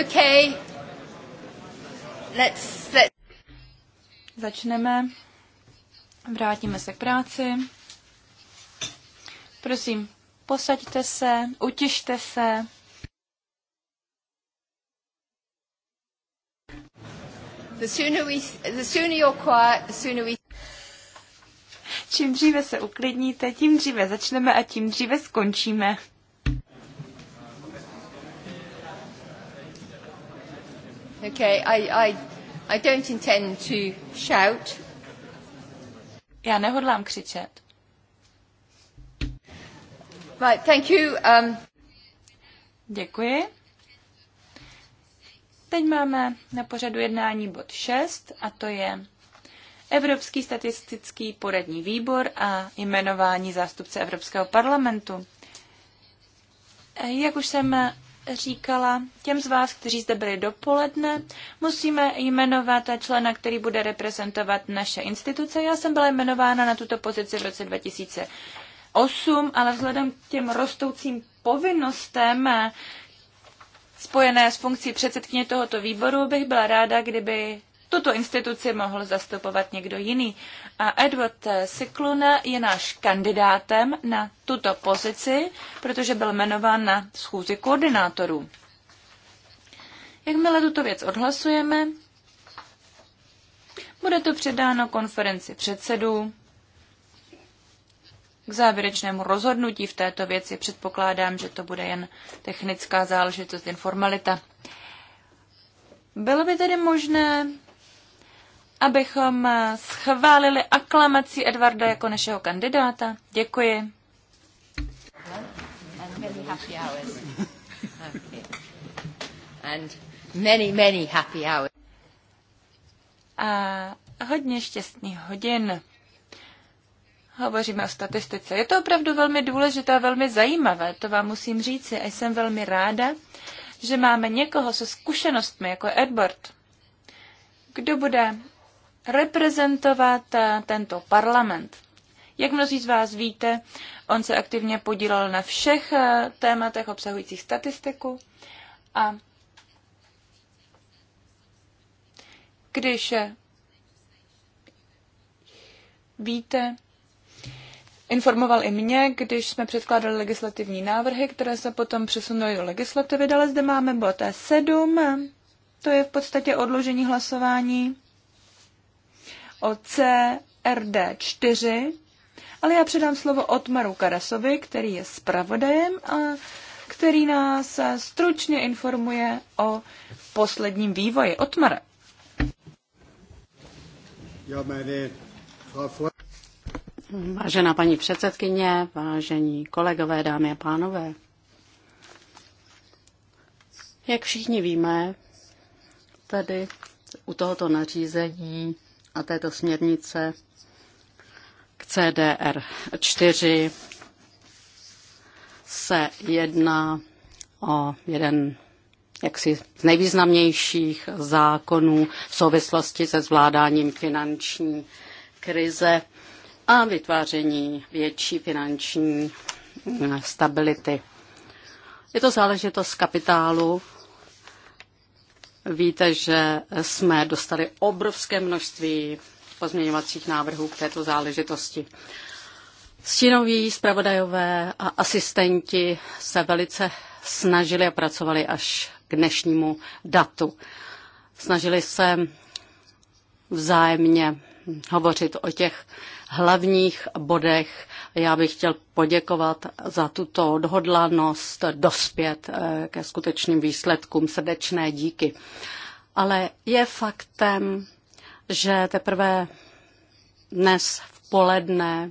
Okay. Let's, let. Začneme. Vrátíme se k práci. Prosím, posaďte se, utěšte se. The sooner we, the sooner you're quiet, the sooner we... Čím dříve se uklidníte, tím dříve začneme a tím dříve skončíme. Okay, I, I, I don't intend to shout. Já nehodlám křičet. Right, thank you. Um... Děkuji. Teď máme na pořadu jednání bod 6 a to je Evropský statistický poradní výbor a jmenování zástupce Evropského parlamentu. Jak už jsem říkala těm z vás, kteří zde byli dopoledne, musíme jmenovat člena, který bude reprezentovat naše instituce. Já jsem byla jmenována na tuto pozici v roce 2008, ale vzhledem k těm rostoucím povinnostem eh, spojené s funkcí předsedkyně tohoto výboru bych byla ráda, kdyby tuto instituci mohl zastupovat někdo jiný. A Edward Siklun je náš kandidátem na tuto pozici, protože byl jmenován na schůzi koordinátorů. Jakmile tuto věc odhlasujeme, bude to předáno konferenci předsedů. K závěrečnému rozhodnutí v této věci předpokládám, že to bude jen technická záležitost, jen formalita. Bylo by tedy možné abychom schválili aklamací Edvarda jako našeho kandidáta. Děkuji. A hodně šťastných hodin. Hovoříme o statistice. Je to opravdu velmi důležité a velmi zajímavé, to vám musím říci. A jsem velmi ráda, že máme někoho se zkušenostmi, jako Edward, kdo bude reprezentovat eh, tento parlament. Jak mnozí z vás víte, on se aktivně podílel na všech eh, tématech obsahujících statistiku a když eh, víte, Informoval i mě, když jsme předkládali legislativní návrhy, které se potom přesunuly do legislativy. Dále zde máme bod 7, e to je v podstatě odložení hlasování o CRD4, ale já předám slovo Otmaru Karasovi, který je zpravodajem a který nás stručně informuje o posledním vývoji. Otmare. Vážená paní předsedkyně, vážení kolegové, dámy a pánové, jak všichni víme, tedy u tohoto nařízení a této směrnice k CDR 4 se jedná o jeden jaksi z nejvýznamnějších zákonů v souvislosti se zvládáním finanční krize a vytváření větší finanční eh, stability. Je to záležitost kapitálu Víte, že jsme dostali obrovské množství pozměňovacích návrhů k této záležitosti. Stínoví, zpravodajové a asistenti se velice snažili a pracovali až k dnešnímu datu. Snažili se vzájemně hovořit o těch hlavních bodech. Já bych chtěl poděkovat za tuto odhodlanost dospět eh, ke skutečným výsledkům. Srdečné díky. Ale je faktem, že teprve dnes v poledne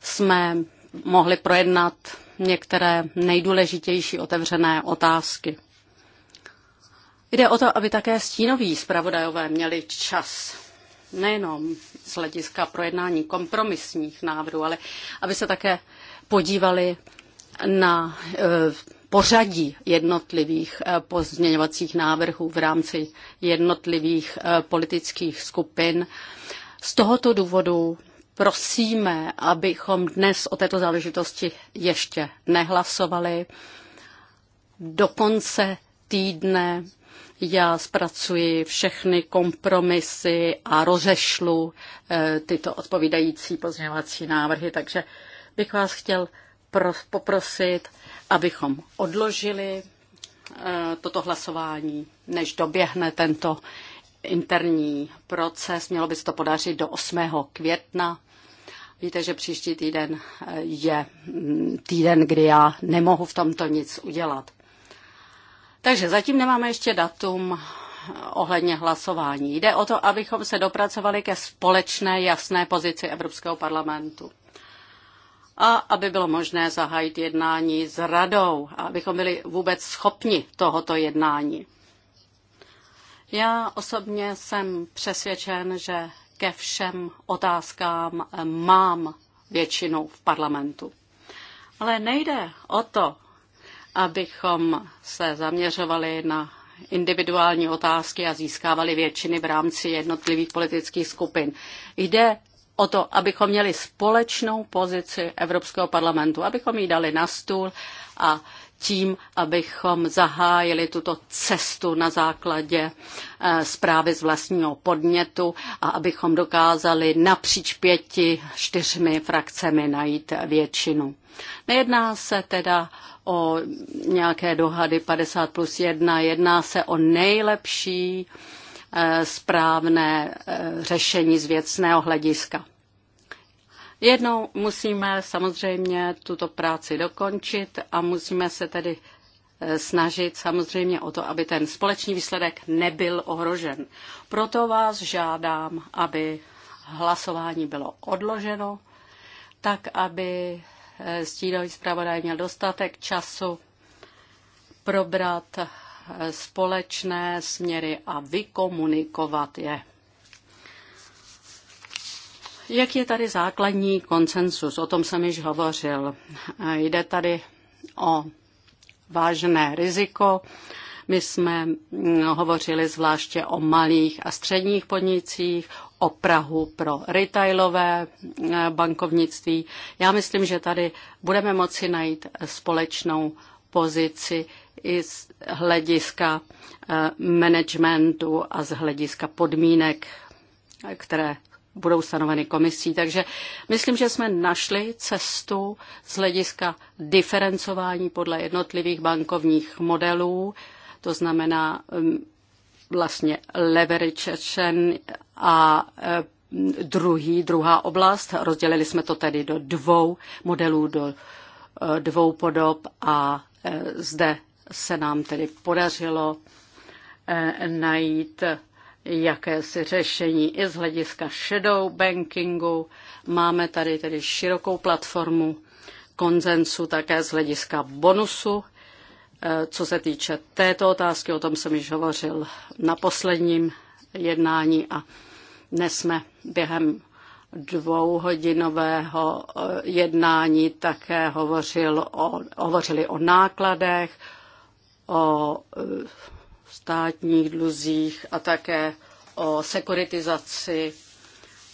jsme mohli projednat některé nejdůležitější otevřené otázky. Jde o to, aby také stínoví zpravodajové měli čas nejenom z hlediska projednání kompromisních návrhů, ale aby se také podívali na eh, pořadí jednotlivých eh, pozměňovacích návrhů v rámci jednotlivých eh, politických skupin. Z tohoto důvodu prosíme, abychom dnes o této záležitosti ještě nehlasovali. Do konce týdne já zpracuji všechny kompromisy a rozešlu eh, tyto odpovídající pozměňovací návrhy, takže bych vás chtěl poprosit, abychom odložili eh, toto hlasování, než doběhne tento interní proces. Mělo by se to podařit do 8. května. Víte, že příští týden eh, je mm, týden, kdy já nemohu v tomto nic udělat. Takže zatím nemáme ještě datum eh, ohledně hlasování. Jde o to, abychom se dopracovali ke společné jasné pozici Evropského parlamentu. A aby bylo možné zahájit jednání s radou, a abychom byli vůbec schopni tohoto jednání. Já osobně jsem přesvědčen, že ke všem otázkám eh, mám většinu v parlamentu. Ale nejde o to, abychom se zaměřovali na individuální otázky a získávali většiny v rámci jednotlivých politických skupin. Jde o to, abychom měli společnou pozici Evropského parlamentu, abychom ji dali na stůl a tím, abychom zahájili tuto cestu na základě eh, zprávy z vlastního podnětu a abychom dokázali napříč pěti, čtyřmi frakcemi najít většinu. Nejedná se teda o nějaké dohady 50 plus 1, jedná se o nejlepší eh, správné eh, řešení z věcného hlediska. Jednou musíme samozřejmě tuto práci dokončit a musíme se tedy eh, snažit samozřejmě o to, aby ten společný výsledek nebyl ohrožen. Proto vás žádám, aby hlasování bylo odloženo, tak aby eh, stínový zpravodaj měl dostatek času probrat eh, společné směry a vykomunikovat je. Jak je tady základní konsensus? O tom jsem již hovořil. Jde tady o vážné riziko. My jsme mm, hovořili zvláště o malých a středních podnicích, o Prahu pro retailové mm, bankovnictví. Já myslím, že tady budeme moci najít společnou pozici i z hlediska eh, managementu a z hlediska podmínek, které budou stanoveny komisí. Takže myslím, že jsme našli cestu z hlediska diferencování podle jednotlivých bankovních modelů, to znamená um, vlastně leverage a um, druhý, druhá oblast. Rozdělili jsme to tedy do dvou modelů, do uh, dvou podob a uh, zde se nám tedy podařilo uh, najít jakési řešení i z hlediska shadow bankingu. Máme tady tedy širokou platformu konzensu také z hlediska bonusu. Eh, co se týče této otázky, o tom jsem již hovořil na posledním jednání a dnes jsme během dvouhodinového eh, jednání také hovořil o, hovořili o nákladech, o eh, státních dluzích a také o sekuritizaci.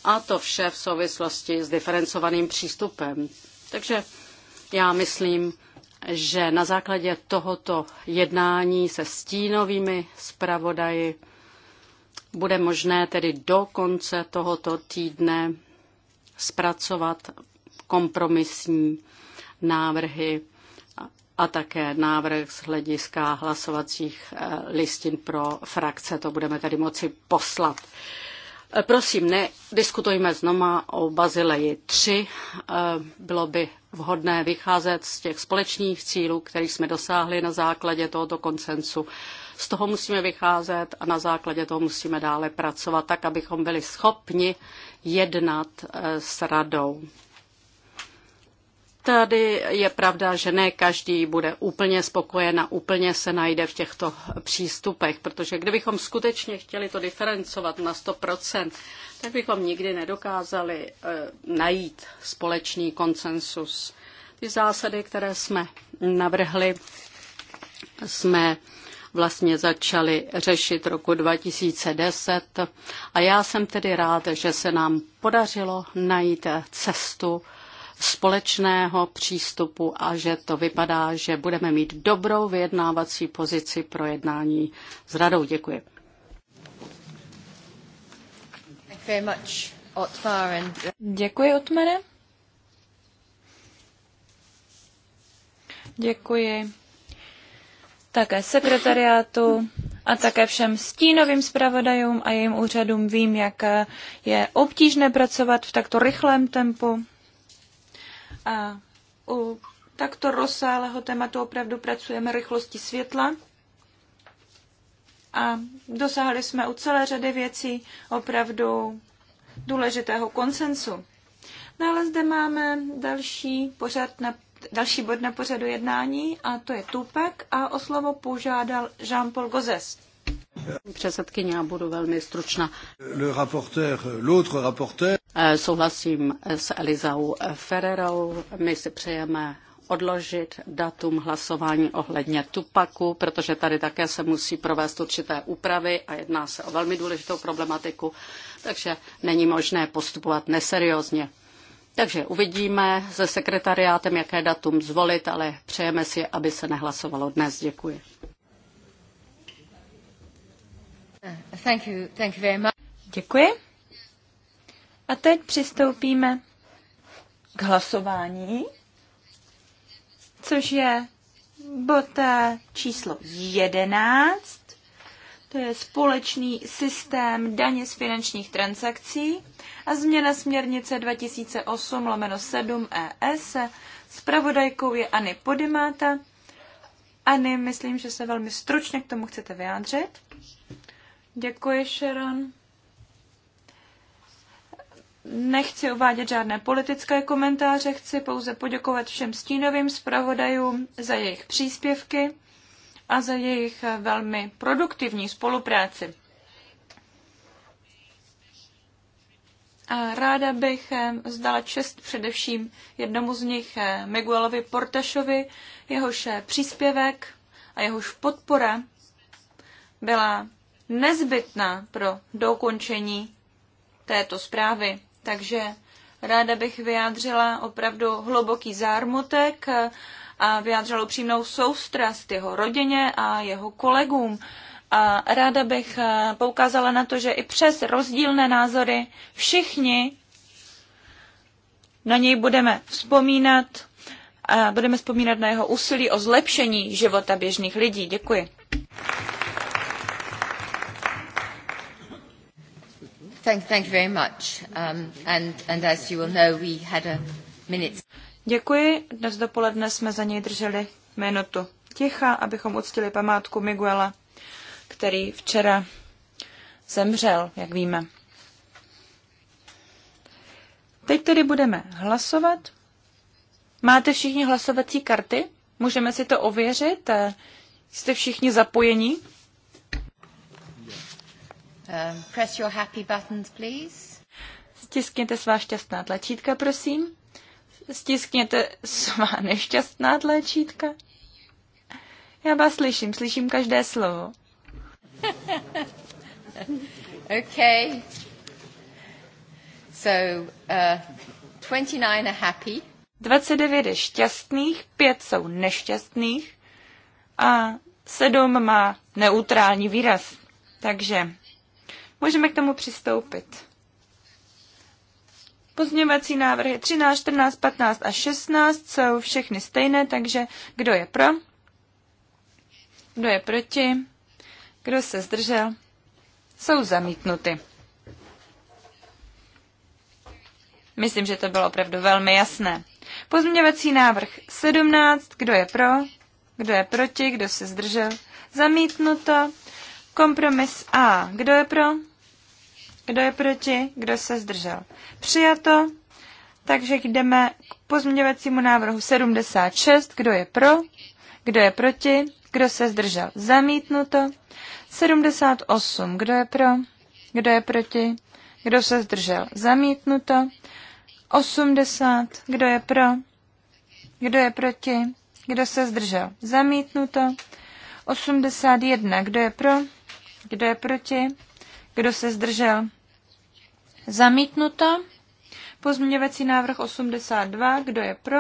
A to vše v souvislosti s diferencovaným přístupem. Takže já myslím, že na základě tohoto jednání se stínovými zpravodaji bude možné tedy do konce tohoto týdne zpracovat kompromisní návrhy a také návrh z hlediska hlasovacích eh, listin pro frakce. To budeme tedy moci poslat. Eh, prosím, nediskutujme znova o Bazileji 3. Eh, bylo by vhodné vycházet z těch společných cílů, kterých jsme dosáhli na základě tohoto koncensu. Z toho musíme vycházet a na základě toho musíme dále pracovat, tak abychom byli schopni jednat s radou. Tady je pravda, že ne každý bude úplně spokojen a úplně se najde v těchto přístupech, protože kdybychom skutečně chtěli to diferencovat na 100%, tak bychom nikdy nedokázali e, najít společný konsensus. Ty zásady, které jsme navrhli, jsme vlastně začali řešit roku 2010 a já jsem tedy rád, že se nám podařilo najít cestu, společného přístupu a že to vypadá, že budeme mít dobrou vyjednávací pozici pro jednání s radou. Děkuji. Uh, Děkuji, Otmere. Děkuji také sekretariátu a také všem stínovým zpravodajům a jejím úřadům. Vím, jak je obtížné pracovat v takto rychlém tempu. A u takto rozsáhlého tématu opravdu pracujeme rychlosti světla a dosáhli jsme u celé řady věcí opravdu důležitého konsensu. No ale zde máme další, pořad na, další bod na pořadu jednání a to je Tupek a o slovo požádal Jean-Paul Gozes. Předsedkyně, já budu velmi stručná. Le rapporteur, l'autre rapporteur... Eh, souhlasím eh, s Elizou Ferrerou. My si přejeme odložit datum hlasování ohledně Tupaku, protože tady také se musí provést určité úpravy a jedná se o velmi důležitou problematiku, takže není možné postupovat neseriózně. Takže uvidíme se sekretariátem, jaké datum zvolit, ale přejeme si, aby se nehlasovalo dnes. Děkuji. Thank you, thank you very much. Děkuji. A teď přistoupíme k hlasování, což je bod eh, číslo 11. To je společný systém daně z finančních transakcí a změna směrnice 2008 lomeno 7 ES. Spravodajkou je Anny Podimáta. Anny, myslím, že se velmi stručně k tomu chcete vyjádřit. Děkuji, Sharon. Nechci uvádět žádné politické komentáře, chci pouze poděkovat všem stínovým zpravodajům za jejich příspěvky a za jejich velmi produktivní spolupráci. A ráda bych eh, zdala čest především jednomu z nich, eh, Miguelovi Portašovi, jehož eh, příspěvek a jehož podpora byla nezbytná pro dokončení této zprávy. Takže ráda bych vyjádřila opravdu hluboký zármutek a vyjádřila upřímnou soustrast jeho rodině a jeho kolegům. A ráda bych eh, poukázala na to, že i přes rozdílné názory všichni na něj budeme vzpomínat a eh, budeme vzpomínat na jeho úsilí o zlepšení života běžných lidí. Děkuji. a Děkuji. Dnes dopoledne jsme za něj drželi minutu ticha, abychom uctili památku Miguela, který včera zemřel, jak víme. Teď tedy budeme hlasovat. Máte všichni hlasovací karty? Můžeme si to ověřit? Eh, jste všichni zapojení? Um, press your happy buttons, please. Stiskněte svá šťastná tlačítka, prosím. Stiskněte svá nešťastná tlačítka. Já vás slyším, slyším každé slovo. okay. So, uh, 29 are happy. 29 je šťastných, 5 jsou nešťastných a 7 má neutrální výraz. Takže Můžeme k tomu přistoupit. Pozměňovací návrhy 13, 14, 15 a 16 jsou všechny stejné, takže kdo je pro? Kdo je proti? Kdo se zdržel? Jsou zamítnuty. Myslím, že to bylo opravdu velmi jasné. Pozměňovací návrh 17. Kdo je pro? Kdo je proti? Kdo se zdržel? Zamítnuto. Kompromis A. Kdo je pro? Kdo je proti? Kdo se zdržel? Přijato. Takže jdeme k pozměňovacímu návrhu 76. Kdo je pro? Kdo je proti? Kdo se zdržel? Zamítnuto. 78. Kdo je pro? Kdo je proti? Kdo se zdržel? Zamítnuto. 80. Kdo je pro? Kdo je proti? Kdo se zdržel? Zamítnuto. 81. Kdo je pro? Kdo je proti? Kdo se zdržel? Zamítnuto. Pozměňovací návrh 82. Kdo je pro?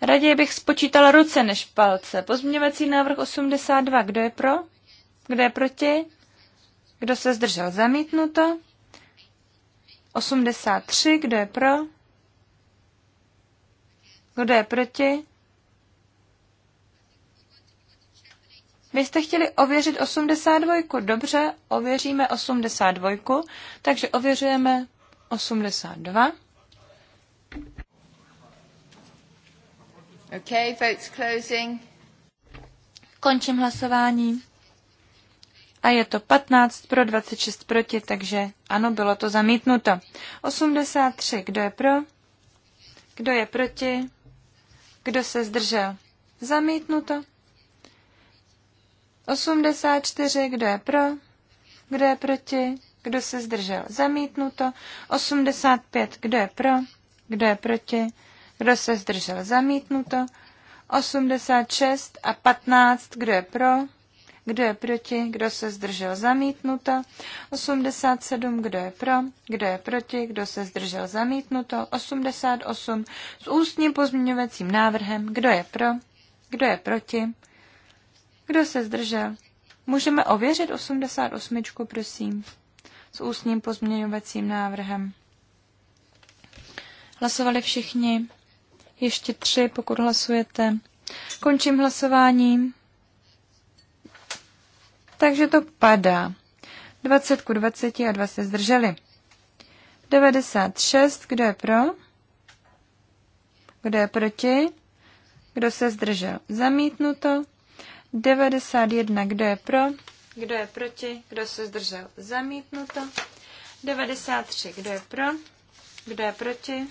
Raději bych spočítala ruce než palce. Pozměňovací návrh 82. Kdo je pro? Kdo je proti? Kdo se zdržel? Zamítnuto. 83. Kdo je pro? Kdo je proti? Vy jste chtěli ověřit 82, dobře, ověříme 82, takže ověřujeme 82. Okay, votes closing. Končím hlasování. A je to 15 pro 26 proti, takže ano, bylo to zamítnuto. 83, kdo je pro? Kdo je proti? Kdo se zdržel? Zamítnuto. 84, kdo je pro, kdo je proti, kdo se zdržel, zamítnuto. 85, kdo je pro, kdo je proti, kdo se zdržel, zamítnuto. 86 a 15, kdo je pro, kdo je proti, kdo se zdržel, zamítnuto. 87, kdo je pro, kdo je proti, kdo se zdržel, zamítnuto. 88 s ústním pozměňovacím návrhem, kdo je pro, kdo je proti, kdo se zdržel? Můžeme ověřit 88, prosím, s ústním pozměňovacím návrhem. Hlasovali všichni. Ještě tři, pokud hlasujete. Končím hlasováním. Takže to padá. 20 ku 20 a 2 se zdrželi. 96, kdo je pro? Kdo je proti? Kdo se zdržel? Zamítnuto. 91, kdo je pro, kdo je proti, kdo se zdržel, zamítnuto. 93, kdo je pro, kdo je proti,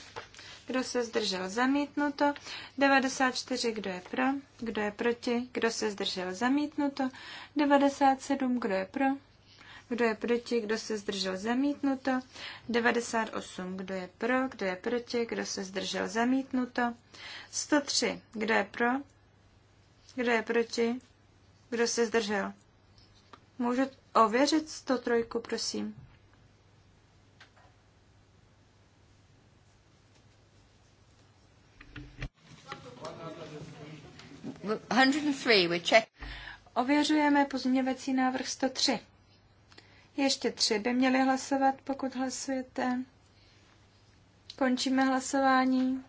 kdo se zdržel, zamítnuto. 94, kdo je pro, kdo je proti, kdo se zdržel, zamítnuto. 97, kdo je pro, kdo je proti, kdo se zdržel zamítnuto, 98, kdo je pro, kdo je proti, kdo se zdržel zamítnuto, 103, kdo je pro, kdo je proti, kdo se zdržel? Můžu ověřit 103, prosím. Ověřujeme pozměvací návrh 103. Ještě tři by měli hlasovat, pokud hlasujete. Končíme hlasování.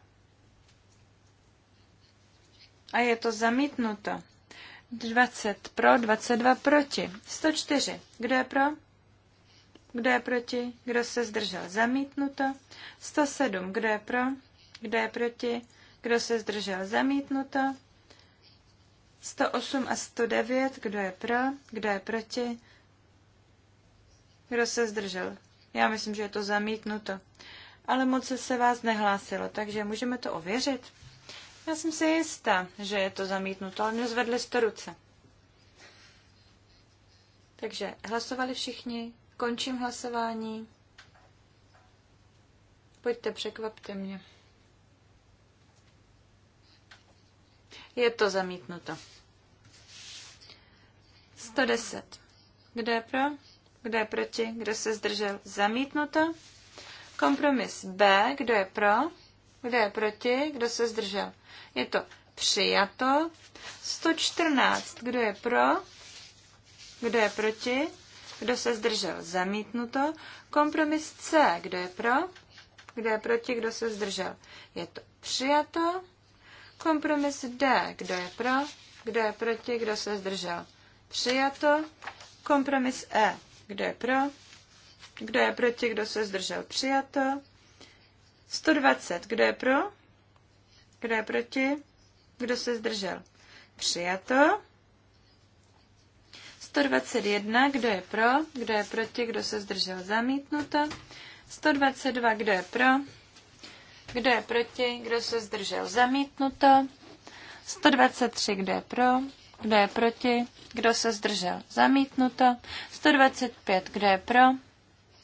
A je to zamítnuto. 20 pro, 22 proti. 104. Kdo je pro? Kdo je proti? Kdo se zdržel? Zamítnuto. 107. Kdo je pro? Kdo je proti? Kdo se zdržel? Zamítnuto. 108 a 109. Kdo je pro? Kdo je proti? Kdo se zdržel? Já myslím, že je to zamítnuto. Ale moc se vás nehlásilo, takže můžeme to ověřit. Já jsem si jistá, že je to zamítnuto, ale nezvedli jste ruce. Takže hlasovali všichni, končím hlasování. Pojďte, překvapte mě. Je to zamítnuto. 110. Kdo je pro? Kdo je proti? Kdo se zdržel? Zamítnuto. Kompromis B. Kdo je pro? Kdo je proti? Kdo se zdržel? Je to přijato. 114. Kdo je pro? Kdo je proti? Kdo se zdržel? Zamítnuto. Kompromis C. Kdo je pro? Kdo je proti? Kdo se zdržel? Je to přijato. Kompromis D. Kdo je pro? Kdo je proti? Kdo se zdržel? Přijato. Kompromis E. Kdo je pro? Kdo je proti? Kdo se zdržel? Přijato. 120. Kdo je pro? Kdo je proti? Kdo se zdržel? Přijato. 121, kdo je pro, kdo je proti, kdo se zdržel zamítnuto. 122, kdo je pro, kdo je proti, kdo se zdržel zamítnuto. 123, kdo je pro, kdo je proti, kdo se zdržel zamítnuto. 125, kdo je pro,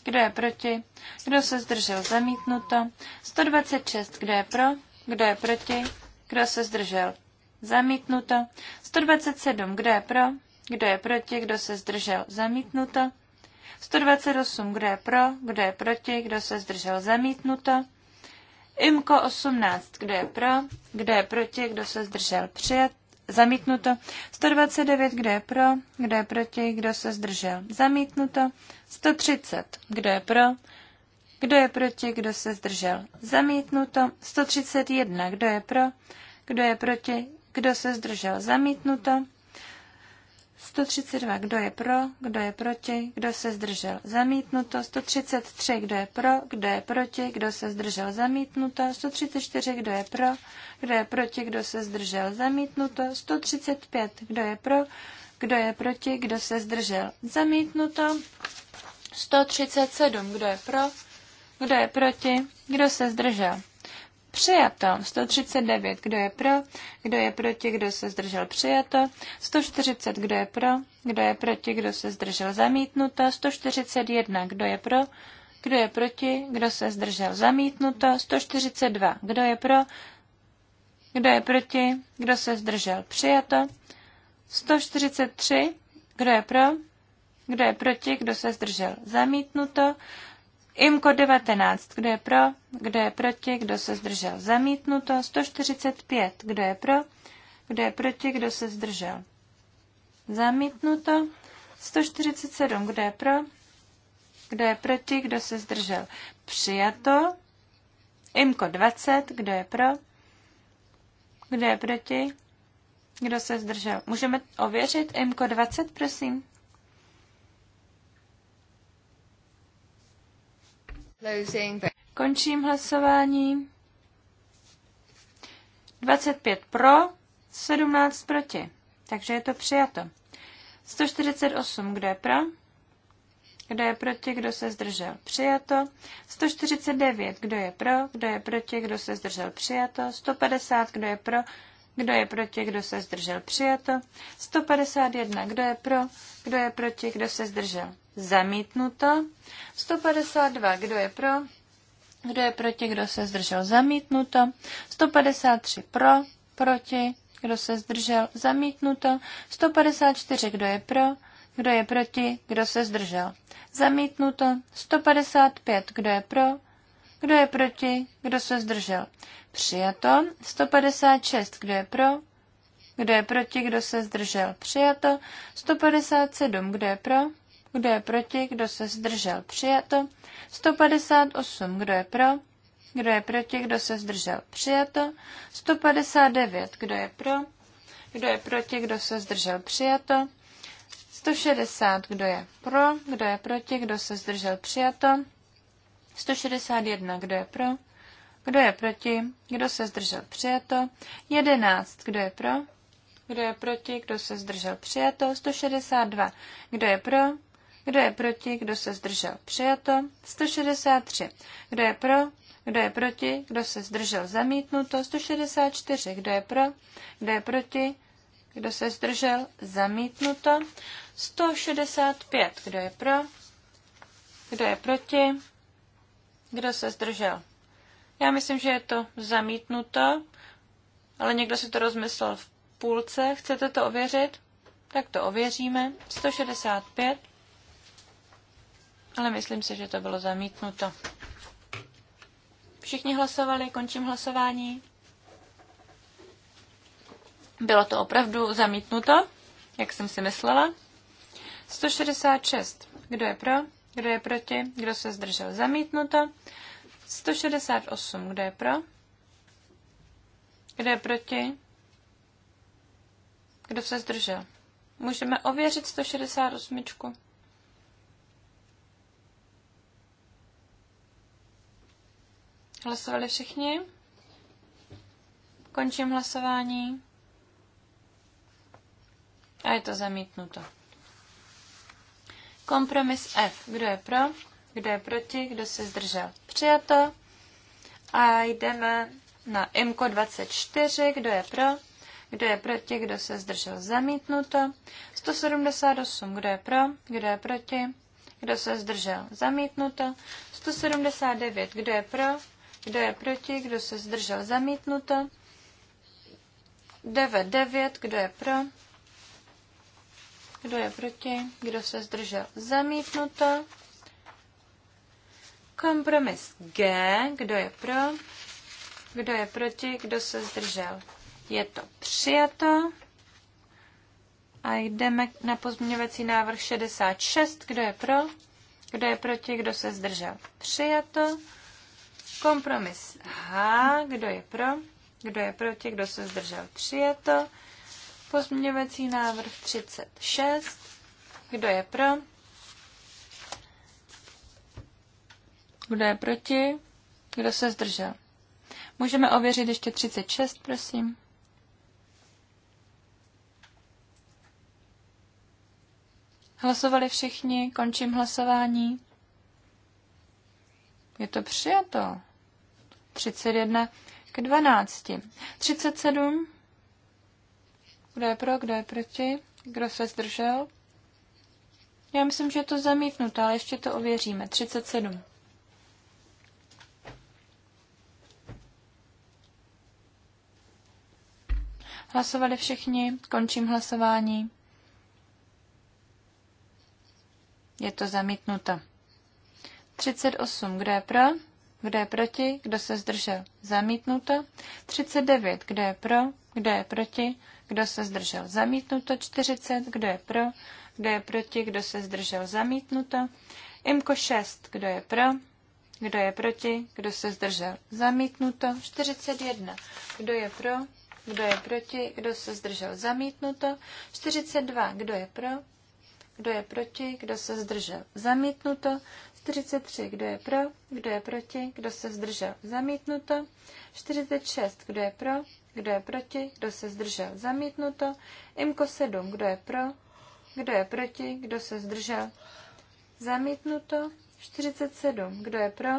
kdo je proti, kdo se zdržel zamítnuto. 126, kdo je pro, kdo je proti? Kdo se zdržel? Zamítnuto. 127. Kdo je pro? Kdo je proti? Kdo se zdržel? Zamítnuto. 128. Kdo je pro? Kdo je proti? Kdo se zdržel? Zamítnuto. Imko 18. Kdo je pro? Kdo je proti? Kdo se zdržel? Přijat. Zamítnuto. 129. Kdo je pro? Kdo je proti? Kdo se zdržel? Zamítnuto. 130. Kdo je pro? Kdo je proti, kdo se zdržel? Zamítnuto. 131. Kdo je pro? Kdo je proti, kdo se zdržel? Zamítnuto. 132. Kdo je pro? Kdo je proti? Kdo se zdržel? Zamítnuto. 133. Kdo je pro? Kdo je proti? Kdo se zdržel? Zamítnuto. 134. Kdo je pro? Kdo je proti? Kdo se zdržel? Zamítnuto. 135. Kdo je pro? Kdo je proti? Kdo se zdržel? Zamítnuto. 137. Kdo je pro? Kdo je proti? Kdo se zdržel? Přijato. 139. Kdo je pro? Kdo je proti? Kdo se zdržel? Přijato. 140. Kdo je pro? Kdo je proti? Kdo se zdržel? Zamítnuto. 141. Kdo je pro? Kdo je proti? Kdo se zdržel? Zamítnuto. 142. Kdo je pro? Kdo je proti? Kdo se zdržel? Přijato. 143. Kdo je pro? Kdo je proti? Kdo se zdržel? Zamítnuto. IMKO 19. Kdo je pro? Kdo je proti? Kdo se zdržel? Zamítnuto. 145. Kdo je pro? Kdo je proti? Kdo se zdržel? Zamítnuto. 147. Kdo je pro? Kdo je proti? Kdo se zdržel? Přijato. IMKO 20. Kdo je pro? Kdo je proti? Kdo se zdržel? Můžeme ověřit IMKO 20, prosím? Končím hlasování. 25 pro, 17 proti. Takže je to přijato. 148, kdo je pro? Kdo je proti, kdo se zdržel? Přijato. 149, kdo je pro? Kdo je proti, kdo se zdržel? Přijato. 150, kdo je pro? Kdo je proti, kdo se zdržel? Přijato. 151, kdo je pro? Kdo je proti, kdo se zdržel? zamítnuto. 152, kdo je pro, kdo je proti, kdo se zdržel, zamítnuto. 153 pro, proti, kdo se zdržel, zamítnuto. 154, kdo je pro, kdo je proti, kdo se zdržel, zamítnuto. 155, kdo je pro, kdo je proti, kdo se zdržel, přijato. 156, kdo je pro, kdo je proti, kdo se zdržel, přijato. 157, kdo je pro, kdo je proti? Kdo se zdržel? Přijato. 158. Kdo je pro? Kdo je proti? Kdo se zdržel? Přijato. 159. Kdo je pro? Kdo je proti? Kdo se zdržel? Přijato. 160. Kdo je pro? Kdo je proti? Kdo se zdržel? Přijato. 161. Kdo je pro? Kdo je proti? Kdo se zdržel? Přijato. 11. Kdo je pro? Kdo je proti? Kdo se zdržel? Přijato. 162. Kdo je pro? Kdo je proti? Kdo se zdržel? Přijato. 163. Kdo je pro? Kdo je proti? Kdo se zdržel? Zamítnuto. 164. Kdo je pro? Kdo je proti? Kdo se zdržel? Zamítnuto. 165. Kdo je pro? Kdo je proti? Kdo se zdržel? Já myslím, že je to zamítnuto, ale někdo si to rozmyslel v půlce. Chcete to ověřit? Tak to ověříme. 165 ale myslím si, že to bylo zamítnuto. Všichni hlasovali, končím hlasování. Bylo to opravdu zamítnuto, jak jsem si myslela. 166. Kdo je pro? Kdo je proti? Kdo se zdržel? Zamítnuto. 168. Kdo je pro? Kdo je proti? Kdo se zdržel? Můžeme ověřit 168. Hlasovali všichni? Končím hlasování. A je to zamítnuto. Kompromis F. Kdo je pro? Kdo je proti? Kdo se zdržel? Přijato. A jdeme na IMKO 24. Kdo je pro? Kdo je proti? Kdo se zdržel? Zamítnuto. 178. Kdo je pro? Kdo je proti? Kdo se zdržel? Zamítnuto. 179. Kdo je pro? Kdo je proti? Kdo se zdržel? Zamítnuto. 9.9. Kdo je pro? Kdo je proti? Kdo se zdržel? Zamítnuto. Kompromis G. Kdo je pro? Kdo je proti? Kdo se zdržel? Je to přijato. A jdeme na pozměňovací návrh 66. Kdo je pro? Kdo je proti? Kdo se zdržel? Přijato. Kompromis H, kdo je pro, kdo je proti, kdo se zdržel, to. Pozměňovací návrh 36, kdo je pro, kdo je proti, kdo se zdržel. Můžeme ověřit ještě 36, prosím. Hlasovali všichni, končím hlasování. Je to přijato. 31 k 12. 37. Kdo je pro, kdo je proti? Kdo se zdržel? Já myslím, že je to zamítnuté, ale ještě to ověříme. 37. Hlasovali všichni, končím hlasování. Je to zamítnuto. 38. Kdo je pro? Kdo je proti? Kdo se zdržel? Zamítnuto. 39. Kdo je pro? Kdo je proti? Kdo se zdržel? Zamítnuto. 40. Kdo je pro? Kdo je proti? Kdo se zdržel? Zamítnuto. Imko 6. Kdo je pro? Kdo je proti? Kdo se zdržel? Zamítnuto. 41. Kdo je pro? Kdo je proti? Kdo se zdržel? Zamítnuto. 42. Kdo je pro? Kdo je proti? Kdo se zdržel? Zamítnuto. 43, kdo je pro, kdo je proti, kdo se zdržel, zamítnuto. 46, kdo je pro, kdo je proti, kdo se zdržel, zamítnuto. Imko 7, kdo je pro, kdo je proti, kdo se zdržel, zamítnuto. 47, kdo je pro,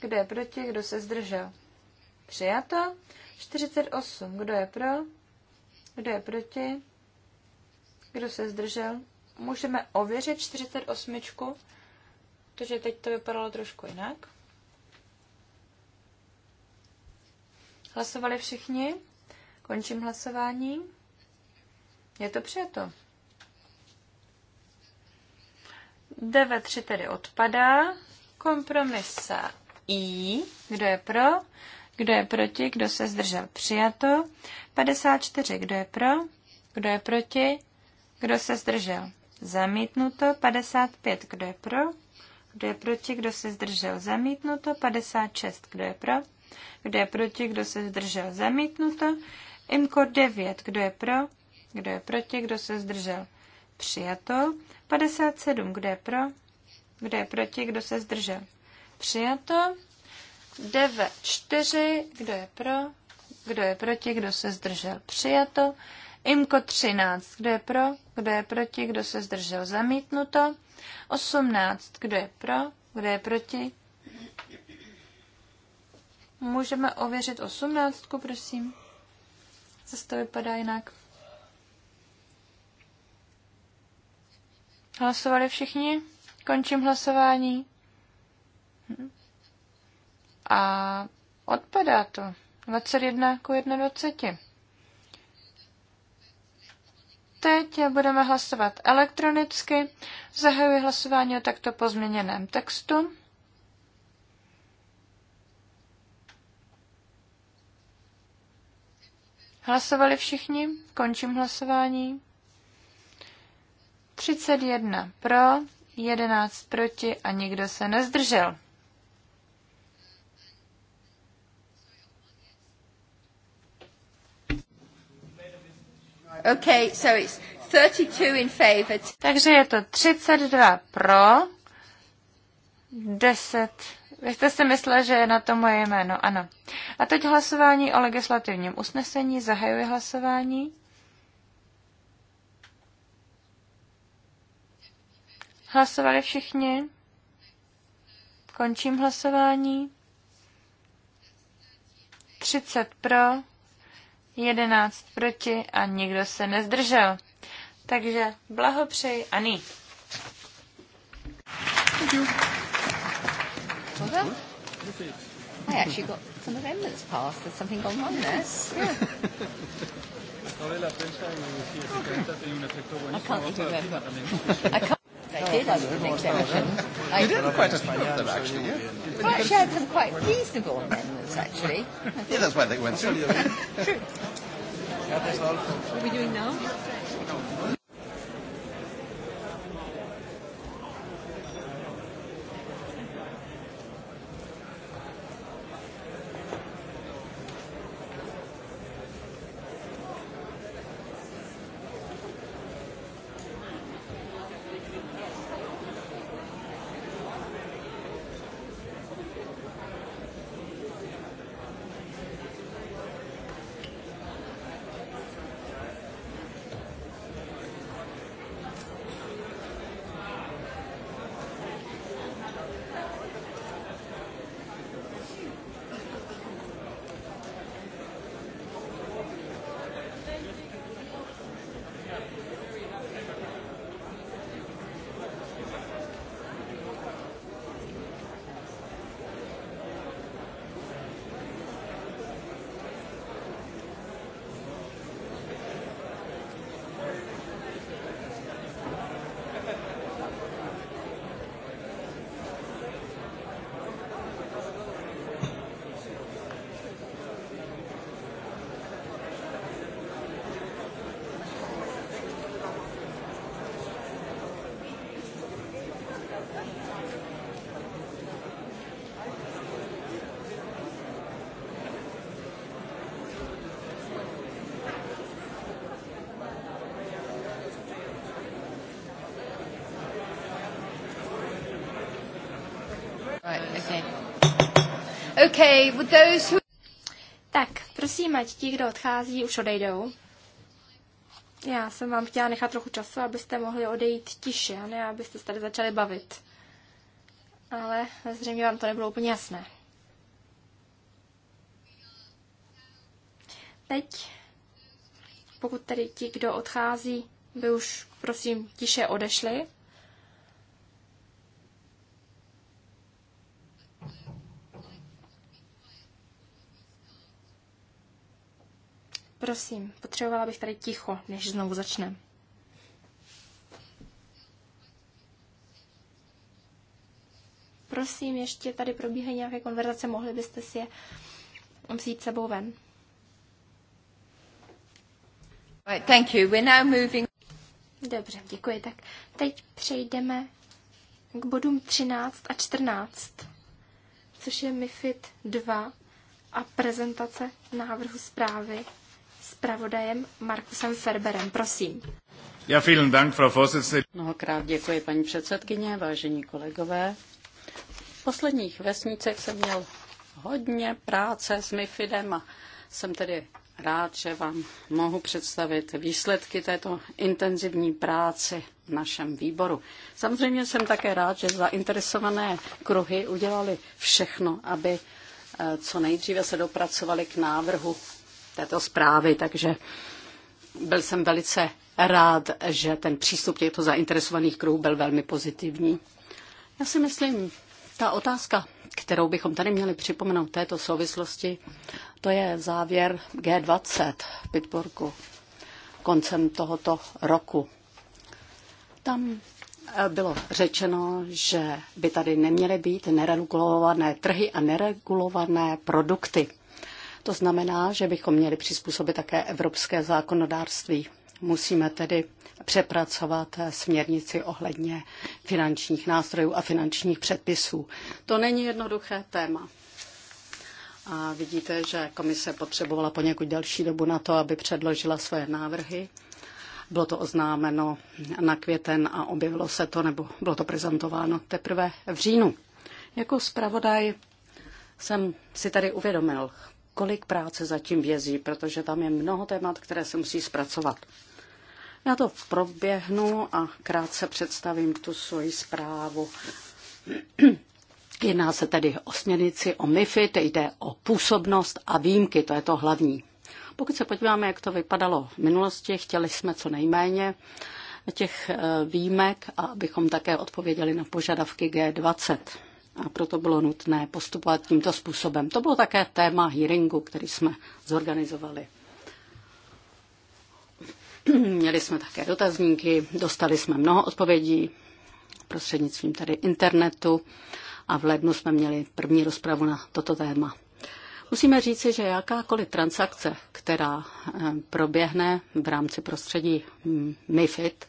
kdo je proti, kdo se zdržel, přijato. 48, kdo je pro, kdo je proti, kdo se zdržel, můžeme ověřit 48 protože teď to vypadalo trošku jinak. Hlasovali všichni? Končím hlasování. Je to přijato. 9.3 tedy odpadá. Kompromisa I. Kdo je pro? Kdo je proti? Kdo se zdržel? Přijato. 54. Kdo je pro? Kdo je proti? Kdo se zdržel? Zamítnuto. 55. Kdo je pro? Kdo je proti? Kdo se zdržel? Zamítnuto. 56. Kdo je pro? Kdo je proti? Kdo se zdržel? Zamítnuto. Imko 9. Kdo je pro? Kdo je proti? Kdo se zdržel? Přijato. 57. Kdo je pro? Kdo je proti? Kdo se zdržel? Přijato. 9. 4. Kdo je pro? Kdo je proti? Kdo se zdržel? Přijato. Imko 13, kdo je pro, kdo je proti, kdo se zdržel zamítnuto. 18, kdo je pro, kdo je proti. Můžeme ověřit 18, prosím. Zase to vypadá jinak. Hlasovali všichni? Končím hlasování. A odpadá to. 21 k 21. Teď budeme hlasovat elektronicky. Zahajuji hlasování o takto pozměněném textu. Hlasovali všichni? Končím hlasování. 31 pro, 11 proti a nikdo se nezdržel. Okay, so it's 32 in favor. Takže je to 32 pro, 10. Vy jste si myslel, že je na to moje jméno, ano. A teď hlasování o legislativním usnesení. Zahajuji hlasování. Hlasovali všichni? Končím hlasování. 30 pro, 11 proti a nikdo se nezdržel. Takže blahopřeji Ani. I actually got some There's something gone wrong there. I can't did. an You did quite a few of them, actually. Yeah? Well, actually, I had some quite reasonable amendments, actually. yeah, that's why they went through. True. What are we doing now? Okay, with those who... Tak, prosím, ať ti, kdo odchází, už odejdou. Já jsem vám chtěla nechat trochu času, abyste mohli odejít tiše, a ne abyste se tady začali bavit. Ale zřejmě vám to nebylo úplně jasné. Teď, pokud tady ti, kdo odchází, by už prosím tiše odešli, Prosím, potřebovala bych tady ticho, než znovu začne. Prosím, ještě tady probíhají nějaké konverzace, mohli byste si je vzít sebou ven. Right, thank you. We're now moving... Dobře, děkuji. Tak teď přejdeme k bodům 13 a 14, což je MIFID 2 a prezentace návrhu zprávy zpravodajem Markusem Ferberem. Prosím. Ja, vielen Dank, Frau Vorsitzende. Mnohokrát děkuji, paní předsedkyně, vážení kolegové. V posledních vesnicích jsem měl hodně práce s MIFIDem a jsem tedy rád, že vám mohu představit výsledky této intenzivní práce v našem výboru. Samozřejmě jsem také rád, že zainteresované kruhy udělali všechno, aby eh, co nejdříve se dopracovali k návrhu této zprávy, takže byl jsem velice rád, že ten přístup těchto zainteresovaných kruhů byl velmi pozitivní. Já si myslím, ta otázka, kterou bychom tady měli připomenout v této souvislosti, to je závěr G20 v Pittsburghu koncem tohoto roku. Tam eh, bylo řečeno, že by tady neměly být neregulované trhy a neregulované produkty. To znamená, že bychom měli přizpůsobit také evropské zákonodárství. Musíme tedy přepracovat eh, směrnici ohledně finančních nástrojů a finančních předpisů. To není jednoduché téma. A vidíte, že komise potřebovala poněkud delší dobu na to, aby předložila své návrhy. Bylo to oznámeno na květen a objevilo se to, nebo bylo to prezentováno teprve v říjnu. Jako zpravodaj jsem si tady uvědomil kolik práce zatím vězí, protože tam je mnoho témat, které se musí zpracovat. Já to proběhnu a krátce představím tu svoji zprávu. Jedná se tedy o směrnici, o MIFID, jde o působnost a výjimky, to je to hlavní. Pokud se podíváme, jak to vypadalo v minulosti, chtěli jsme co nejméně těch eh, výjimek a abychom také odpověděli na požadavky G20 a proto bylo nutné postupovat tímto způsobem. To bylo také téma hearingu, který jsme zorganizovali. Měli jsme také dotazníky, dostali jsme mnoho odpovědí prostřednictvím tady internetu a v lednu jsme měli první rozpravu na toto téma. Musíme říci, že jakákoliv transakce, která eh, proběhne v rámci prostředí mm, MIFID,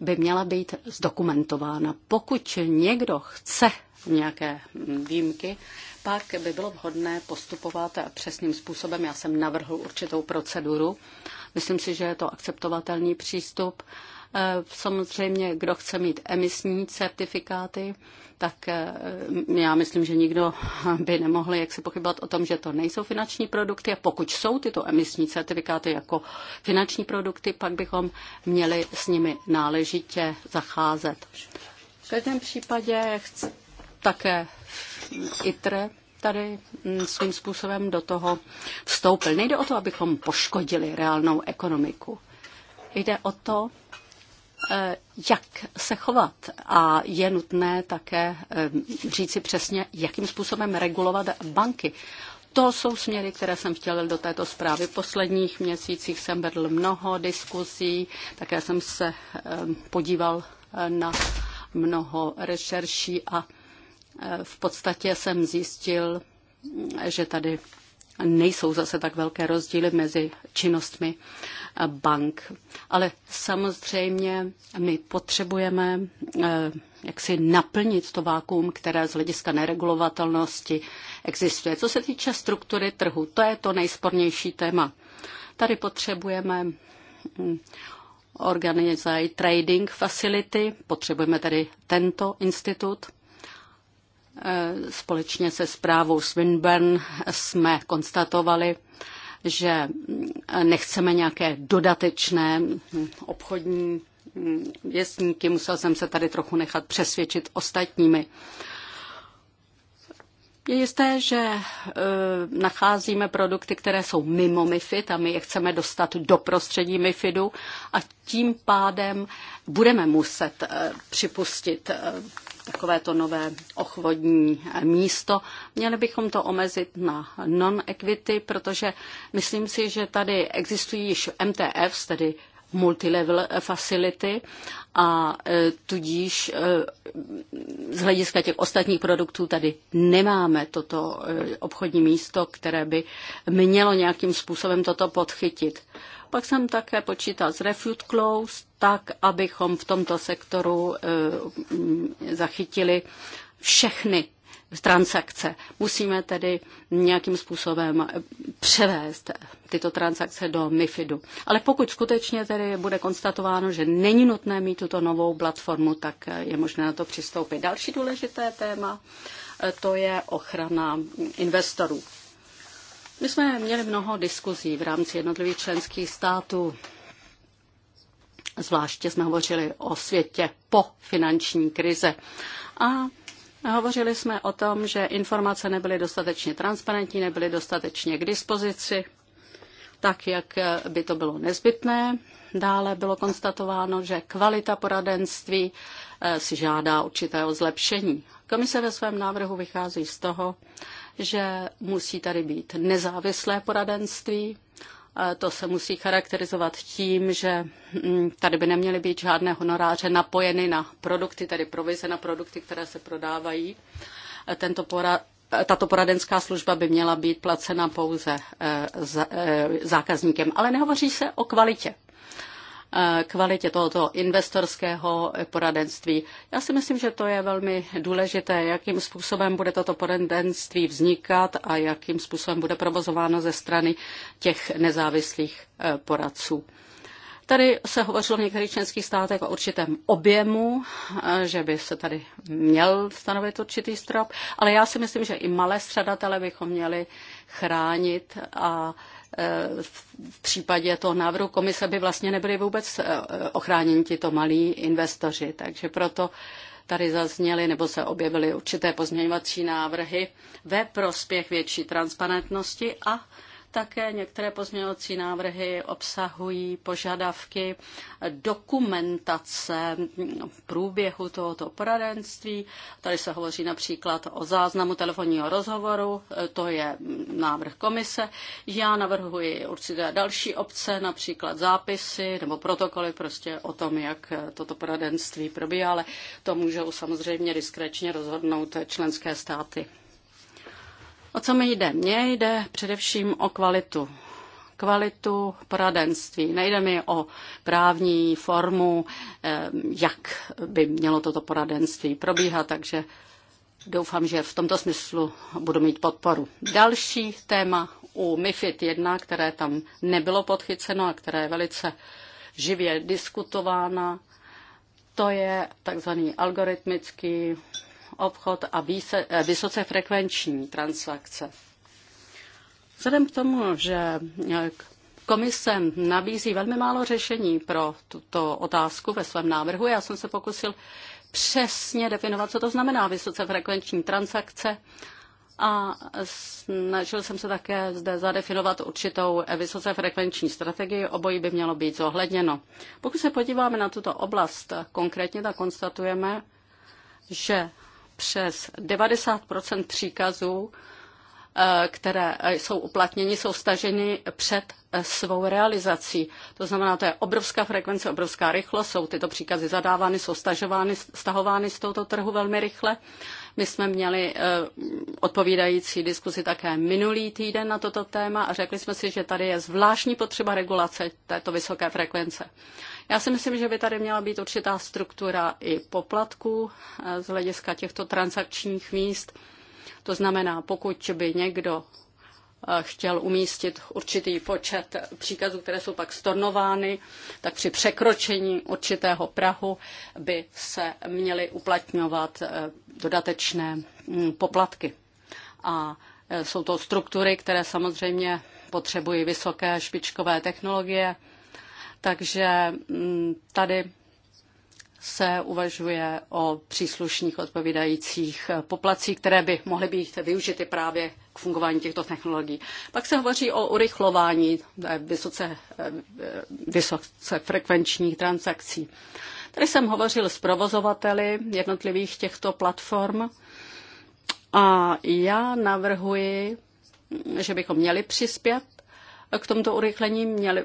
by měla být zdokumentována. Pokud někdo chce nějaké výjimky, pak by bylo vhodné postupovat přesným způsobem. Já jsem navrhl určitou proceduru. Myslím si, že je to akceptovatelný přístup. Eh, samozřejmě, kdo chce mít emisní certifikáty, tak eh, já myslím, že nikdo by nemohl jak se pochybovat o tom, že to nejsou finanční produkty a pokud jsou tyto emisní certifikáty jako finanční produkty, pak bychom měli s nimi náležitě zacházet. V každém případě chci také ITRE tady mm, svým způsobem do toho vstoupil. Nejde o to, abychom poškodili reálnou ekonomiku. Jde o to, Eh, jak se chovat a je nutné také eh, říci přesně, jakým způsobem regulovat banky. To jsou směry, které jsem chtěl do této zprávy. V posledních měsících jsem vedl mnoho diskuzí, také jsem se eh, podíval na mnoho rešerší a v podstatě jsem zjistil, že tady nejsou zase tak velké rozdíly mezi činnostmi bank. Ale samozřejmě my potřebujeme eh, jak si naplnit to vákuum, které z hlediska neregulovatelnosti existuje. Co se týče struktury trhu, to je to nejspornější téma. Tady potřebujeme hm, organizají trading facility, potřebujeme tedy tento institut Eh, společně se zprávou Swinburne jsme konstatovali, že eh, nechceme nějaké dodatečné hm, obchodní hm, věstníky. Musel jsem se tady trochu nechat přesvědčit ostatními. Je jisté, že eh, nacházíme produkty, které jsou mimo MIFID a my je chceme dostat do prostředí MIFIDu a tím pádem budeme muset připustit takovéto nové ochvodní místo. Měli bychom to omezit na non-equity, protože myslím si, že tady existují již MTFs, tedy multilevel facility a e, tudíž e, z hlediska těch ostatních produktů tady nemáme toto e, obchodní místo, které by mělo nějakým způsobem toto podchytit. Pak jsem také počítal s Refute Close, tak abychom v tomto sektoru e, mm, zachytili všechny transakce. Musíme tedy nějakým způsobem e, převést tyto transakce do MIFIDu. Ale pokud skutečně tedy bude konstatováno, že není nutné mít tuto novou platformu, tak e, je možné na to přistoupit. Další důležité téma to je ochrana investorů. My jsme měli mnoho diskuzí v rámci jednotlivých členských států. Zvláště jsme hovořili o světě po finanční krize. A hovořili jsme o tom, že informace nebyly dostatečně transparentní, nebyly dostatečně k dispozici tak, jak by to bylo nezbytné. Dále bylo konstatováno, že kvalita poradenství eh, si žádá určitého zlepšení. Komise ve svém návrhu vychází z toho, že musí tady být nezávislé poradenství. Eh, to se musí charakterizovat tím, že mm, tady by neměly být žádné honoráře napojeny na produkty, tedy provize na produkty, které se prodávají. Eh, tento tato poradenská služba by měla být placena pouze eh, eh, zákazníkem, ale nehovoří se o kvalitě eh, kvalitě tohoto investorského poradenství. Já si myslím, že to je velmi důležité, jakým způsobem bude toto poradenství vznikat a jakým způsobem bude provozováno ze strany těch nezávislých poradců. Tady se hovořilo v některých členských státech o určitém objemu, že by se tady měl stanovit určitý strop, ale já si myslím, že i malé střadatele bychom měli chránit a e, v případě toho návrhu komise by vlastně nebyli vůbec e, ochráněni tito malí investoři. Takže proto tady zazněly nebo se objevily určité pozměňovací návrhy ve prospěch větší transparentnosti a také některé pozměňovací návrhy obsahují požadavky dokumentace v průběhu tohoto poradenství. Tady se hovoří například o záznamu telefonního rozhovoru, to je návrh komise. Já navrhuji určité další obce, například zápisy nebo protokoly prostě o tom, jak toto poradenství probíhá, ale to můžou samozřejmě diskrečně rozhodnout členské státy. O co mi jde? Mně jde především o kvalitu kvalitu poradenství. Nejde mi o právní formu, eh, jak by mělo toto poradenství probíhat, takže doufám, že v tomto smyslu budu mít podporu. Další téma u MIFID 1, které tam nebylo podchyceno a které je velice živě diskutována, to je takzvaný algoritmický obchod a eh, vysoce frekvenční transakce. Vzhledem k tomu, že eh, komise nabízí velmi málo řešení pro tuto otázku ve svém návrhu, já jsem se pokusil přesně definovat, co to znamená vysoce frekvenční transakce a snažil jsem se také zde zadefinovat určitou vysoce frekvenční strategii, obojí by mělo být zohledněno. Pokud se podíváme na tuto oblast konkrétně, tak konstatujeme, že přes 90 příkazů, eh, které eh, jsou uplatněny, jsou staženy před eh, svou realizací. To znamená, to je obrovská frekvence, obrovská rychlost, jsou tyto příkazy zadávány, jsou stažovány, stahovány z tohoto trhu velmi rychle. My jsme měli odpovídající diskuzi také minulý týden na toto téma a řekli jsme si, že tady je zvláštní potřeba regulace této vysoké frekvence. Já si myslím, že by tady měla být určitá struktura i poplatků eh, z hlediska těchto transakčních míst. To znamená, pokud by někdo eh, chtěl umístit určitý počet příkazů, které jsou pak stornovány, tak při překročení určitého prahu by se měly uplatňovat eh, dodatečné mm, poplatky. A jsou to struktury, které samozřejmě potřebují vysoké špičkové technologie, takže mm, tady se uvažuje o příslušných odpovídajících eh, poplacích, které by mohly být využity právě k fungování těchto technologií. Pak se hovoří o urychlování eh, vysoce, eh, vysoce frekvenčních transakcí. Tady jsem hovořil s provozovateli jednotlivých těchto platform a já navrhuji, že bychom měli přispět k tomuto urychlení, měli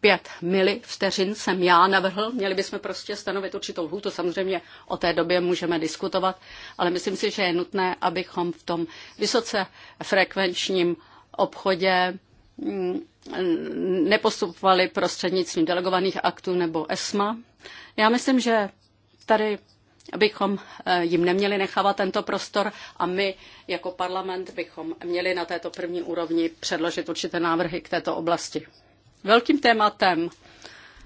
pět mili vteřin jsem já navrhl. Měli bychom prostě stanovit určitou lhůtu. Samozřejmě o té době můžeme diskutovat, ale myslím si, že je nutné, abychom v tom vysoce frekvenčním obchodě mm, nepostupovali prostřednictvím delegovaných aktů nebo ESMA. Já myslím, že tady abychom eh, jim neměli nechávat tento prostor a my jako parlament bychom měli na této první úrovni předložit určité návrhy k této oblasti. Velkým tématem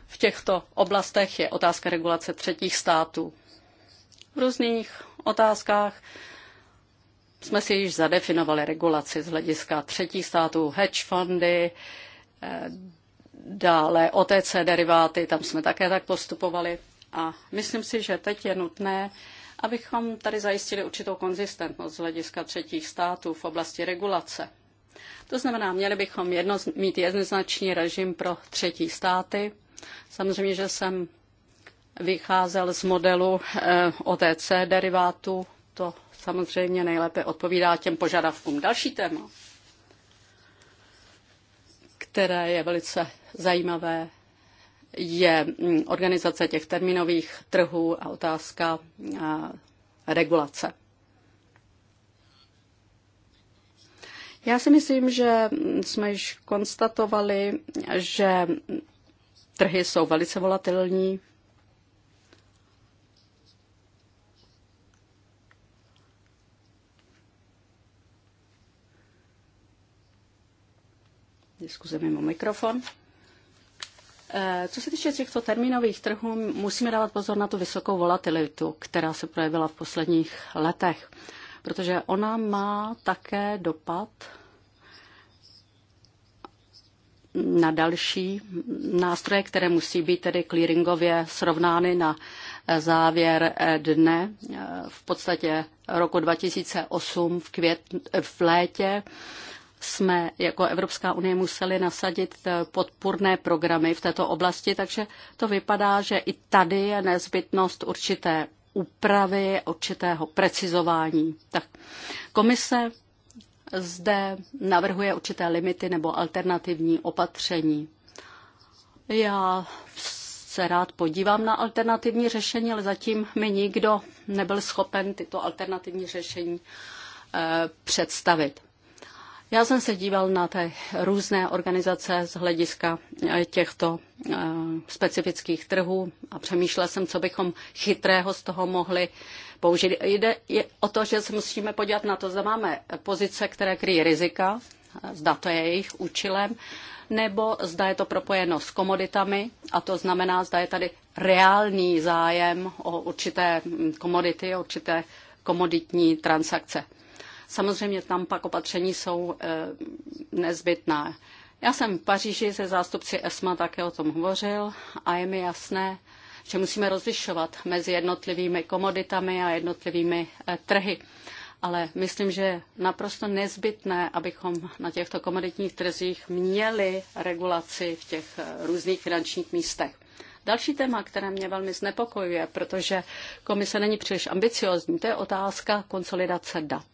v těchto oblastech je otázka regulace třetích států. V různých otázkách jsme si již zadefinovali regulaci z hlediska třetích států, hedge fundy, eh, dále OTC deriváty, tam jsme také tak postupovali. A myslím si, že teď je nutné, abychom tady zajistili určitou konzistentnost z hlediska třetích států v oblasti regulace. To znamená, měli bychom jedno, mít jednoznačný režim pro třetí státy. Samozřejmě, že jsem vycházel z modelu eh, OTC derivátu. To samozřejmě nejlépe odpovídá těm požadavkům. Další téma, které je velice zajímavé, je mm, organizace těch termínových trhů a otázka eh, regulace. Já si myslím, že jsme již konstatovali, že trhy jsou velice volatilní. Diskuze mimo mikrofon. Eh, co se týče těchto termínových trhů, musíme dávat pozor na tu vysokou volatilitu, která se projevila v posledních letech, protože ona má také dopad na další nástroje, které musí být tedy clearingově srovnány na závěr dne. V podstatě roku 2008 v, květ, v létě jsme jako Evropská unie museli nasadit podpůrné programy v této oblasti, takže to vypadá, že i tady je nezbytnost určité úpravy, určitého precizování. Tak komise zde navrhuje určité limity nebo alternativní opatření. Já se rád podívám na alternativní řešení, ale zatím mi nikdo nebyl schopen tyto alternativní řešení eh, představit. Já jsem se díval na ty různé organizace z hlediska eh, těchto eh, specifických trhů a přemýšlel jsem, co bychom chytrého z toho mohli použít. Jde o to, že se musíme podívat na to, zda máme pozice, které kryjí rizika, zda to je jejich účelem, nebo zda je to propojeno s komoditami, a to znamená, zda je tady reálný zájem o určité mm, komodity, o určité komoditní transakce. Samozřejmě tam pak opatření jsou eh, nezbytná. Já jsem v Paříži se zástupci ESMA také o tom hovořil a je mi jasné, že musíme rozlišovat mezi jednotlivými komoditami a jednotlivými eh, trhy. Ale myslím, že je naprosto nezbytné, abychom na těchto komoditních trzích měli regulaci v těch eh, různých finančních místech. Další téma, které mě velmi znepokojuje, protože komise není příliš ambiciozní, to je otázka konsolidace dat.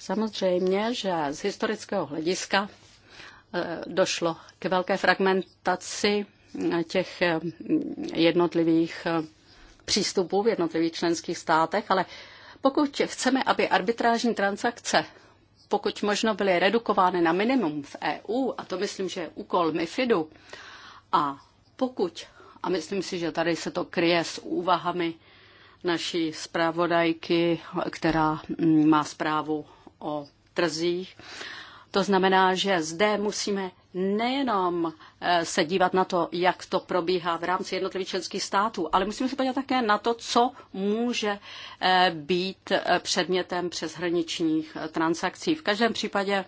Samozřejmě, že z historického hlediska eh, došlo k velké fragmentaci eh, těch eh, jednotlivých přístupů v jednotlivých členských státech, ale pokud chceme, aby arbitrážní transakce pokud možno byly redukovány na minimum v EU, a to myslím, že je úkol MIFIDu, a pokud, a myslím si, že tady se to kryje s úvahami naší zpravodajky, která mm, má zprávu o trzích. To znamená, že zde musíme nejenom eh, se dívat na to, jak to probíhá v rámci jednotlivých členských států, ale musíme se podívat také na to, co může eh, být eh, předmětem přeshraničních transakcí. V každém případě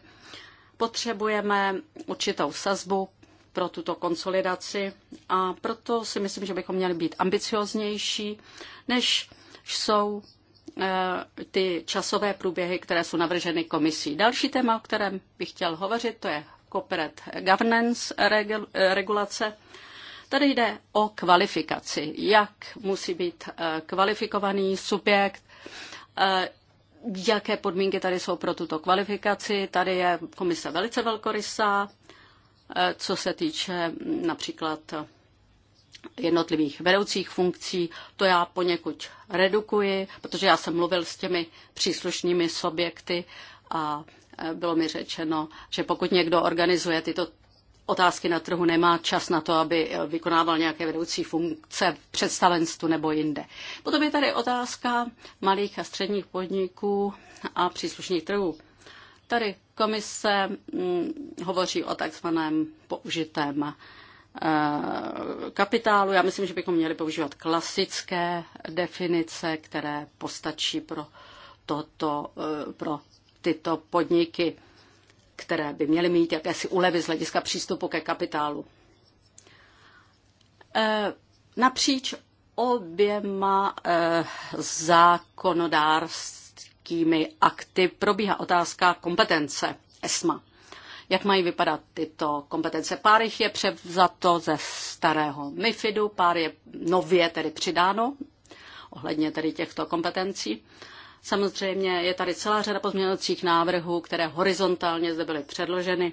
potřebujeme určitou sazbu pro tuto konsolidaci a proto si myslím, že bychom měli být ambicioznější, než jsou Eh, ty časové průběhy, které jsou navrženy komisí. Další téma, o kterém bych chtěl hovořit, to je corporate governance eh, regulace. Tady jde o kvalifikaci, jak musí být eh, kvalifikovaný subjekt, jaké podmínky tady jsou pro tuto kvalifikaci. Tady je komise velice velkorysá, co se týče například jednotlivých vedoucích funkcí. To já poněkud redukuji, protože já jsem mluvil s těmi příslušnými subjekty a e, bylo mi řečeno, že pokud někdo organizuje tyto otázky na trhu, nemá čas na to, aby e, vykonával nějaké vedoucí funkce v představenstvu nebo jinde. Potom je tady otázka malých a středních podniků a příslušných trhů. Tady komise mm, hovoří o takzvaném použitém Eh, kapitálu. Já myslím, že bychom měli používat klasické definice, které postačí pro, toto, eh, pro tyto podniky, které by měly mít jakési ulevy z hlediska přístupu ke kapitálu. Eh, napříč oběma zákonodárskými akty probíhá otázka kompetence ESMA jak mají vypadat tyto kompetence. Pár jich je převzato ze starého MIFIDu, pár je nově tedy přidáno ohledně tedy těchto kompetencí. Samozřejmě je tady celá řada pozměňovacích návrhů, které horizontálně zde byly předloženy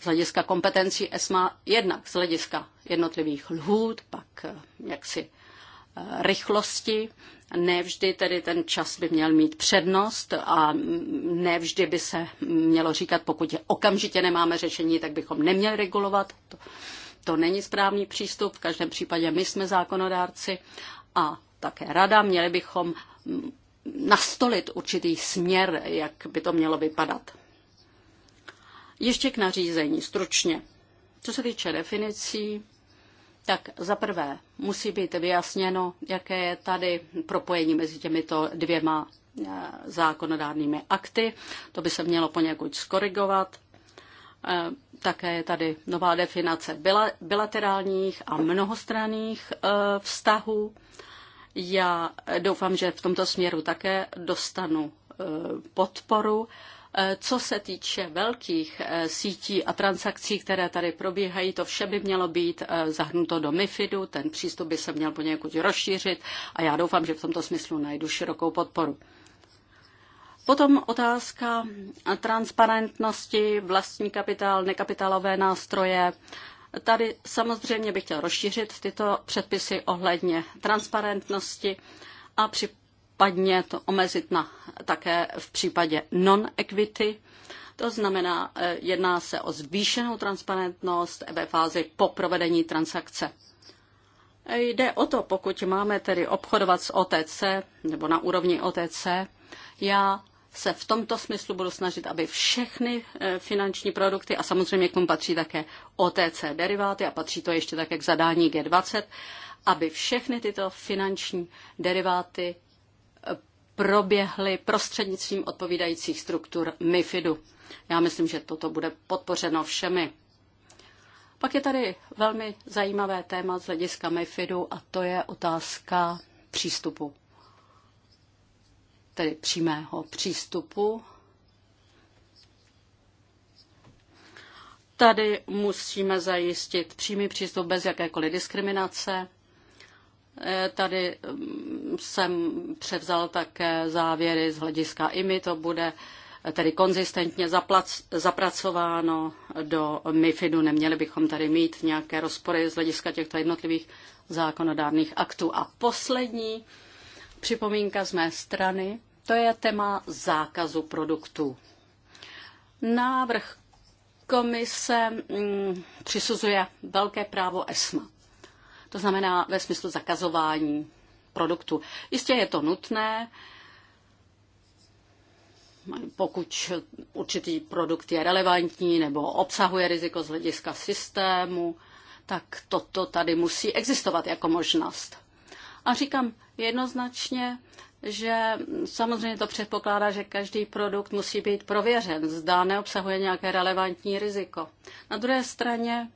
z hlediska kompetencí ESMA, jednak z hlediska jednotlivých lhůt, pak eh, jaksi eh, rychlosti Nevždy tedy ten čas by měl mít přednost a nevždy by se mělo říkat, pokud je okamžitě nemáme řešení, tak bychom neměli regulovat. To, to není správný přístup. V každém případě my jsme zákonodárci a také rada. Měli bychom nastolit určitý směr, jak by to mělo vypadat. Ještě k nařízení, stručně. Co se týče definicí, tak za prvé musí být vyjasněno, jaké je tady propojení mezi těmito dvěma e, zákonodárnými akty. To by se mělo poněkud skorigovat. E, také je tady nová definace bilaterálních a mnohostranných e, vztahů. Já doufám, že v tomto směru také dostanu podporu Eh, co se týče velkých eh, sítí a transakcí, které tady probíhají, to vše by mělo být eh, zahrnuto do MIFIDu, ten přístup by se měl poněkud rozšířit a já doufám, že v tomto smyslu najdu širokou podporu. Potom otázka transparentnosti, vlastní kapitál, nekapitálové nástroje. Tady samozřejmě bych chtěl rozšířit tyto předpisy ohledně transparentnosti a při případně to omezit na, také v případě non-equity. To znamená, eh, jedná se o zvýšenou transparentnost ve fázi po provedení transakce. Jde o to, pokud máme tedy obchodovat s OTC nebo na úrovni OTC, já se v tomto smyslu budu snažit, aby všechny eh, finanční produkty, a samozřejmě k tomu patří také OTC deriváty a patří to ještě také k zadání G20, aby všechny tyto finanční deriváty proběhly prostřednictvím odpovídajících struktur MIFIDu. Já myslím, že toto bude podpořeno všemi. Pak je tady velmi zajímavé téma z hlediska MIFIDu a to je otázka přístupu. Tedy přímého přístupu. Tady musíme zajistit přímý přístup bez jakékoliv diskriminace Eh, tady mm, jsem převzal také závěry z hlediska IMI, to bude eh, tedy konzistentně zaplac, zapracováno do MIFIDu. Neměli bychom tady mít nějaké rozpory z hlediska těchto jednotlivých zákonodárných aktů. A poslední připomínka z mé strany, to je téma zákazu produktů. Návrh komise mm, přisuzuje velké právo ESMA to znamená ve smyslu zakazování produktu. Jistě je to nutné, pokud určitý produkt je relevantní nebo obsahuje riziko z hlediska systému, tak toto tady musí existovat jako možnost. A říkám jednoznačně, že samozřejmě to předpokládá, že každý produkt musí být prověřen, zda neobsahuje nějaké relevantní riziko. Na druhé straně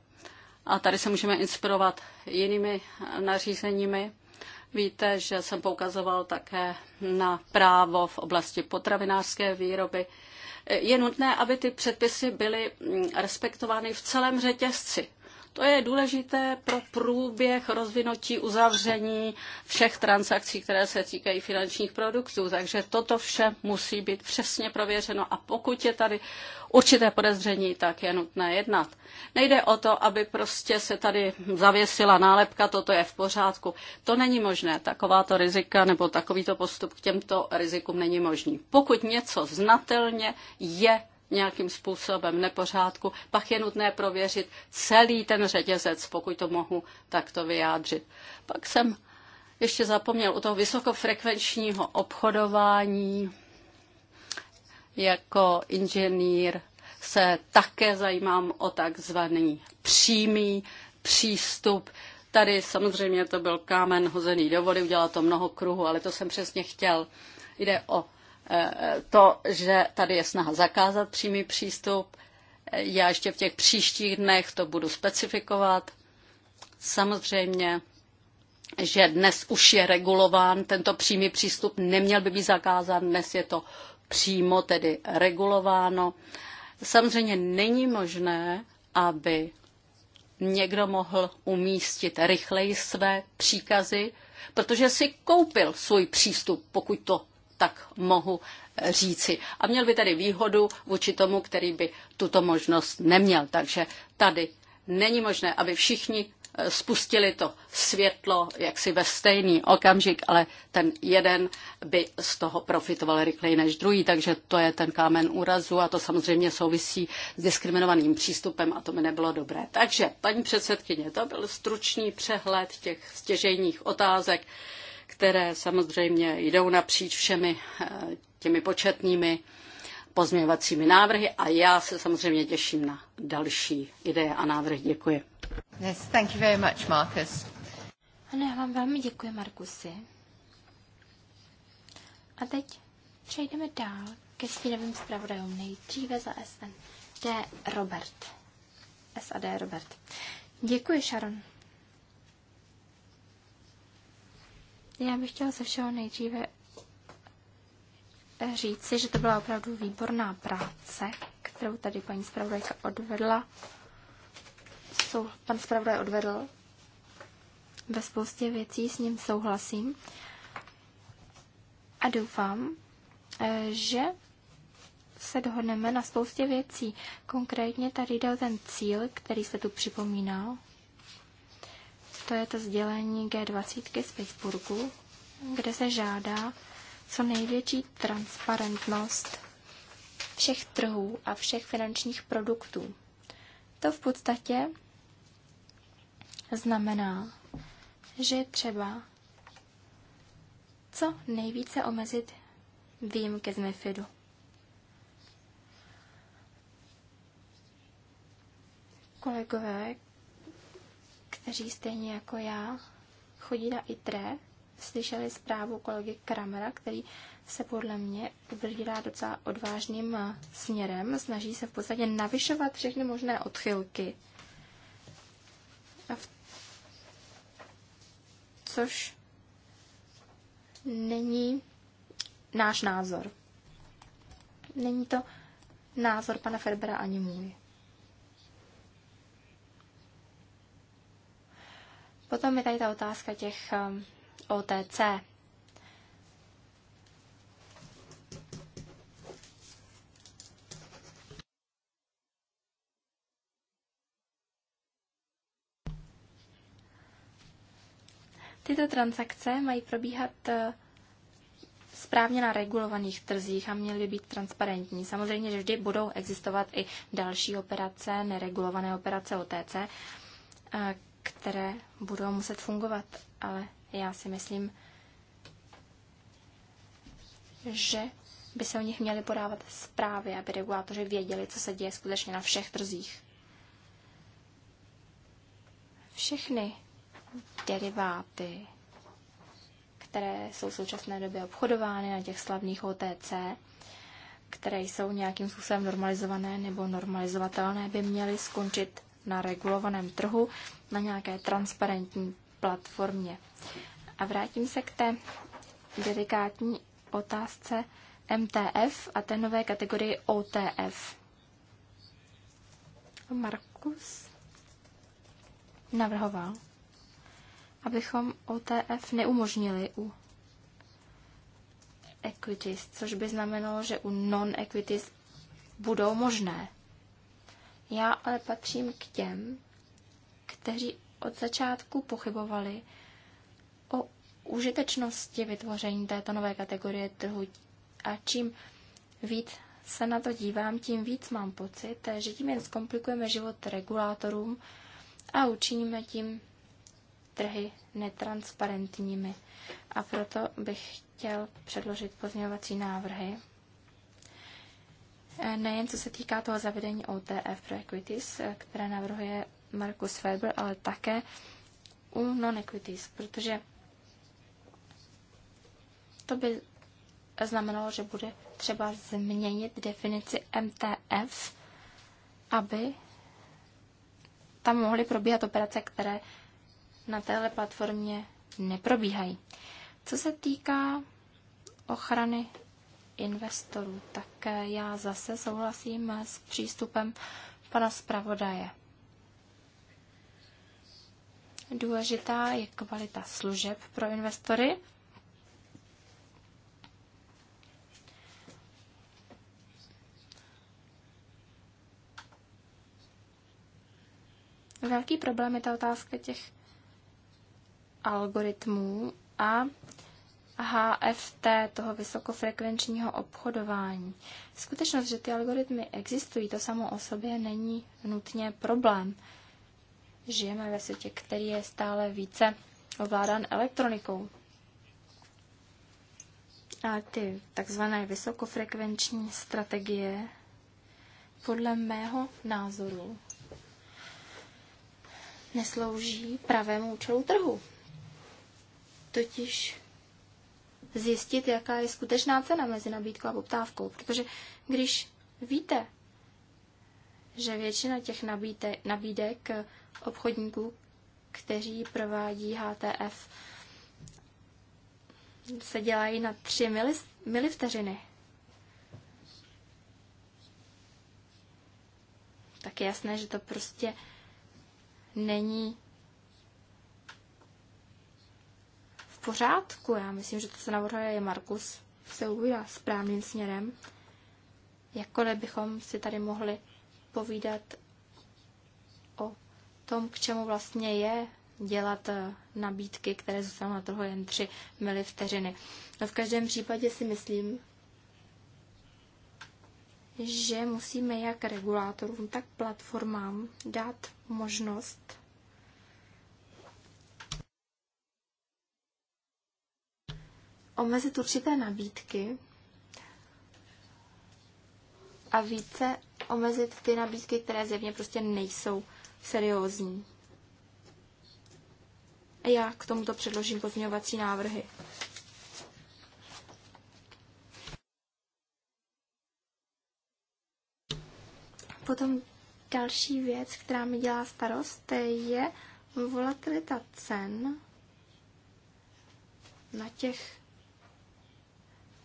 a tady se můžeme inspirovat jinými nařízeními. Víte, že jsem poukazoval také na právo v oblasti potravinářské výroby. Je nutné, aby ty předpisy byly mm, respektovány v celém řetězci. To je důležité pro průběh rozvinutí uzavření všech transakcí, které se týkají finančních produktů. Takže toto vše musí být přesně prověřeno a pokud je tady určité podezření, tak je nutné jednat. Nejde o to, aby prostě se tady zavěsila nálepka, toto je v pořádku. To není možné, takováto rizika nebo takovýto postup k těmto rizikům není možný. Pokud něco znatelně je nějakým způsobem nepořádku, pak je nutné prověřit celý ten řetězec, pokud to mohu takto vyjádřit. Pak jsem ještě zapomněl u toho vysokofrekvenčního obchodování jako inženýr se také zajímám o takzvaný přímý přístup. Tady samozřejmě to byl kámen hozený do vody, udělal to mnoho kruhu, ale to jsem přesně chtěl. Jde o to, že tady je snaha zakázat přímý přístup. Já ještě v těch příštích dnech to budu specifikovat. Samozřejmě, že dnes už je regulován tento přímý přístup, neměl by být zakázán, dnes je to přímo tedy regulováno. Samozřejmě není možné, aby někdo mohl umístit rychleji své příkazy, protože si koupil svůj přístup, pokud to tak mohu eh, říci. A měl by tedy výhodu vůči tomu, který by tuto možnost neměl. Takže tady není možné, aby všichni eh, spustili to světlo jaksi ve stejný okamžik, ale ten jeden by z toho profitoval rychleji než druhý, takže to je ten kámen úrazu a to samozřejmě souvisí s diskriminovaným přístupem a to by nebylo dobré. Takže, paní předsedkyně, to byl stručný přehled těch stěžejních otázek, které samozřejmě jdou napříč všemi eh, těmi početnými pozměňovacími návrhy a já se samozřejmě těším na další ideje a návrhy. Děkuji. Yes, thank you very much, Marcus. Ano, já vám velmi děkuji, Markusy. A teď přejdeme dál ke stínovým zpravodajům. Nejdříve za SND Robert. SAD Robert. Děkuji, Sharon. Já bych chtěla se všeho nejdříve říci, že to byla opravdu výborná práce, kterou tady paní zpravodajka odvedla. Sou, pan zpravodaj odvedl ve spoustě věcí, s ním souhlasím. A doufám, eh, že se dohodneme na spoustě věcí. Konkrétně tady jde o ten cíl, který se tu připomínal to je to sdělení G20 z Pittsburghu, kde se žádá co největší transparentnost všech trhů a všech finančních produktů. To v podstatě znamená, že je třeba co nejvíce omezit výjimky z MIFIDu. Kolegové, kteří stejně jako já chodí na ITRE, slyšeli zprávu kolegy Kramera, který se podle mě vydírá docela odvážným eh, směrem, snaží se v podstatě navyšovat všechny možné odchylky. A v... Což není náš názor. Není to názor pana Ferbera ani můj. Potom je tady ta otázka těch um, OTC. Tyto transakce mají probíhat uh, správně na regulovaných trzích a měly být transparentní. Samozřejmě, že vždy budou existovat i další operace, neregulované operace OTC, uh, které budou muset fungovat, ale já si myslím, že by se o nich měly podávat zprávy, aby regulátoři věděli, co se děje skutečně na všech trzích. Všechny deriváty, které jsou v současné době obchodovány na těch slavných OTC, které jsou nějakým způsobem normalizované nebo normalizovatelné, by měly skončit na regulovaném trhu, na nějaké transparentní platformě. A vrátím se k té delikátní otázce MTF a té nové kategorii OTF. Markus navrhoval, abychom OTF neumožnili u equities, což by znamenalo, že u non-equities budou možné. Já ale patřím k těm, kteří od začátku pochybovali o užitečnosti vytvoření této nové kategorie trhu. A čím víc se na to dívám, tím víc mám pocit, že tím jen zkomplikujeme život regulátorům a učiníme tím trhy netransparentními. A proto bych chtěl předložit pozměňovací návrhy. Nejen co se týká toho zavedení OTF pro equities, které navrhuje Markus Weber, ale také u non-equities, protože to by znamenalo, že bude třeba změnit definici MTF, aby tam mohly probíhat operace, které na téhle platformě neprobíhají. Co se týká ochrany investorů, tak já zase souhlasím s přístupem pana zpravodaje. Důležitá je kvalita služeb pro investory. Velký problém je ta otázka těch algoritmů a HFT, toho vysokofrekvenčního obchodování. Skutečnost, že ty algoritmy existují, to samo o sobě není nutně problém žijeme ve světě, který je stále více ovládán elektronikou. A ty takzvané vysokofrekvenční strategie, podle mého názoru, neslouží pravému účelu trhu. Totiž zjistit, jaká je skutečná cena mezi nabídkou a poptávkou. Protože když víte, že většina těch nabídek obchodníků, kteří provádí HTF, se dělají na 3 milivteřiny. Tak je jasné, že to prostě není v pořádku. Já myslím, že to, co navrhuje je Markus, se ubírá správným směrem. Jakkoliv bychom si tady mohli povídat o tom, k čemu vlastně je dělat eh, nabídky, které zůstanou na trhu jen 3 vteřiny. No v každém případě si myslím, že musíme jak regulátorům, tak platformám dát možnost omezit určité nabídky a více omezit ty nabídky, které zjevně prostě nejsou seriózní. Já k tomuto předložím pozměňovací návrhy. Potom další věc, která mi dělá starost, je volatilita cen na těch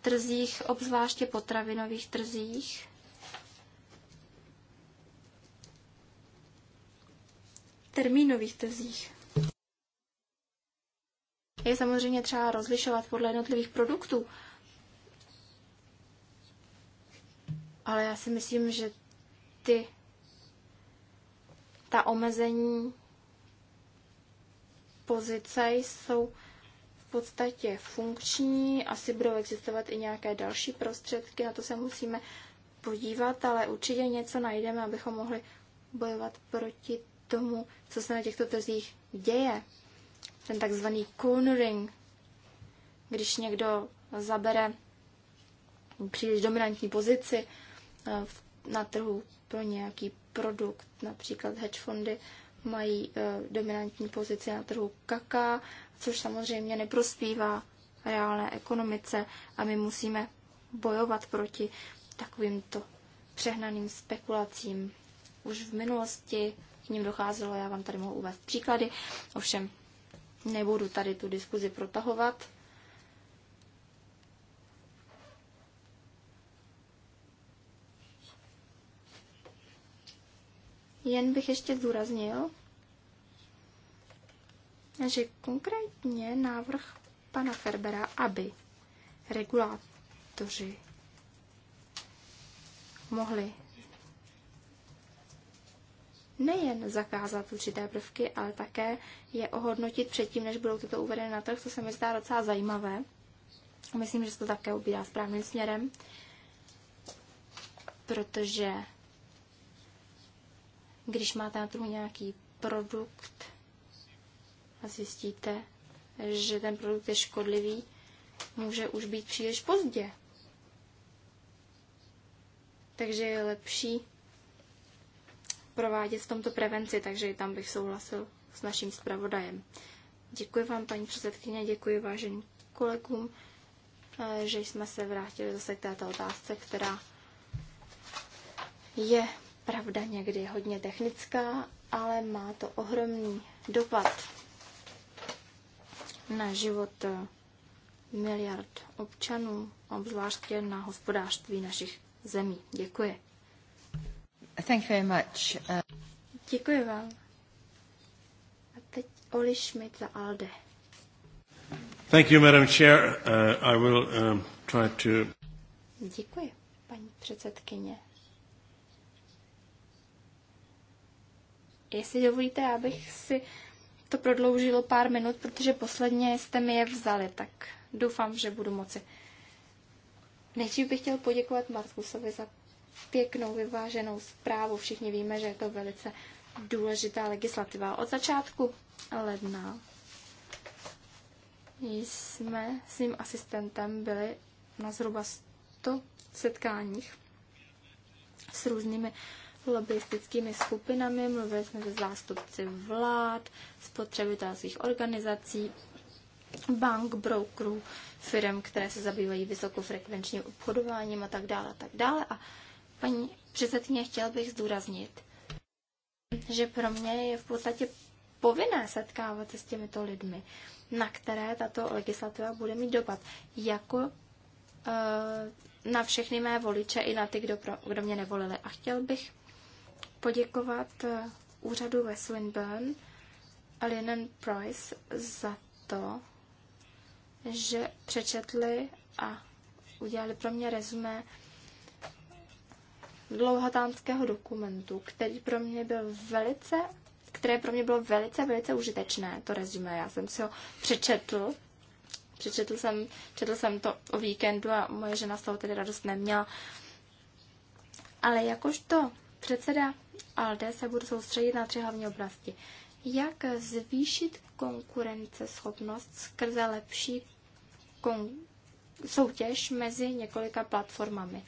trzích, obzvláště potravinových trzích. termínových trzích. Je samozřejmě třeba rozlišovat podle jednotlivých produktů, ale já si myslím, že ty ta omezení pozice jsou v podstatě funkční, asi budou existovat i nějaké další prostředky, na to se musíme podívat, ale určitě něco najdeme, abychom mohli bojovat proti tomu, co se na těchto trzích děje. Ten takzvaný cornering, když někdo zabere příliš dominantní pozici eh, na trhu pro nějaký produkt, například hedge fondy mají eh, dominantní pozici na trhu kaká, což samozřejmě neprospívá reálné ekonomice a my musíme bojovat proti takovýmto přehnaným spekulacím. Už v minulosti k ním docházelo. Já vám tady mohu uvést příklady, ovšem nebudu tady tu diskuzi protahovat. Jen bych ještě zdůraznil, že konkrétně návrh pana Ferbera, aby regulátoři mohli nejen zakázat určité prvky, ale také je ohodnotit předtím, než budou tyto uvedeny na trh, co se mi zdá docela zajímavé. Myslím, že se to také ubírá správným směrem, protože když máte na trhu nějaký produkt a zjistíte, že ten produkt je škodlivý, může už být příliš pozdě. Takže je lepší provádět v tomto prevenci, takže i tam bych souhlasil s naším zpravodajem. Děkuji vám, paní předsedkyně, děkuji vážení kolegům, eh, že jsme se vrátili zase k této otázce, která je pravda někdy hodně technická, ale má to ohromný dopad na život eh, miliard občanů, obzvláště na hospodářství našich zemí. Děkuji. Thank you very much. Uh... Děkuji vám. A teď Oli Schmidt za ALDE. Thank you, Madam Chair. Uh, I will um, try to... Děkuji, paní předsedkyně. Jestli dovolíte, abych si to prodloužilo pár minut, protože posledně jste mi je vzali, tak doufám, že budu moci. Nejdřív bych chtěl poděkovat Markusovi za pěknou, vyváženou zprávu. Všichni víme, že je to velice důležitá legislativa. Od začátku ledna jsme s mým asistentem byli na zhruba 100 setkáních s různými lobbystickými skupinami, mluvili jsme se zástupci vlád, spotřebitelských organizací, bank, brokerů, firm, které se zabývají vysokofrekvenčním obchodováním a tak dále a tak dále. A Paní předsedkyně, chtěl bych zdůraznit, že pro mě je v podstatě povinné setkávat se s těmito lidmi, na které tato legislativa bude mít dopad, jako e, na všechny mé voliče i na ty, kdo, pro, kdo mě nevolili. A chtěl bych poděkovat eh, úřadu ve Swinburne a Linen Price za to, že přečetli a udělali pro mě rezumé dlouhatánského dokumentu, který pro mě byl velice, které pro mě bylo velice, velice užitečné, to rezime. Já jsem si ho přečetl, přečetl jsem, četl jsem to o víkendu a moje žena z toho tedy radost neměla. Ale jakožto předseda ALDE se budu soustředit na tři hlavní oblasti. Jak zvýšit konkurenceschopnost skrze lepší kon- soutěž mezi několika platformami?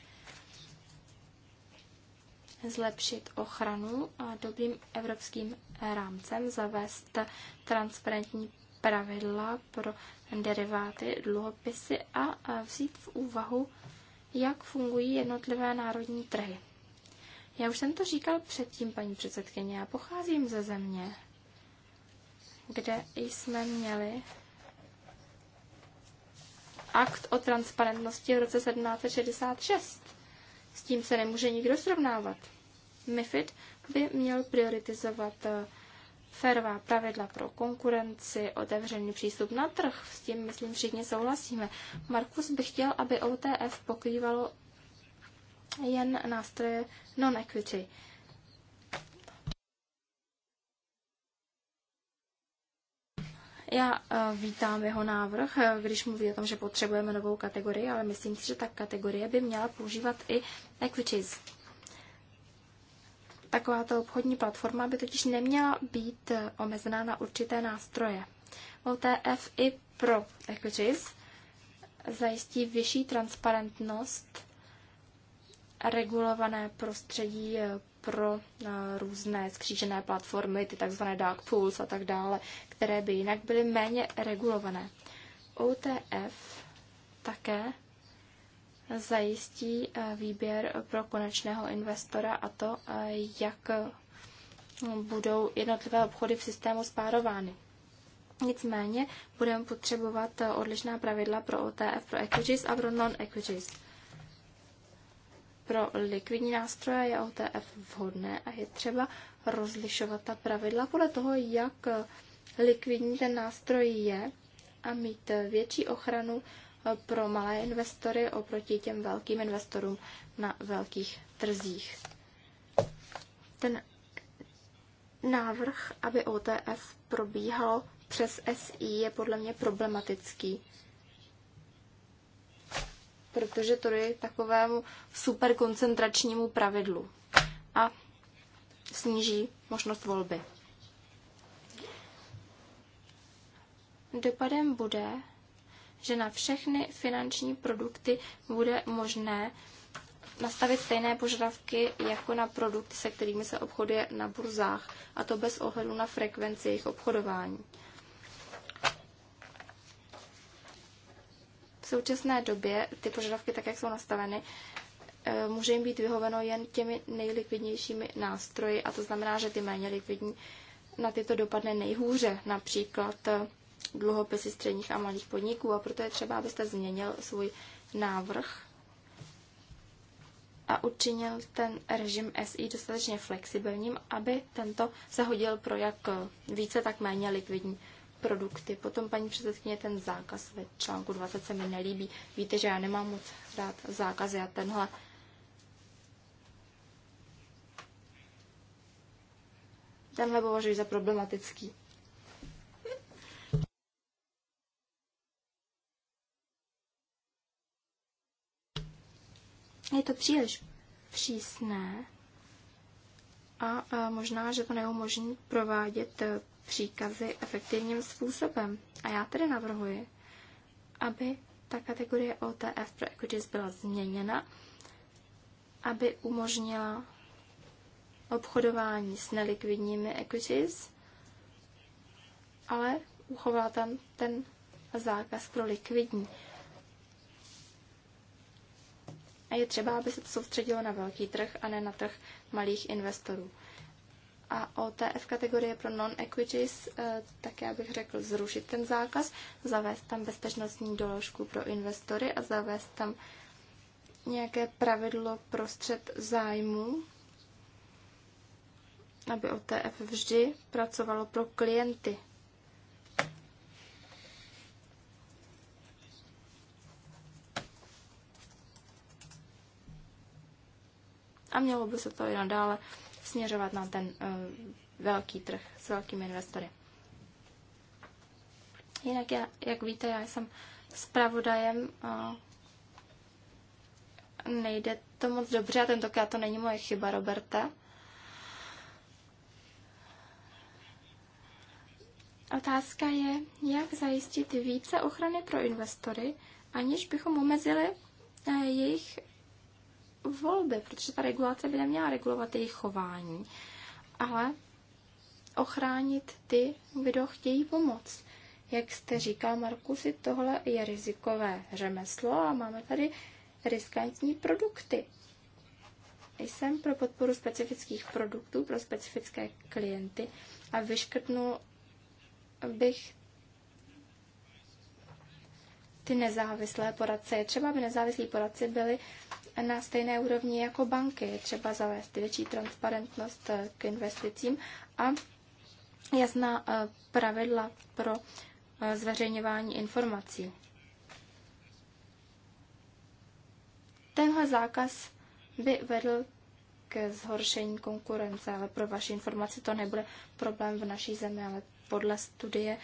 zlepšit ochranu a dobrým evropským rámcem zavést transparentní pravidla pro deriváty, dluhopisy a vzít v úvahu, jak fungují jednotlivé národní trhy. Já už jsem to říkal předtím, paní předsedkyně, já pocházím ze země, kde jsme měli akt o transparentnosti v roce 1766. S tím se nemůže nikdo srovnávat. MIFID by měl prioritizovat eh, férová pravidla pro konkurenci, otevřený přístup na trh, s tím, myslím, všichni souhlasíme. Markus by chtěl, aby OTF pokrývalo jen nástroje non-equity. Já eh, vítám jeho návrh, eh, když mluví o tom, že potřebujeme novou kategorii, ale myslím si, že ta kategorie by měla používat i equities. Takováto obchodní platforma by totiž neměla být omezená na určité nástroje. OTF i pro equities zajistí vyšší transparentnost regulované prostředí eh, pro eh, různé skřížené platformy, ty takzvané dark pools a tak dále, které by jinak byly méně regulované. OTF také zajistí eh, výběr pro konečného investora a to, eh, jak budou jednotlivé obchody v systému spárovány. Nicméně budeme potřebovat eh, odlišná pravidla pro OTF, pro equities a pro non-equities. Pro likvidní nástroje je OTF vhodné a je třeba rozlišovat ta pravidla podle toho, jak likvidní ten nástroj je a mít větší ochranu pro malé investory oproti těm velkým investorům na velkých trzích. Ten návrh, aby OTF probíhalo přes SI, je podle mě problematický protože to je takovému superkoncentračnímu pravidlu a sníží možnost volby. Dopadem bude, že na všechny finanční produkty bude možné nastavit stejné požadavky jako na produkty, se kterými se obchoduje na burzách, a to bez ohledu na frekvenci jejich obchodování. V současné době ty požadavky, tak jak jsou nastaveny, eh, může jim být vyhoveno jen těmi nejlikvidnějšími nástroji, a to znamená, že ty méně likvidní na tyto dopadne nejhůře, například eh, dluhopisy středních a malých podniků a proto je třeba, abyste změnil svůj návrh a učinil ten režim SI dostatečně flexibilním, aby tento se hodil pro jak více, tak méně likvidní produkty. Potom, paní předsedkyně, ten zákaz ve článku 20 se mi nelíbí. Víte, že já nemám moc rád zákazy a tenhle tenhle považuji za problematický. Je to příliš přísné a, a možná, že to neumožní provádět eh, příkazy efektivním způsobem. A já tedy navrhuji, aby ta kategorie OTF pro equities byla změněna, aby umožnila obchodování s nelikvidními equities, ale uchovala tam ten zákaz pro likvidní je třeba, aby se to soustředilo na velký trh a ne na trh malých investorů. A o TF kategorie pro non-equities, eh, tak já bych řekl zrušit ten zákaz, zavést tam bezpečnostní doložku pro investory a zavést tam nějaké pravidlo pro střed zájmů, aby OTF vždy pracovalo pro klienty a mělo by se to i nadále směřovat na ten eh, velký trh s velkými investory. Jinak, já, jak víte, já jsem zpravodajem. Nejde to moc dobře a tentokrát to není moje chyba, Roberta. Otázka je, jak zajistit více ochrany pro investory, aniž bychom omezili eh, jejich volby, protože ta regulace by neměla regulovat jejich chování, ale ochránit ty, kdo chtějí pomoc. Jak jste říkal, Markusi, tohle je rizikové řemeslo a máme tady riskantní produkty. Jsem pro podporu specifických produktů pro specifické klienty a vyškrtnul bych ty nezávislé poradce. Je třeba, aby nezávislí poradci byli na stejné úrovni jako banky. Třeba zavést větší transparentnost eh, k investicím a jasná eh, pravidla pro eh, zveřejňování informací. Tenhle zákaz by vedl k zhoršení konkurence, ale pro vaši informaci to nebude problém v naší zemi, ale podle studie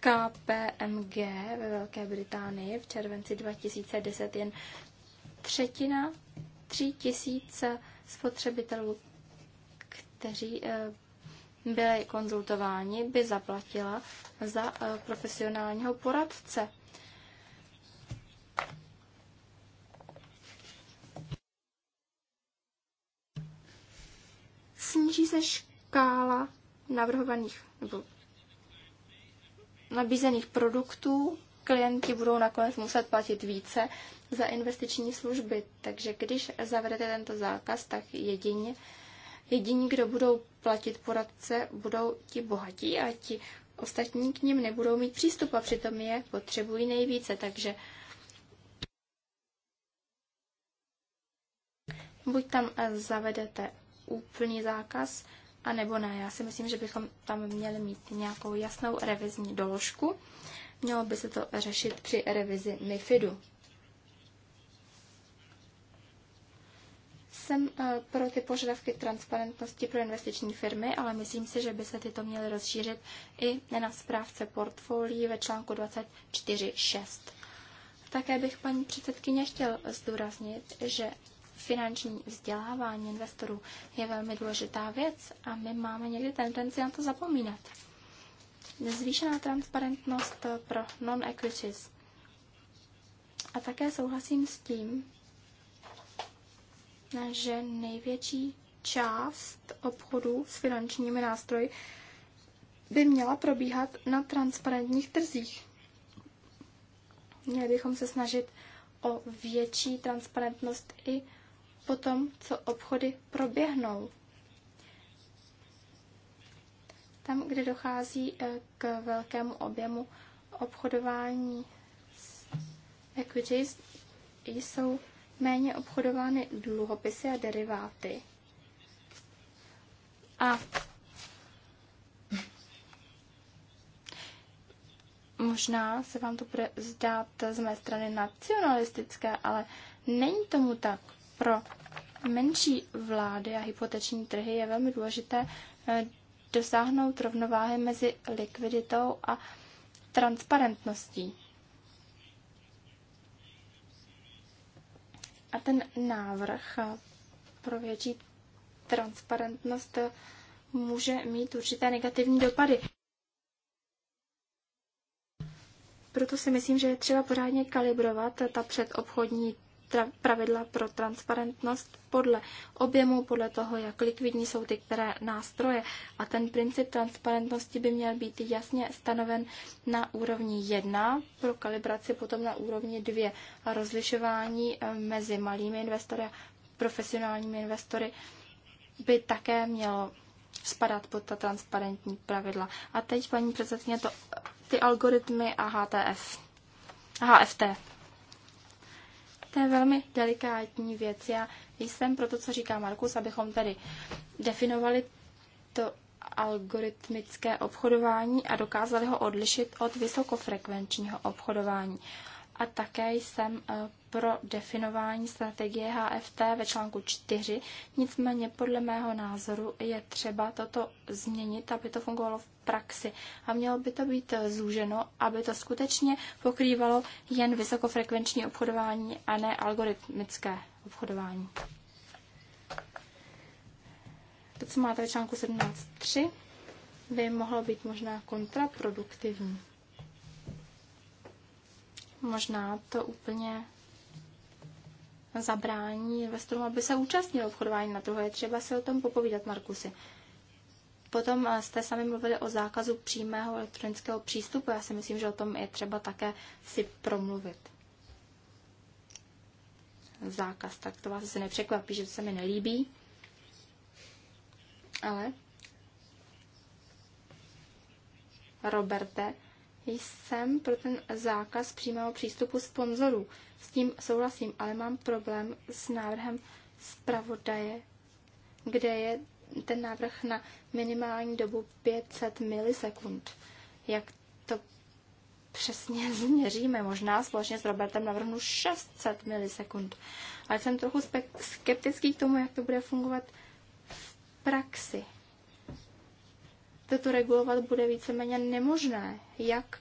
KPMG ve Velké Británii v červenci 2010 jen třetina, tří tisíce spotřebitelů, kteří eh, byli konzultováni, by zaplatila za eh, profesionálního poradce. Sníží se škála navrhovaných nebo nabízených produktů klienti budou nakonec muset platit více za investiční služby. Takže když zavedete tento zákaz, tak jedině, jedině kdo budou platit poradce, budou ti bohatí a ti ostatní k ním nebudou mít přístup a přitom je potřebují nejvíce. Takže buď tam zavedete úplný zákaz, anebo ne. Já si myslím, že bychom tam měli mít nějakou jasnou revizní doložku Mělo by se to řešit při revizi MIFIDu. Jsem eh, pro ty požadavky transparentnosti pro investiční firmy, ale myslím si, že by se tyto měly rozšířit i na správce portfolií ve článku 24.6. Také bych paní předsedkyně chtěl zdůraznit, že finanční vzdělávání investorů je velmi důležitá věc a my máme někdy tendenci na to zapomínat zvýšená transparentnost pro non-equities. A také souhlasím s tím, že největší část obchodu s finančními nástroji by měla probíhat na transparentních trzích. Měli bychom se snažit o větší transparentnost i po tom, co obchody proběhnou. Tam, kde dochází eh, k velkému objemu obchodování s equities, jsou méně obchodovány dluhopisy a deriváty. A možná se vám to bude zdát z mé strany nacionalistické, ale není tomu tak. Pro menší vlády a hypoteční trhy je velmi důležité eh, dosáhnout rovnováhy mezi likviditou a transparentností. A ten návrh pro větší transparentnost může mít určité negativní dopady. Proto si myslím, že je třeba pořádně kalibrovat ta předobchodní pravidla pro transparentnost podle objemu, podle toho, jak likvidní jsou ty které nástroje. A ten princip transparentnosti by měl být jasně stanoven na úrovni 1 pro kalibraci, potom na úrovni 2 a rozlišování eh, mezi malými investory a profesionálními investory by také mělo spadat pod ta transparentní pravidla. A teď, paní předsedkyně, to, ty algoritmy a HTF. HFT. To je velmi delikátní věc. Já jsem pro to, co říká Markus, abychom tady. definovali to algoritmické obchodování a dokázali ho odlišit od vysokofrekvenčního obchodování a také jsem eh, pro definování strategie HFT ve článku 4. Nicméně podle mého názoru je třeba toto změnit, aby to fungovalo v praxi. A mělo by to být eh, zúženo, aby to skutečně pokrývalo jen vysokofrekvenční obchodování a ne algoritmické obchodování. To, co máte ve článku 17.3, by mohlo být možná kontraproduktivní možná to úplně zabrání investorům, aby se účastnili obchodování na trhu. Je třeba si o tom popovídat, Markusy. Potom eh, jste sami mluvili o zákazu přímého elektronického přístupu. Já si myslím, že o tom je třeba také si promluvit. Zákaz, tak to vás asi nepřekvapí, že to se mi nelíbí. Ale Roberte, jsem pro ten zákaz přímého přístupu sponzorů. S tím souhlasím, ale mám problém s návrhem zpravodaje, kde je ten návrh na minimální dobu 500 milisekund. Jak to přesně změříme? Možná společně s Robertem navrhnu 600 milisekund. Ale jsem trochu skeptický k tomu, jak to bude fungovat v praxi toto regulovat bude víceméně nemožné. Jak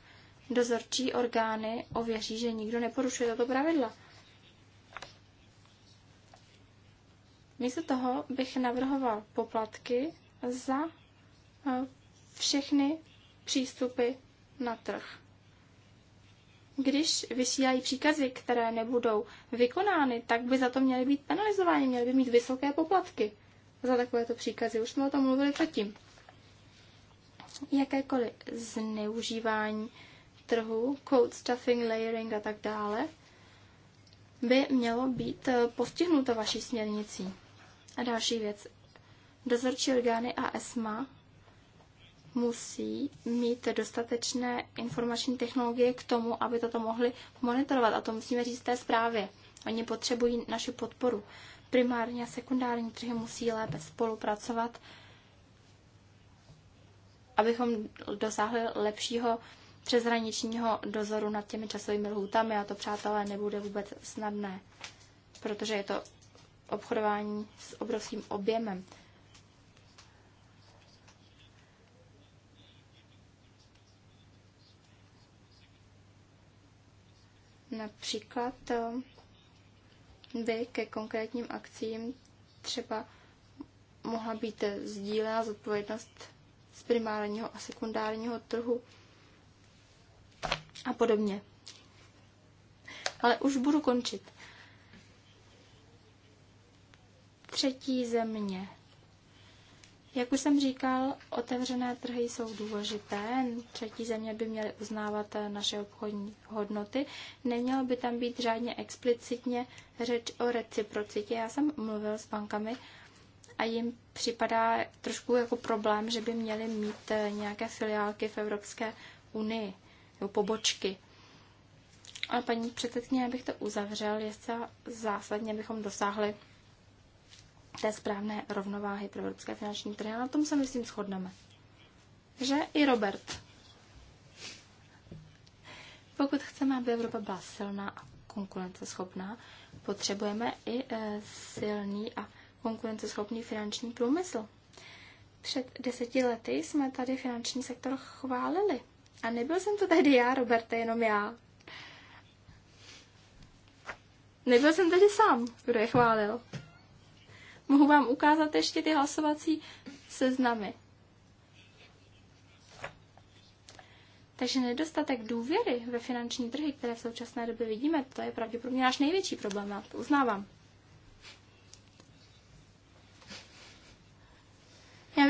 dozorčí orgány ověří, že nikdo neporušuje tato pravidla? Místo toho bych navrhoval poplatky za eh, všechny přístupy na trh. Když vysílají příkazy, které nebudou vykonány, tak by za to měly být penalizováni, měly by mít vysoké poplatky za takovéto příkazy. Už jsme o tom mluvili předtím jakékoliv zneužívání trhu, code stuffing, layering a tak dále, by mělo být eh, postihnuto vaší směrnicí. A další věc. Dozorčí orgány a ESMA musí mít dostatečné informační technologie k tomu, aby toto mohli monitorovat. A to musíme říct té zprávě. Oni potřebují naši podporu. Primární a sekundární trhy musí lépe spolupracovat abychom dosáhli lepšího přeshraničního dozoru nad těmi časovými lhůtami a to, přátelé, nebude vůbec snadné, protože je to obchodování s obrovským objemem. Například eh, by ke konkrétním akcím třeba mohla být sdílena zodpovědnost z primárního a sekundárního trhu a podobně. Ale už budu končit. Třetí země. Jak už jsem říkal, otevřené trhy jsou důležité. Třetí země by měly uznávat eh, naše obchodní hodnoty. Nemělo by tam být řádně explicitně řeč o reciprocitě. Já jsem mluvil s bankami a jim připadá trošku jako problém, že by měli mít eh, nějaké filiálky v Evropské unii nebo pobočky. Ale paní předsedkyně, abych to uzavřel, je zcela zásadně, abychom dosáhli té správné rovnováhy pro evropské finanční trhy. A na tom se, myslím, shodneme. Že i Robert. Pokud chceme, aby Evropa byla silná a konkurenceschopná, potřebujeme i eh, silný a konkurenceschopný finanční průmysl. Před deseti lety jsme tady finanční sektor chválili. A nebyl jsem to tady já, Roberte, jenom já. Nebyl jsem tady sám, kdo je chválil. Mohu vám ukázat ještě ty hlasovací seznamy. Takže nedostatek důvěry ve finanční trhy, které v současné době vidíme, to je pravděpodobně náš největší problém, já to uznávám.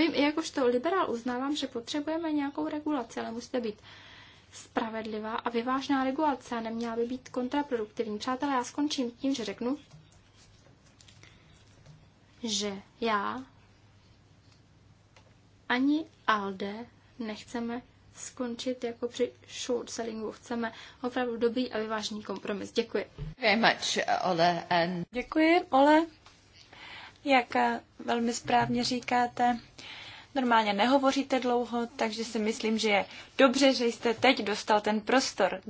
nevím, i jakožto liberál uznávám, že potřebujeme nějakou regulaci, ale musíte být spravedlivá a vyvážná regulace neměla by být kontraproduktivní. Přátelé, já skončím tím, že řeknu, že já ani Alde nechceme skončit jako při short sellingu. Chceme opravdu dobrý a vyvážný kompromis. Děkuji. Very much, Ole. And... Děkuji, Ole. Jak velmi správně říkáte, normálně nehovoříte dlouho, takže si myslím, že je dobře, že jste teď dostal ten prostor.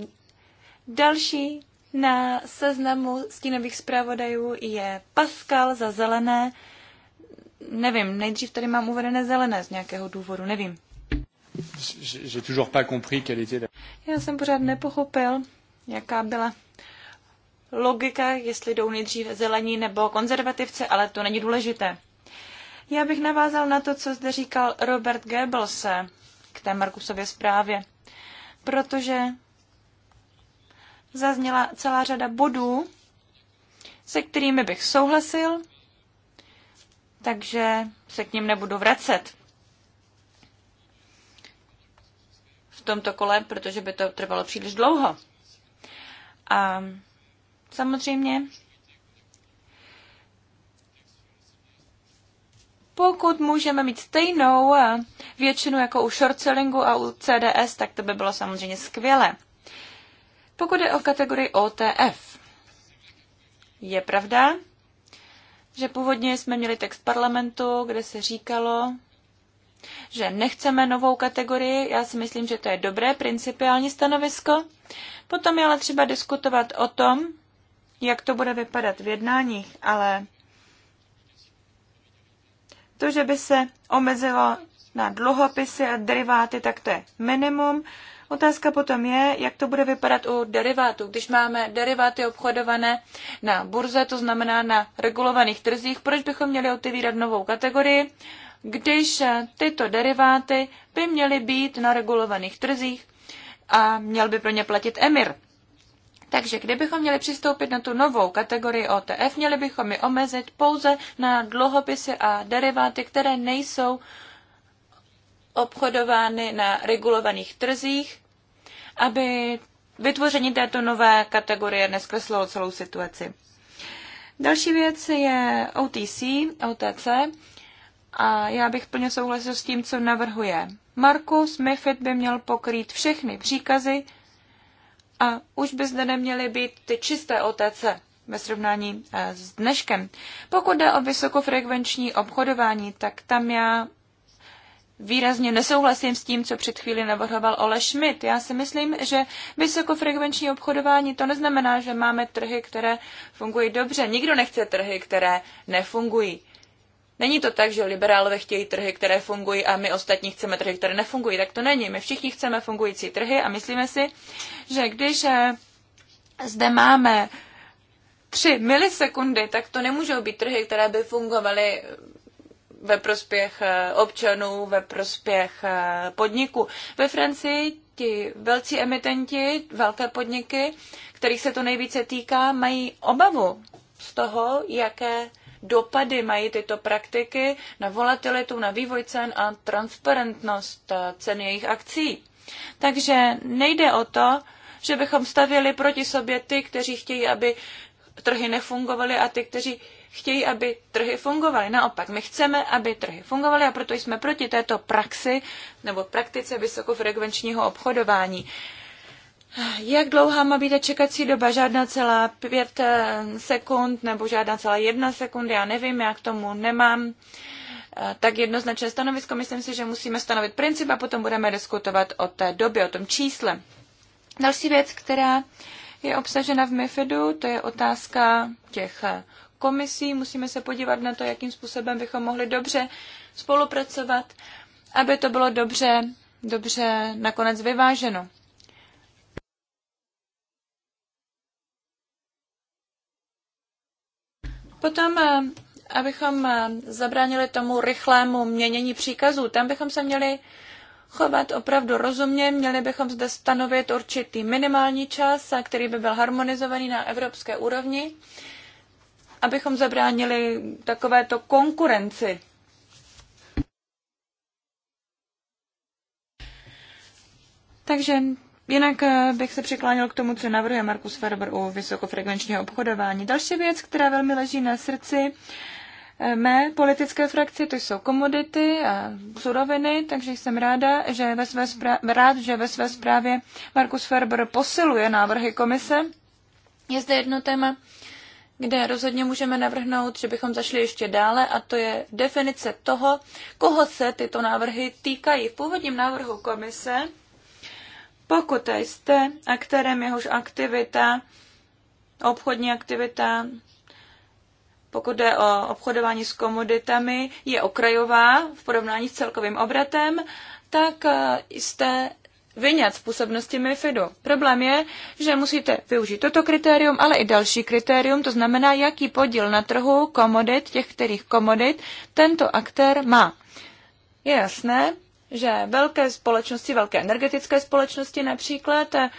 Další na seznamu stínových zpravodajů je Pascal za zelené. Nevím, nejdřív tady mám uvedené zelené z nějakého důvodu, nevím. Já jsem pořád nepochopil, jaká byla logika, jestli jdou nejdřív zelení nebo konzervativci, ale to není důležité. Já bych navázal na to, co zde říkal Robert Goebbels k té Markusově zprávě, protože zazněla celá řada bodů, se kterými bych souhlasil, takže se k ním nebudu vracet v tomto kole, protože by to trvalo příliš dlouho. A samozřejmě, pokud můžeme mít stejnou eh, většinu jako u short sellingu a u CDS, tak to by bylo samozřejmě skvělé. Pokud je o kategorii OTF, je pravda, že původně jsme měli text parlamentu, kde se říkalo, že nechceme novou kategorii. Já si myslím, že to je dobré principiální stanovisko. Potom je ale třeba diskutovat o tom, jak to bude vypadat v jednáních, ale to, že by se omezilo na dluhopisy a deriváty, tak to je minimum. Otázka potom je, jak to bude vypadat u derivátů. Když máme deriváty obchodované na burze, to znamená na regulovaných trzích, proč bychom měli otevírat novou kategorii, když tyto deriváty by měly být na regulovaných trzích a měl by pro ně platit emir. Takže kdybychom měli přistoupit na tu novou kategorii OTF, měli bychom ji omezit pouze na dluhopisy a deriváty, které nejsou obchodovány na regulovaných trzích, aby vytvoření této nové kategorie neskreslilo celou situaci. Další věc je OTC, OTC, a já bych plně souhlasil s tím, co navrhuje. Markus Mifid by měl pokrýt všechny příkazy, a už by zde neměly být ty čisté OTC ve srovnání eh, s dneškem. Pokud jde o vysokofrekvenční obchodování, tak tam já výrazně nesouhlasím s tím, co před chvíli navrhoval Ole Schmidt. Já si myslím, že vysokofrekvenční obchodování to neznamená, že máme trhy, které fungují dobře. Nikdo nechce trhy, které nefungují. Není to tak, že liberálové chtějí trhy, které fungují a my ostatní chceme trhy, které nefungují. Tak to není. My všichni chceme fungující trhy a myslíme si, že když eh, zde máme tři milisekundy, tak to nemůžou být trhy, které by fungovaly eh, ve prospěch eh, občanů, ve prospěch podniků. Ve Francii ti velcí emitenti, velké podniky, kterých se to nejvíce týká, mají obavu z toho, jaké dopady mají tyto praktiky na volatilitu, na vývoj cen a transparentnost eh, cen jejich akcí. Takže nejde o to, že bychom stavěli proti sobě ty, kteří chtějí, aby trhy nefungovaly a ty, kteří chtějí, aby trhy fungovaly. Naopak, my chceme, aby trhy fungovaly a proto jsme proti této praxi nebo praktice vysokofrekvenčního obchodování. Jak dlouhá má být čekací doba? Žádná celá pět eh, sekund nebo žádná celá jedna sekund, já nevím, já k tomu nemám eh, tak jednoznačné stanovisko. Myslím si, že musíme stanovit princip a potom budeme diskutovat o té době, o tom čísle. Další věc, která je obsažena v MIFIDu, to je otázka těch eh, komisí. Musíme se podívat na to, jakým způsobem bychom mohli dobře spolupracovat, aby to bylo dobře, dobře nakonec vyváženo. Potom eh, abychom eh, zabránili tomu rychlému měnění příkazů. Tam bychom se měli chovat opravdu rozumně, měli bychom zde stanovit určitý minimální čas, eh, který by byl harmonizovaný na evropské úrovni, abychom zabránili takovéto konkurenci. Takže Jinak eh, bych se přiklánil k tomu, co navrhuje Markus Ferber u vysokofrekvenčního obchodování. Další věc, která velmi leží na srdci eh, mé politické frakci, to jsou komodity a suroviny, takže jsem ráda, že ve své zprávě, rád, že ve své zprávě Markus Ferber posiluje návrhy komise. Je zde jedno téma, kde rozhodně můžeme navrhnout, že bychom zašli ještě dále, a to je definice toho, koho se tyto návrhy týkají. V původním návrhu komise pokud jste aktérem, jehož aktivita, obchodní aktivita, pokud jde o obchodování s komoditami, je okrajová v porovnání s celkovým obratem, tak eh, jste vyňat z působnosti MIFIDu. Problém je, že musíte využít toto kritérium, ale i další kritérium, to znamená, jaký podíl na trhu komodit, těch kterých komodit, tento aktér má. Je jasné, že velké společnosti, velké energetické společnosti například, eh,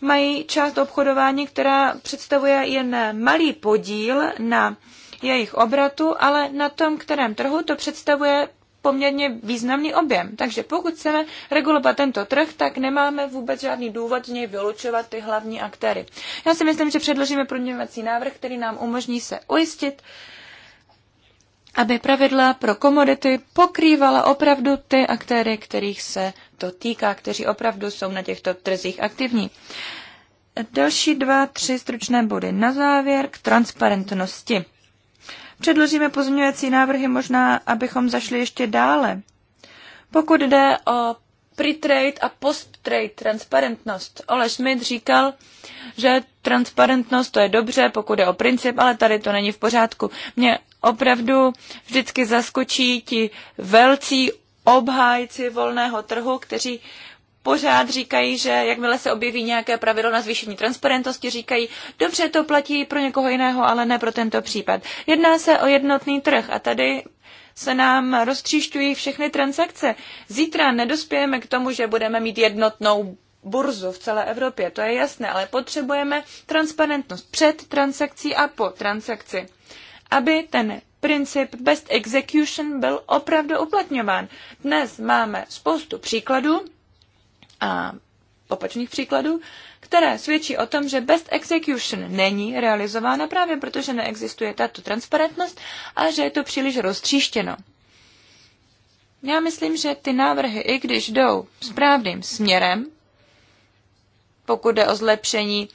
mají část obchodování, která představuje jen malý podíl na jejich obratu, ale na tom, kterém trhu to představuje poměrně významný objem. Takže pokud chceme regulovat tento trh, tak nemáme vůbec žádný důvod z něj vylučovat ty hlavní aktéry. Já si myslím, že předložíme proměňovací návrh, který nám umožní se ujistit, aby pravidla pro komodity pokrývala opravdu ty aktéry, kterých se to týká, kteří opravdu jsou na těchto trzích aktivní. Další dva, tři stručné body na závěr k transparentnosti. Předložíme pozměňovací návrhy možná, abychom zašli ještě dále. Pokud jde o pre-trade a post-trade transparentnost. Ole Schmidt říkal, že transparentnost to je dobře, pokud je o princip, ale tady to není v pořádku. Mě opravdu vždycky zaskočí ti velcí obhájci volného trhu, kteří pořád říkají, že jakmile se objeví nějaké pravidlo na zvýšení transparentnosti, říkají, dobře, to platí pro někoho jiného, ale ne pro tento případ. Jedná se o jednotný trh a tady se nám roztříšťují všechny transakce. Zítra nedospějeme k tomu, že budeme mít jednotnou burzu v celé Evropě, to je jasné, ale potřebujeme transparentnost před transakcí a po transakci aby ten princip best execution byl opravdu uplatňován. Dnes máme spoustu příkladů a opačných příkladů, které svědčí o tom, že best execution není realizována právě proto, že neexistuje tato transparentnost a že je to příliš roztříštěno. Já myslím, že ty návrhy, i když jdou správným směrem, pokud jde o zlepšení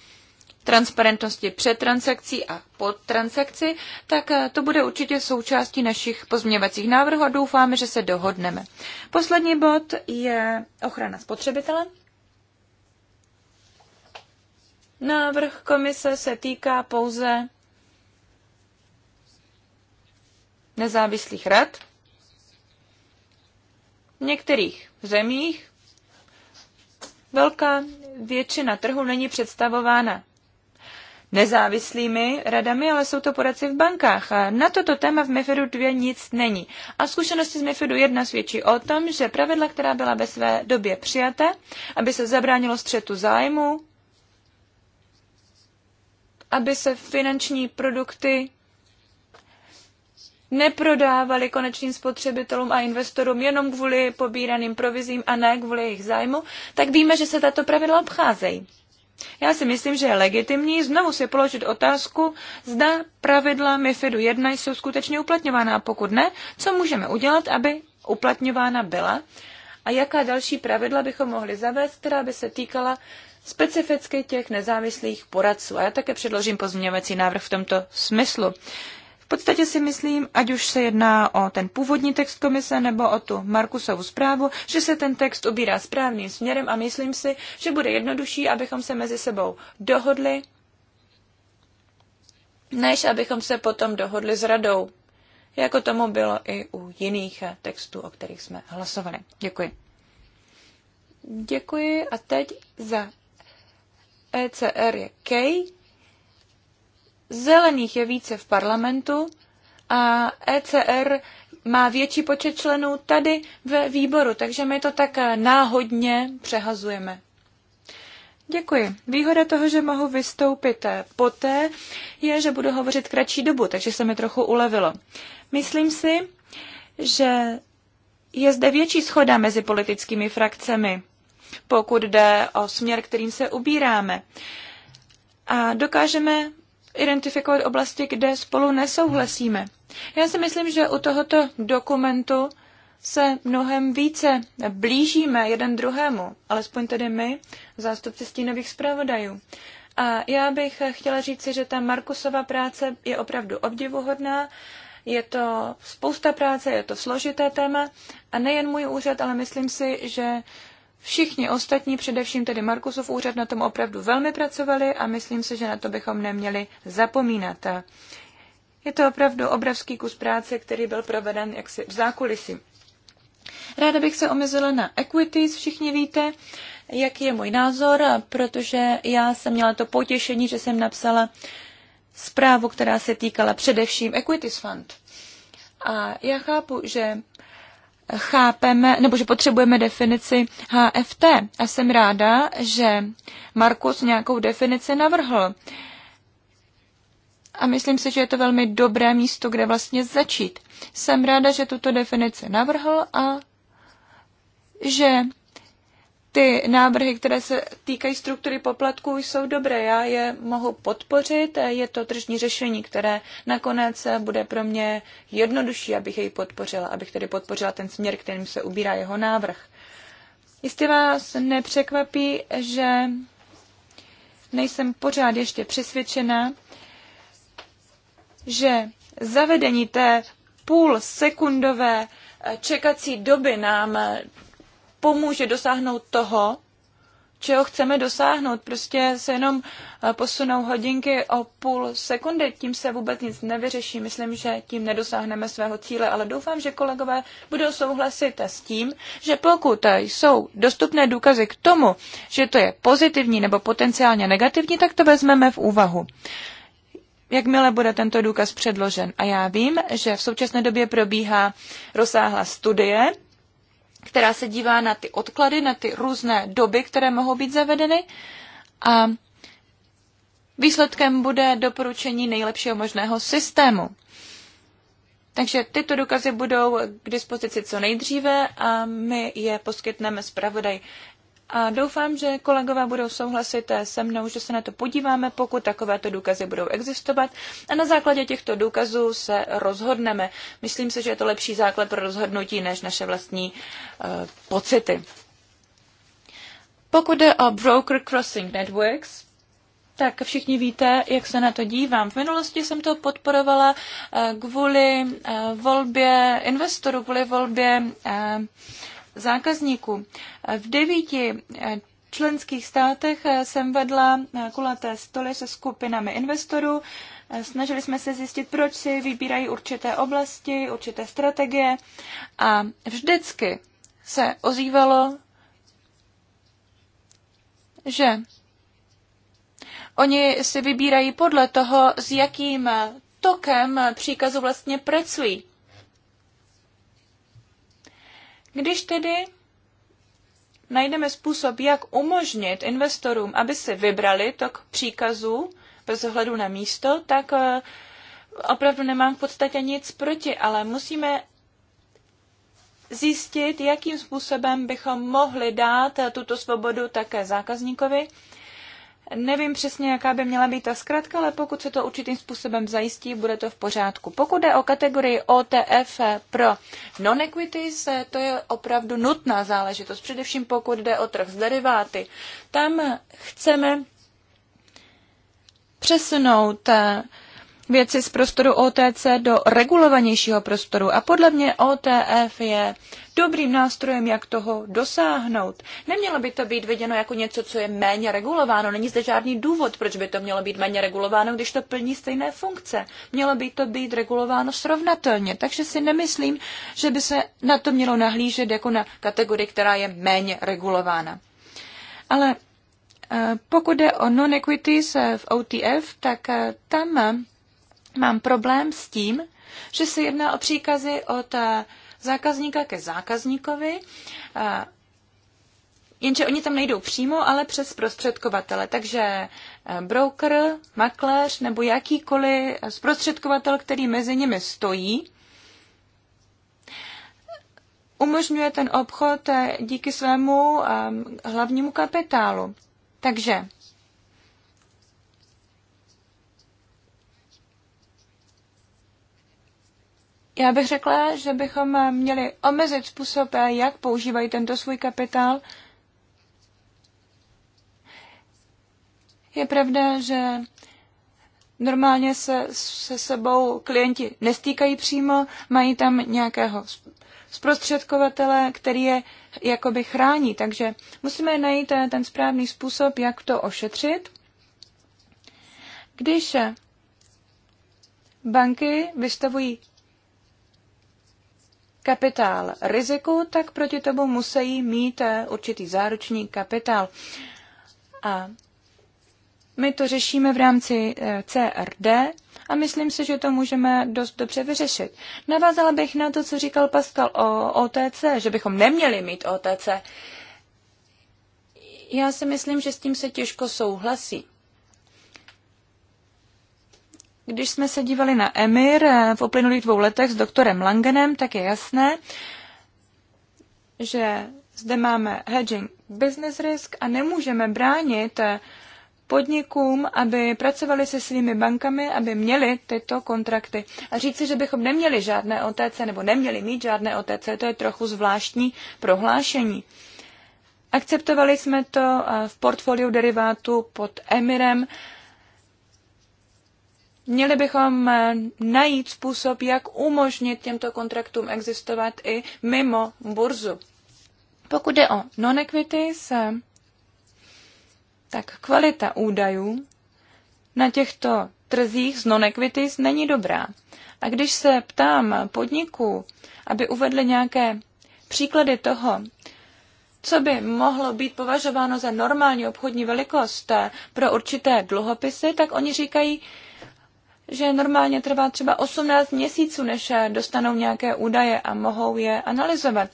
transparentnosti před transakcí a po transakci, tak eh, to bude určitě součástí našich pozměňovacích návrhů a doufáme, že se dohodneme. Poslední bod je ochrana spotřebitele. Návrh komise se týká pouze nezávislých rad. V některých zemích velká většina trhu není představována nezávislými radami, ale jsou to poradci v bankách. A na toto téma v MIFIDu 2 nic není. A zkušenosti z MIFIDu 1 svědčí o tom, že pravidla, která byla ve své době přijata, aby se zabránilo střetu zájmu, aby se finanční produkty neprodávali konečným spotřebitelům a investorům jenom kvůli pobíraným provizím a ne kvůli jejich zájmu, tak víme, že se tato pravidla obcházejí. Já si myslím, že je legitimní znovu si položit otázku, zda pravidla MIFIDu 1 jsou skutečně uplatňována a pokud ne, co můžeme udělat, aby uplatňována byla a jaká další pravidla bychom mohli zavést, která by se týkala specificky těch nezávislých poradců. A já také předložím pozměňovací návrh v tomto smyslu podstatě si myslím, ať už se jedná o ten původní text komise nebo o tu Markusovu zprávu, že se ten text ubírá správným směrem a myslím si, že bude jednodušší, abychom se mezi sebou dohodli, než abychom se potom dohodli s radou, jako tomu bylo i u jiných textů, o kterých jsme hlasovali. Děkuji. Děkuji a teď za ECR je Kate zelených je více v parlamentu a ECR má větší počet členů tady ve výboru, takže my to tak náhodně přehazujeme. Děkuji. Výhoda toho, že mohu vystoupit poté, je, že budu hovořit kratší dobu, takže se mi trochu ulevilo. Myslím si, že je zde větší schoda mezi politickými frakcemi, pokud jde o směr, kterým se ubíráme. A dokážeme identifikovat oblasti, kde spolu nesouhlasíme. Já si myslím, že u tohoto dokumentu se mnohem více blížíme jeden druhému, alespoň tedy my, zástupci stínových zpravodajů. A já bych chtěla říci, že ta Markusova práce je opravdu obdivuhodná, je to spousta práce, je to složité téma a nejen můj úřad, ale myslím si, že Všichni ostatní, především tedy Markusův úřad, na tom opravdu velmi pracovali a myslím si, že na to bychom neměli zapomínat. Je to opravdu obrovský kus práce, který byl proveden jaksi v zákulisí. Ráda bych se omezila na equities, všichni víte, jaký je můj názor, protože já jsem měla to potěšení, že jsem napsala zprávu, která se týkala především equities fund. A já chápu, že chápeme, nebo že potřebujeme definici HFT. A jsem ráda, že Markus nějakou definici navrhl. A myslím si, že je to velmi dobré místo, kde vlastně začít. Jsem ráda, že tuto definici navrhl a že ty návrhy, které se týkají struktury poplatků, jsou dobré. Já je mohu podpořit. Je to tržní řešení, které nakonec bude pro mě jednodušší, abych jej podpořila, abych tedy podpořila ten směr, kterým se ubírá jeho návrh. Jistě vás nepřekvapí, že nejsem pořád ještě přesvědčena, že zavedení té půl sekundové čekací doby nám pomůže dosáhnout toho, čeho chceme dosáhnout. Prostě se jenom eh, posunou hodinky o půl sekundy, tím se vůbec nic nevyřeší. Myslím, že tím nedosáhneme svého cíle, ale doufám, že kolegové budou souhlasit s tím, že pokud eh, jsou dostupné důkazy k tomu, že to je pozitivní nebo potenciálně negativní, tak to vezmeme v úvahu. Jakmile bude tento důkaz předložen. A já vím, že v současné době probíhá rozsáhlá studie, která se dívá na ty odklady, na ty různé doby, které mohou být zavedeny a výsledkem bude doporučení nejlepšího možného systému. Takže tyto důkazy budou k dispozici co nejdříve a my je poskytneme zpravodaj a doufám, že kolegové budou souhlasit se mnou, že se na to podíváme, pokud takovéto důkazy budou existovat. A na základě těchto důkazů se rozhodneme. Myslím si, že je to lepší základ pro rozhodnutí než naše vlastní uh, pocity. Pokud jde o Broker Crossing Networks, tak všichni víte, jak se na to dívám. V minulosti jsem to podporovala eh, kvůli eh, volbě investorů, kvůli volbě zákazníků. V devíti eh, členských státech eh, jsem vedla eh, kulaté stoly se skupinami investorů. Snažili jsme se zjistit, proč si vybírají určité oblasti, určité strategie a vždycky se ozývalo, že oni si vybírají podle toho, s jakým tokem příkazu vlastně pracují. Když tedy najdeme způsob, jak umožnit investorům, aby se vybrali k příkazu bez ohledu na místo, tak eh, opravdu nemám v podstatě nic proti, ale musíme zjistit, jakým způsobem bychom mohli dát eh, tuto svobodu také zákazníkovi Nevím přesně, jaká by měla být ta zkratka, ale pokud se to určitým způsobem zajistí, bude to v pořádku. Pokud jde o kategorii OTF pro non-equities, to je opravdu nutná záležitost, především pokud jde o trh s deriváty. Tam chceme přesunout věci z prostoru OTC do regulovanějšího prostoru. A podle mě OTF je dobrým nástrojem, jak toho dosáhnout. Nemělo by to být viděno jako něco, co je méně regulováno. Není zde žádný důvod, proč by to mělo být méně regulováno, když to plní stejné funkce. Mělo by to být regulováno srovnatelně. Takže si nemyslím, že by se na to mělo nahlížet jako na kategorii, která je méně regulována. Ale eh, pokud jde o non-equities eh, v OTF, tak eh, tam mám problém s tím, že se jedná o příkazy od eh, zákazníka ke zákazníkovi, eh, jenže oni tam nejdou přímo, ale přes prostředkovatele. Takže eh, broker, makléř nebo jakýkoliv zprostředkovatel, který mezi nimi stojí, umožňuje ten obchod díky svému hlavnímu kapitálu. Takže Já bych řekla, že bychom měli omezit způsob, jak používají tento svůj kapitál. Je pravda, že normálně se se sebou klienti nestýkají přímo, mají tam nějakého zprostředkovatele, který je jakoby chrání. Takže musíme najít ten správný způsob, jak to ošetřit. Když banky vystavují kapitál riziku, tak proti tomu musí mít eh, určitý záruční kapitál. A my to řešíme v rámci eh, CRD a myslím si, že to můžeme dost dobře vyřešit. Navázala bych na to, co říkal Pascal o OTC, že bychom neměli mít OTC. Já si myslím, že s tím se těžko souhlasí. Když jsme se dívali na Emir eh, v uplynulých dvou letech s doktorem Langenem, tak je jasné, že zde máme hedging business risk a nemůžeme bránit eh, podnikům, aby pracovali se svými bankami, aby měli tyto kontrakty. A říci, že bychom neměli žádné OTC nebo neměli mít žádné OTC, to je trochu zvláštní prohlášení. Akceptovali jsme to eh, v portfoliu derivátu pod Emirem Měli bychom eh, najít způsob, jak umožnit těmto kontraktům existovat i mimo burzu. Pokud jde o non-equities, eh, tak kvalita údajů na těchto trzích z non-equities není dobrá. A když se ptám podniků, aby uvedli nějaké příklady toho, co by mohlo být považováno za normální obchodní velikost eh, pro určité dluhopisy, tak oni říkají, že normálně trvá třeba 18 měsíců, než dostanou nějaké údaje a mohou je analyzovat.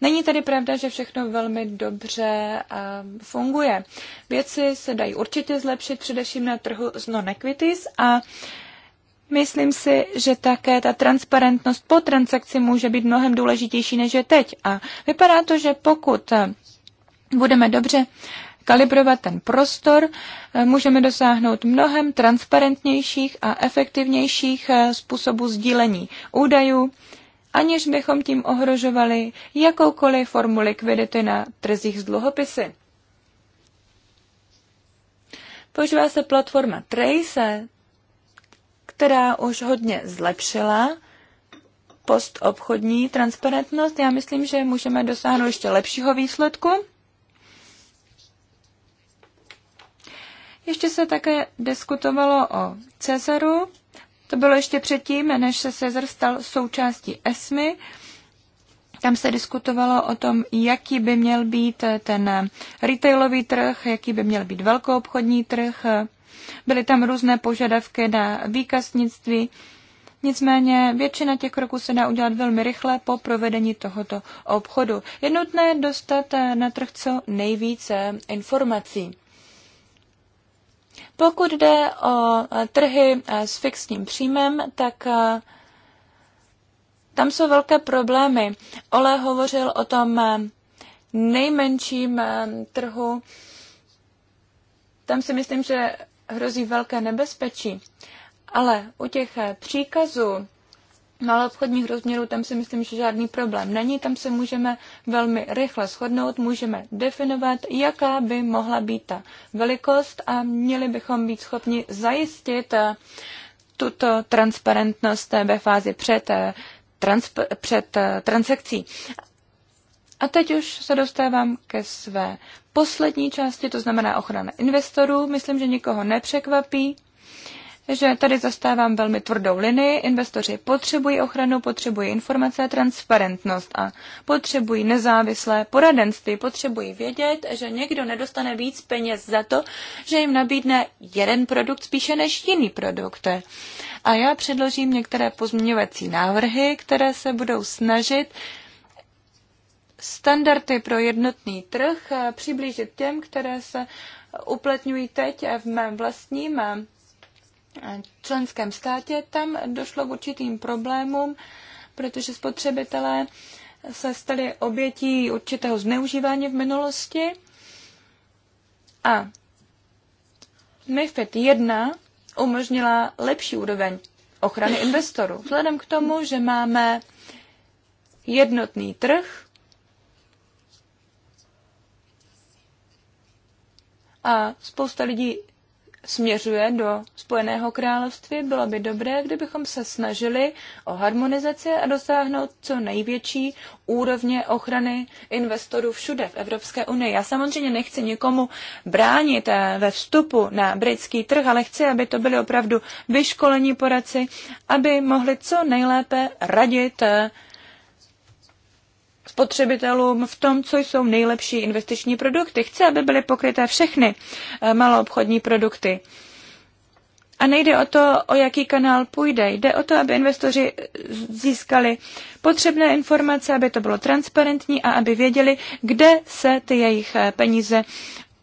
Není tedy pravda, že všechno velmi dobře funguje. Věci se dají určitě zlepšit, především na trhu z non-equities a Myslím si, že také ta transparentnost po transakci může být mnohem důležitější, než je teď. A vypadá to, že pokud budeme dobře kalibrovat ten prostor, eh, můžeme dosáhnout mnohem transparentnějších a efektivnějších eh, způsobů sdílení údajů, aniž bychom tím ohrožovali jakoukoliv formu likvidity na trzích z dluhopisy. Používá se platforma Trace, která už hodně zlepšila postobchodní transparentnost. Já myslím, že můžeme dosáhnout ještě lepšího výsledku. Ještě se také diskutovalo o Cezaru. To bylo ještě předtím, než se Cezar stal součástí ESMY. Tam se diskutovalo o tom, jaký by měl být ten retailový trh, jaký by měl být velkoobchodní trh. Byly tam různé požadavky na výkaznictví. Nicméně většina těch kroků se dá udělat velmi rychle po provedení tohoto obchodu. Je nutné dostat na trh co nejvíce informací. Pokud jde o e, trhy e, s fixním příjmem, tak e, tam jsou velké problémy. Ole hovořil o tom nejmenším trhu. Tam si myslím, že hrozí velké nebezpečí. Ale u těch příkazů No obchodních rozměrů tam si myslím, že žádný problém není. Tam se můžeme velmi rychle shodnout, můžeme definovat, jaká by mohla být ta velikost a měli bychom být schopni zajistit eh, tuto transparentnost eh, ve fázi před, eh, transp- před transakcí. A teď už se dostávám ke své poslední části, to znamená ochrana investorů. Myslím, že nikoho nepřekvapí, že tady zastávám velmi tvrdou linii. Investoři potřebují ochranu, potřebují informace a transparentnost a potřebují nezávislé poradenství. Potřebují vědět, že někdo nedostane víc peněz za to, že jim nabídne jeden produkt spíše než jiný produkt. A já předložím některé pozměňovací návrhy, které se budou snažit standardy pro jednotný trh přiblížit těm, které se uplatňují teď v mém vlastním členském státě, tam došlo k určitým problémům, protože spotřebitelé se stali obětí určitého zneužívání v minulosti. A MIFID 1 umožnila lepší úroveň ochrany investorů. Vzhledem k tomu, že máme jednotný trh a spousta lidí směřuje do Spojeného království, bylo by dobré, kdybychom se snažili o harmonizaci a dosáhnout co největší úrovně ochrany investorů všude v Evropské unii. Já samozřejmě nechci nikomu bránit eh, ve vstupu na britský trh, ale chci, aby to byly opravdu vyškolení poradci, aby mohli co nejlépe radit eh, spotřebitelům v tom, co jsou nejlepší investiční produkty. Chce, aby byly pokryté všechny eh, maloobchodní produkty. A nejde o to, o jaký kanál půjde. Jde o to, aby investoři získali potřebné informace, aby to bylo transparentní a aby věděli, kde se ty jejich eh, peníze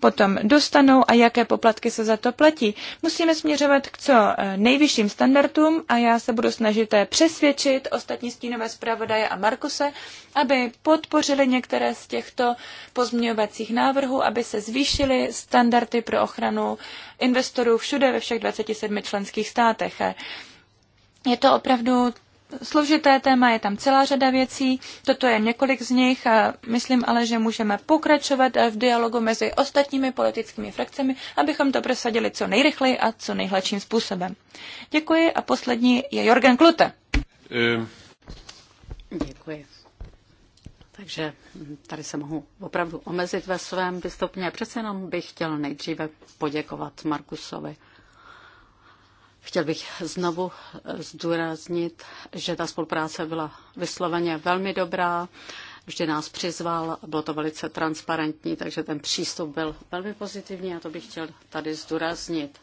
potom dostanou a jaké poplatky se za to platí. Musíme směřovat k co eh, nejvyšším standardům a já se budu snažit eh, přesvědčit ostatní stínové zpravodaje a Markuse, aby podpořili některé z těchto pozměňovacích návrhů, aby se zvýšily standardy pro ochranu investorů všude ve všech 27 členských státech. Je to opravdu složité téma, je tam celá řada věcí, toto je několik z nich a myslím ale, že můžeme pokračovat v dialogu mezi ostatními politickými frakcemi, abychom to prosadili co nejrychleji a co nejhladším způsobem. Děkuji a poslední je Jorgen Klute. Eh. Děkuji. Takže tady se mohu opravdu omezit ve svém vystoupení. Přece jenom bych chtěl nejdříve poděkovat Markusovi Chtěl bych znovu eh, zdůraznit, že ta spolupráce byla vysloveně velmi dobrá, vždy nás přizval, bylo to velice transparentní, takže ten přístup byl velmi pozitivní a to bych chtěl tady zdůraznit.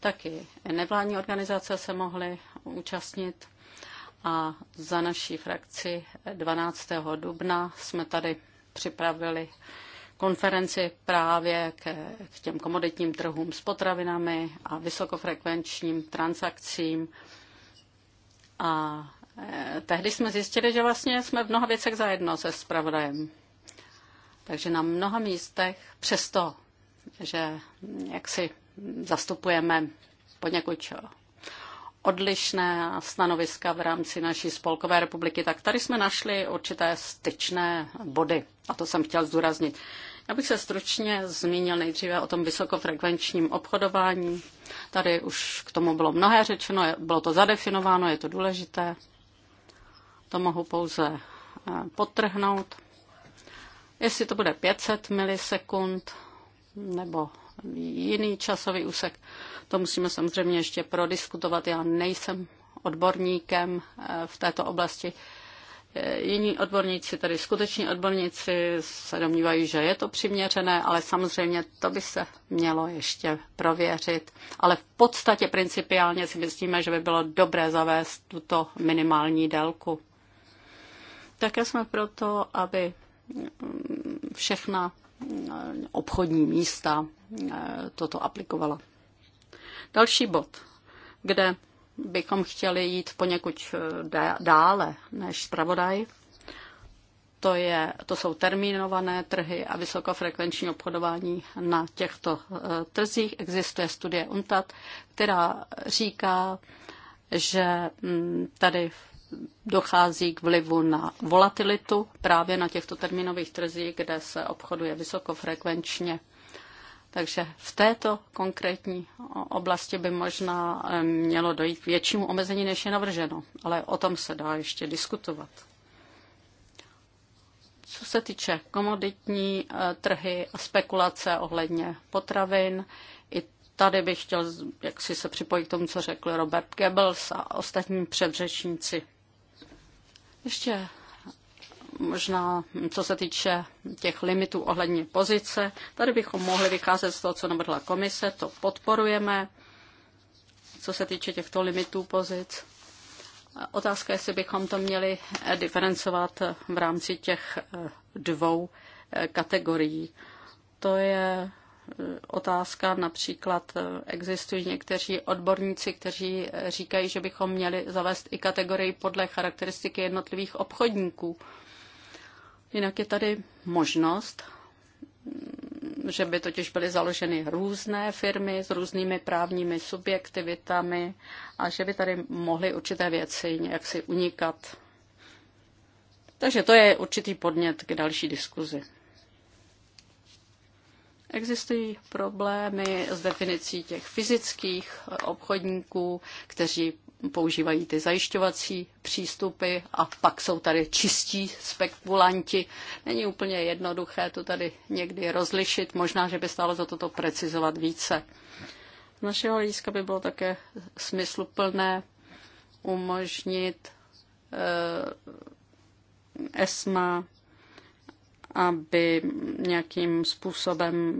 Taky nevládní organizace se mohly účastnit a za naší frakci 12. dubna jsme tady připravili konferenci právě k, k těm komoditním trhům s potravinami a vysokofrekvenčním transakcím. A eh, tehdy jsme zjistili, že vlastně jsme v mnoha věcech zajedno se spravodajem. Takže na mnoha místech, přesto, že hm, jak si zastupujeme poněkud eh, odlišné stanoviska v rámci naší spolkové republiky, tak tady jsme našli určité styčné body. A to jsem chtěl zdůraznit. Abych se stručně zmínil nejdříve o tom vysokofrekvenčním obchodování. Tady už k tomu bylo mnohé řečeno, bylo to zadefinováno, je to důležité. To mohu pouze eh, podtrhnout. Jestli to bude 500 milisekund nebo jiný časový úsek, to musíme samozřejmě ještě prodiskutovat. Já nejsem odborníkem eh, v této oblasti. Eh, jiní odborníci, tedy skuteční odborníci, se domnívají, že je to přiměřené, ale samozřejmě to by se mělo ještě prověřit. Ale v podstatě principiálně si myslíme, že by bylo dobré zavést tuto minimální délku. Také jsme proto, aby mm, všechna mm, obchodní místa eh, toto aplikovala. Další bod, kde bychom chtěli jít poněkud eh, dále než zpravodaj. To, je, to jsou termínované trhy a vysokofrekvenční obchodování na těchto eh, trzích. Existuje studie UNTAD, která říká, že hm, tady dochází k vlivu na volatilitu právě na těchto termínových trzích, kde se obchoduje vysokofrekvenčně. Takže v této konkrétní oblasti by možná eh, mělo dojít k většímu omezení, než je navrženo, ale o tom se dá ještě diskutovat. Co se týče komoditní eh, trhy a spekulace ohledně potravin, i tady bych chtěl jak si se připojit k tomu, co řekl Robert Goebbels a ostatní předřečníci. Ještě Možná, co se týče těch limitů ohledně pozice, tady bychom mohli vycházet z toho, co navrhla komise, to podporujeme, co se týče těchto limitů pozic. Otázka, jestli bychom to měli diferencovat v rámci těch eh, dvou eh, kategorií. To je eh, otázka, například existují někteří odborníci, kteří říkají, že bychom měli zavést i kategorii podle charakteristiky jednotlivých obchodníků. Jinak je tady možnost, mm, že by totiž byly založeny různé firmy s různými právními subjektivitami a že by tady mohly určité věci nějak si unikat. Takže to je určitý podnět k další diskuzi. Existují problémy s definicí těch fyzických obchodníků, kteří používají ty zajišťovací přístupy a pak jsou tady čistí spekulanti. Není úplně jednoduché to tady někdy rozlišit, možná, že by stálo za toto precizovat více. Z našeho hlediska by bylo také smysluplné umožnit eh, ESMA, aby nějakým způsobem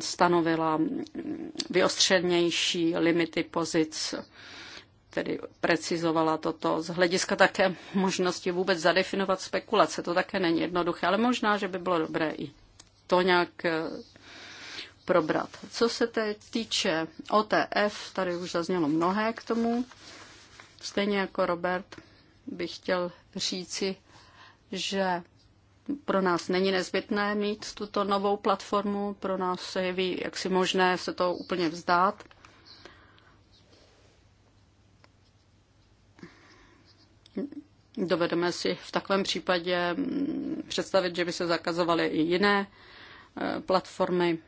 stanovila vyostřenější limity pozic eh, tedy precizovala toto z hlediska také možnosti vůbec zadefinovat spekulace. To také není jednoduché, ale možná, že by bylo dobré i to nějak eh, probrat. Co se teď týče OTF, tady už zaznělo mnohé k tomu. Stejně jako Robert bych chtěl říci, že pro nás není nezbytné mít tuto novou platformu, pro nás se jeví si možné se to úplně vzdát. Dovedeme si v takovém případě mm, představit, že by se zakazovaly i jiné e, platformy.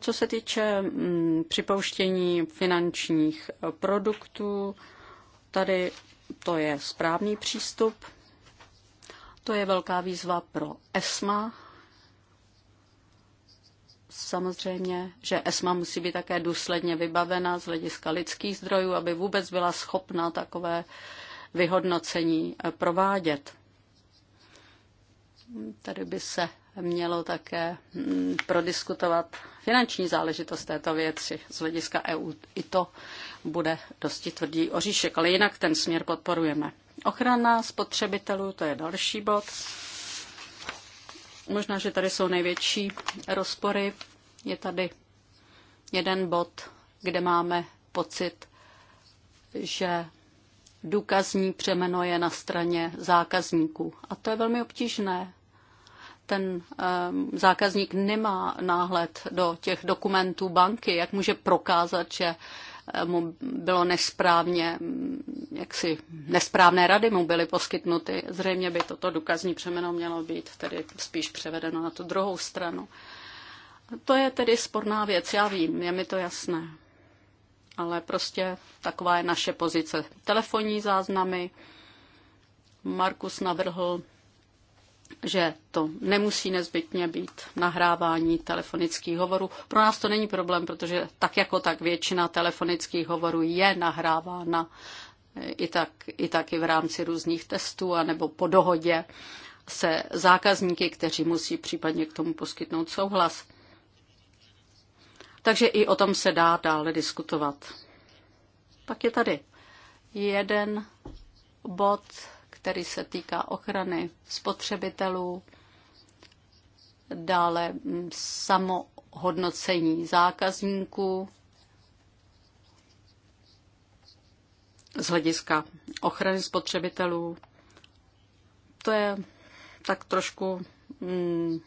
Co se týče mm, připouštění finančních e, produktů, tady to je správný přístup. To je velká výzva pro ESMA, Samozřejmě, že ESMA musí být také důsledně vybavena z hlediska lidských zdrojů, aby vůbec byla schopna takové vyhodnocení eh, provádět. Tady by se mělo také mm, prodiskutovat finanční záležitost této věci z hlediska EU. I to bude dosti tvrdý oříšek, ale jinak ten směr podporujeme. Ochrana spotřebitelů, to je další bod. Možná, že tady jsou největší rozpory. Je tady jeden bod, kde máme pocit, že důkazní přemeno je na straně zákazníků. A to je velmi obtížné. Ten um, zákazník nemá náhled do těch dokumentů banky, jak může prokázat, že mu bylo nesprávně, jaksi nesprávné rady mu byly poskytnuty. Zřejmě by toto důkazní přemeno mělo být tedy spíš převedeno na tu druhou stranu. To je tedy sporná věc, já vím, je mi to jasné. Ale prostě taková je naše pozice. Telefonní záznamy. Markus navrhl že to nemusí nezbytně být nahrávání telefonických hovorů. Pro nás to není problém, protože tak jako tak většina telefonických hovorů je nahrávána eh, i tak, i tak i v rámci různých testů nebo po dohodě se zákazníky, kteří musí případně k tomu poskytnout souhlas. Takže i o tom se dá dále diskutovat. Pak je tady jeden bod který se týká ochrany spotřebitelů, dále mm, samohodnocení zákazníků z hlediska ochrany spotřebitelů. To je tak trošku mm,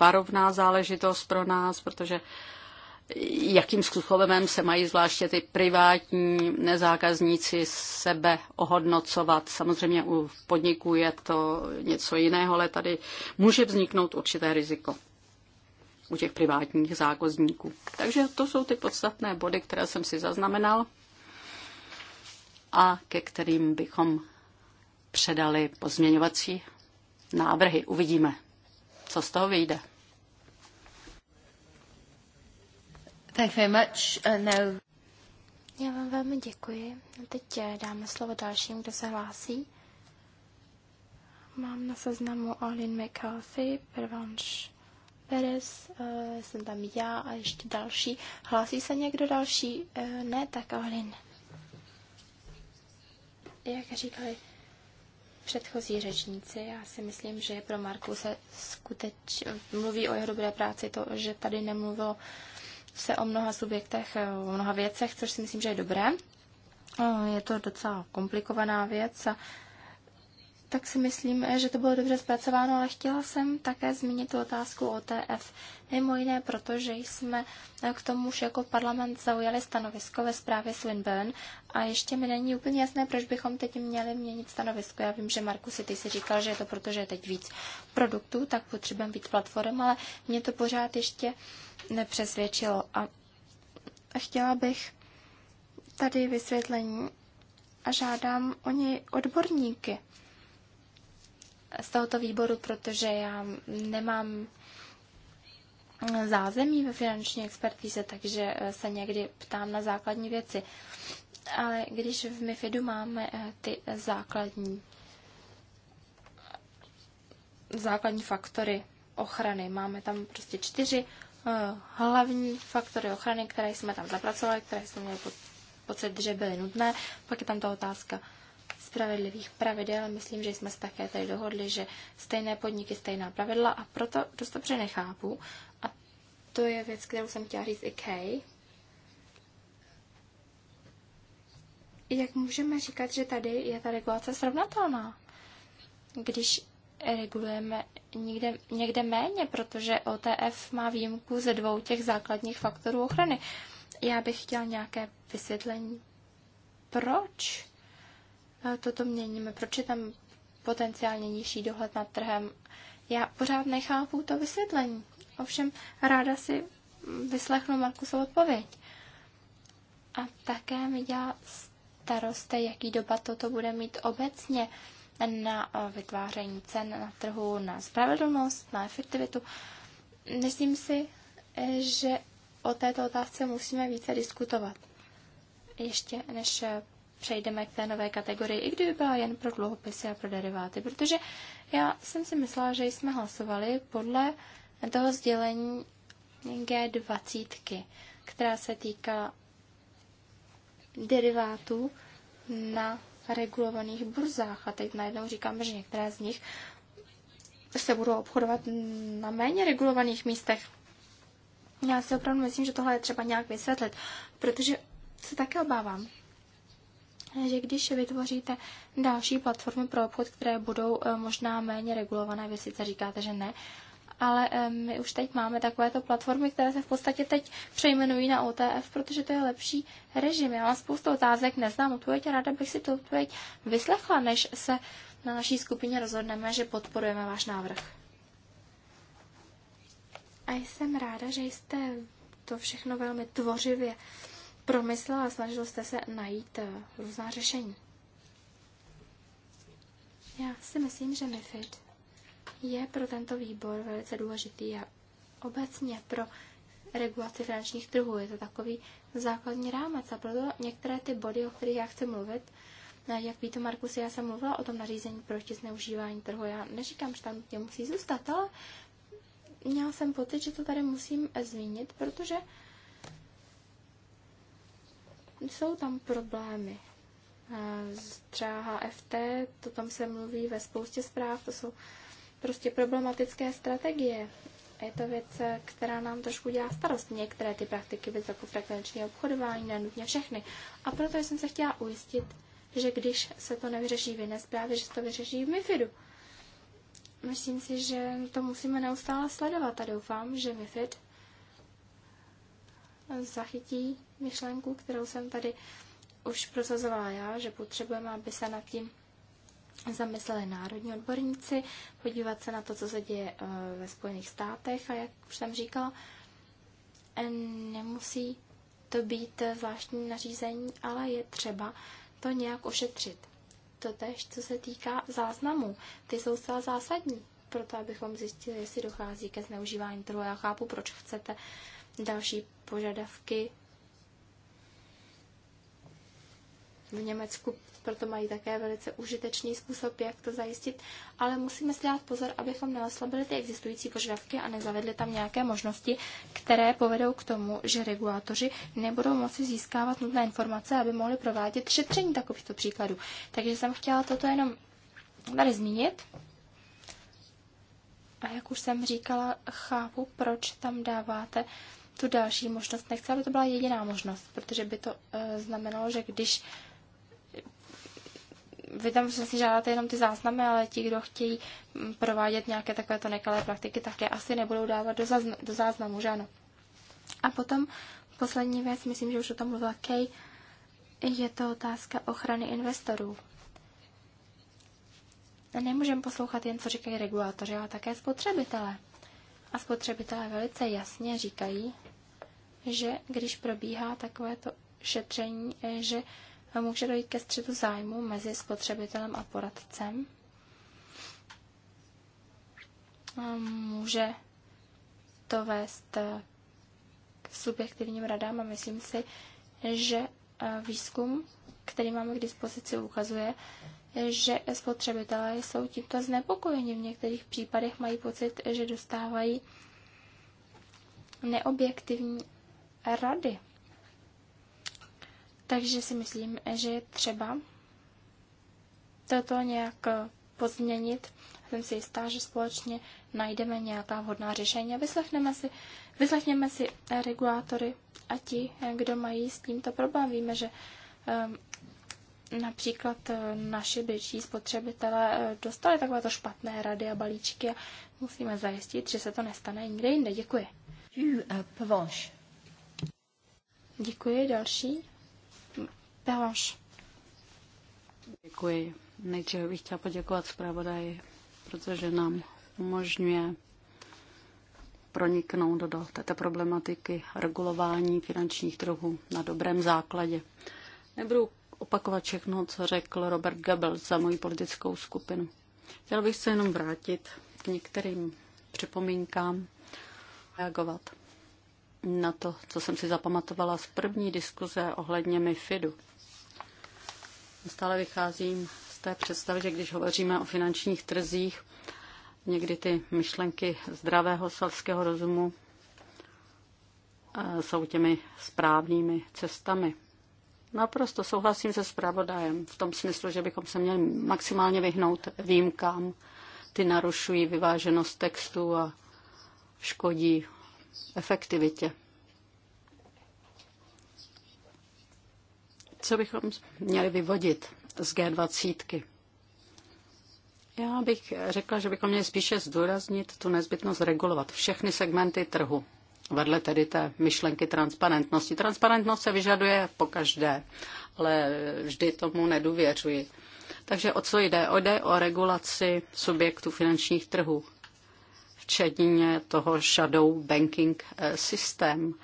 varovná záležitost pro nás, protože jakým způsobem se mají zvláště ty privátní nezákazníci sebe ohodnocovat. Samozřejmě u podniků je to něco jiného, ale tady může vzniknout určité riziko u těch privátních zákazníků. Takže to jsou ty podstatné body, které jsem si zaznamenal a ke kterým bychom předali pozměňovací návrhy. Uvidíme, co z toho vyjde. Thank you very much. Uh, now... Já vám velmi děkuji. A teď eh, dáme slovo dalším, kdo se hlásí. Mám na seznamu Arlene McCarthy, Pervanche Perez, uh, jsem tam já a ještě další. Hlásí se někdo další? Uh, ne, tak Arlene. Jak říkali předchozí řečníci, já si myslím, že pro Marku se skutečně mluví o jeho dobré práci to, že tady nemluvilo se o mnoha subjektech, eh, o mnoha věcech, což si myslím, že je dobré. Eh, je to docela komplikovaná věc a tak si myslím, že to bylo dobře zpracováno, ale chtěla jsem také zmínit tu otázku OTF. Mimo jiné, protože jsme eh, k tomu už jako parlament zaujali stanovisko ve zprávě Swinburne a ještě mi není úplně jasné, proč bychom teď měli měnit stanovisko. Já vím, že Marku ty si říkal, že je to proto, že je teď víc produktů, tak potřebujeme být platform, ale mě to pořád ještě nepřesvědčilo. A chtěla bych tady vysvětlení a žádám o něj odborníky z tohoto výboru, protože já nemám zázemí ve finanční expertíze, takže eh, se někdy ptám na základní věci. Ale když v MIFIDu máme eh, ty základní základní faktory ochrany. Máme tam prostě čtyři eh, hlavní faktory ochrany, které jsme tam zapracovali, které jsme měli pocit, že byly nutné. Pak je tam ta otázka spravedlivých pravidel. Myslím, že jsme se také tady dohodli, že stejné podniky, stejná pravidla a proto dost dobře nechápu. A to je věc, kterou jsem chtěla říct i Kay. Jak můžeme říkat, že tady je ta regulace srovnatelná? Když regulujeme někde, někde méně, protože OTF má výjimku ze dvou těch základních faktorů ochrany. Já bych chtěl nějaké vysvětlení, proč Eh, toto měníme, proč je tam potenciálně nižší dohled nad trhem. Já pořád nechápu to vysvětlení. Ovšem ráda si vyslechnu Markusovu odpověď. A také mi dělá staroste, jaký dopad toto bude mít obecně na eh, vytváření cen na trhu, na spravedlnost, na efektivitu. Myslím si, eh, že o této otázce musíme více diskutovat. Ještě než přejdeme k té nové kategorii, i kdyby byla jen pro dluhopisy a pro deriváty, protože já jsem si myslela, že jsme hlasovali podle toho sdělení G20, která se týká derivátů na regulovaných burzách. A teď najednou říkáme, že některé z nich se budou obchodovat na méně regulovaných místech. Já si opravdu myslím, že tohle je třeba nějak vysvětlit, protože se také obávám, že když vytvoříte další platformy pro obchod, které budou eh, možná méně regulované, vy sice říkáte, že ne, ale eh, my už teď máme takovéto platformy, které se v podstatě teď přejmenují na OTF, protože to je lepší režim. Já mám spoustu otázek, neznám odpověď a ráda bych si tu odpověď vyslechla, než se na naší skupině rozhodneme, že podporujeme váš návrh. A jsem ráda, že jste to všechno velmi tvořivě promyslel a snažil jste se najít eh, různá řešení. Já si myslím, že MIFID je pro tento výbor velice důležitý a obecně pro regulaci finančních trhů. Je to takový základní rámec a proto některé ty body, o kterých já chci mluvit, eh, jak víte, Markus, já jsem mluvila o tom nařízení proti zneužívání trhu. Já neříkám, že tam tě musí zůstat, ale měla jsem pocit, že to tady musím eh, zmínit, protože jsou tam problémy. Třeba HFT, to tam se mluví ve spoustě zpráv, to jsou prostě problematické strategie. Je to věc, která nám trošku dělá starost. Některé ty praktiky, by jako frekvenční obchodování, nenutně všechny. A proto jsem se chtěla ujistit, že když se to nevyřeší v jiné zprávě, že se to vyřeší v MIFIDu. Myslím si, že to musíme neustále sledovat a doufám, že MIFID zachytí myšlenku, kterou jsem tady už prosazovala já, že potřebujeme, aby se nad tím zamysleli národní odborníci, podívat se na to, co se děje eh, ve Spojených státech a jak už jsem říkala, nemusí to být zvláštní nařízení, ale je třeba to nějak ošetřit. tež, co se týká záznamů, ty jsou zcela zásadní, proto abychom zjistili, jestli dochází ke zneužívání trhu. Já chápu, proč chcete uh, další požadavky v Německu proto mají také velice užitečný způsob, jak to zajistit, ale musíme si dát pozor, abychom neoslabili ty existující požadavky a nezavedli tam nějaké možnosti, které povedou k tomu, že regulátoři nebudou moci získávat nutné informace, aby mohli provádět šetření takovýchto příkladů. Takže jsem chtěla toto jenom tady zmínit. A jak už jsem říkala, chápu, proč tam dáváte tu další možnost nechci, aby to byla jediná možnost, protože by to e, znamenalo, že když vy tam vlastně si žádáte jenom ty záznamy, ale ti, kdo chtějí mm, provádět nějaké takovéto nekalé praktiky, tak je asi nebudou dávat do, zazn- do záznamu, že ano. A potom poslední věc, myslím, že už o tom mluvila Kay, je to otázka ochrany investorů. Nemůžeme poslouchat jen, co říkají regulátoři, ale také spotřebitelé. A spotřebitelé velice jasně říkají, že když probíhá takovéto šetření, eh, že může dojít ke střetu zájmu mezi spotřebitelem a poradcem. Může to vést eh, k subjektivním radám a myslím si, že eh, výzkum, který máme k dispozici, ukazuje, že spotřebitelé jsou tímto znepokojeni. V některých případech mají pocit, že dostávají neobjektivní rady. Takže si myslím, že je třeba toto nějak pozměnit. Jsem si jistá, že společně najdeme nějaká vhodná řešení a vyslechneme si, vyslechněme si regulátory a ti, kdo mají s tímto problém. Víme, že ehm, například eh, naši běží spotřebitelé eh, dostali takovéto špatné rady a balíčky a musíme zajistit, že se to nestane nikde jinde. Děkuji. You, uh, eh, Děkuji. Další. Pervanche. Děkuji. Nejdříve bych chtěla poděkovat zpravodaji, protože nám umožňuje proniknout do této problematiky regulování finančních trhů na dobrém základě. Nebudu opakovat všechno, co řekl Robert Gabel za moji politickou skupinu. Chtěl bych se jenom vrátit k některým připomínkám a reagovat na to, co jsem si zapamatovala z první diskuze ohledně MIFIDu. Stále vycházím z té představy, že když hovoříme o finančních trzích, někdy ty myšlenky zdravého selského rozumu eh, jsou těmi správnými cestami. Naprosto souhlasím se zpravodajem v tom smyslu, že bychom se měli maximálně vyhnout výjimkám. Ty narušují vyváženost textu a škodí efektivitě. Co bychom měli vyvodit z G20? Já bych řekla, že bychom měli spíše zdůraznit tu nezbytnost regulovat všechny segmenty trhu. Vedle tedy té myšlenky transparentnosti. Transparentnost se vyžaduje po každé, ale vždy tomu nedůvěřuji. Takže o co jde? Jde o regulaci subjektů finančních trhů včetně toho shadow banking eh, systém.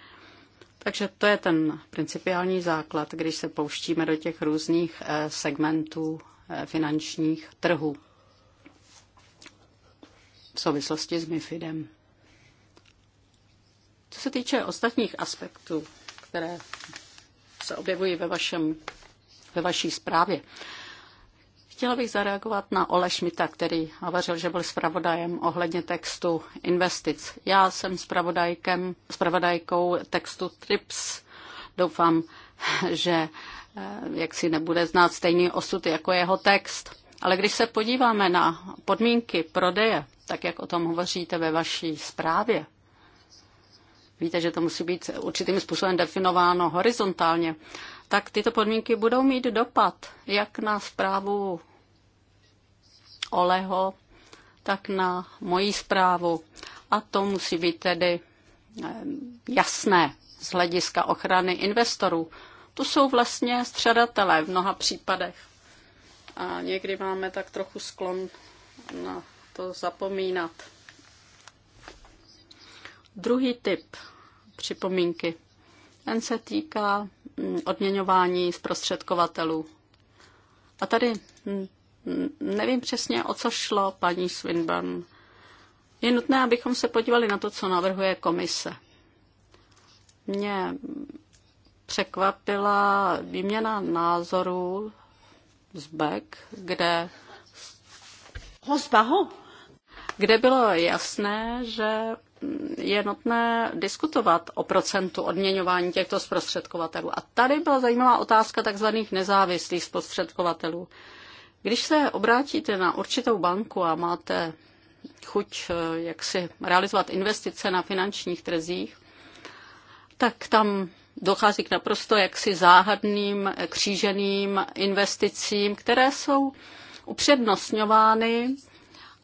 Takže to je ten principiální základ, když se pouštíme do těch různých eh, segmentů eh, finančních trhů v souvislosti s MIFIDem. Co se týče ostatních aspektů, které se objevují ve, vašem, ve vaší zprávě, Chtěla bych zareagovat na Ole Šmita, který hovořil, že byl zpravodajem ohledně textu investic. Já jsem zpravodajkem, zpravodajkou textu TRIPS. Doufám, že eh, jak si nebude znát stejný osud jako jeho text. Ale když se podíváme na podmínky prodeje, tak jak o tom hovoříte ve vaší zprávě, víte, že to musí být určitým způsobem definováno horizontálně, tak tyto podmínky budou mít dopad jak na zprávu Oleho, tak na moji zprávu. A to musí být tedy eh, jasné z hlediska ochrany investorů. To jsou vlastně středatelé v mnoha případech. A někdy máme tak trochu sklon na to zapomínat. Druhý typ připomínky. Ten se týká Mm, odměňování zprostředkovatelů. A tady mm, nevím přesně, o co šlo paní Swinburne. Je nutné, abychom se podívali na to, co navrhuje komise. Mě překvapila výměna názorů z Beck, kde kde bylo jasné, že je nutné diskutovat o procentu odměňování těchto zprostředkovatelů. A tady byla zajímavá otázka tzv. nezávislých zprostředkovatelů. Když se obrátíte na určitou banku a máte chuť eh, jak si realizovat investice na finančních trzích, tak tam dochází k naprosto jaksi záhadným kříženým investicím, které jsou upřednostňovány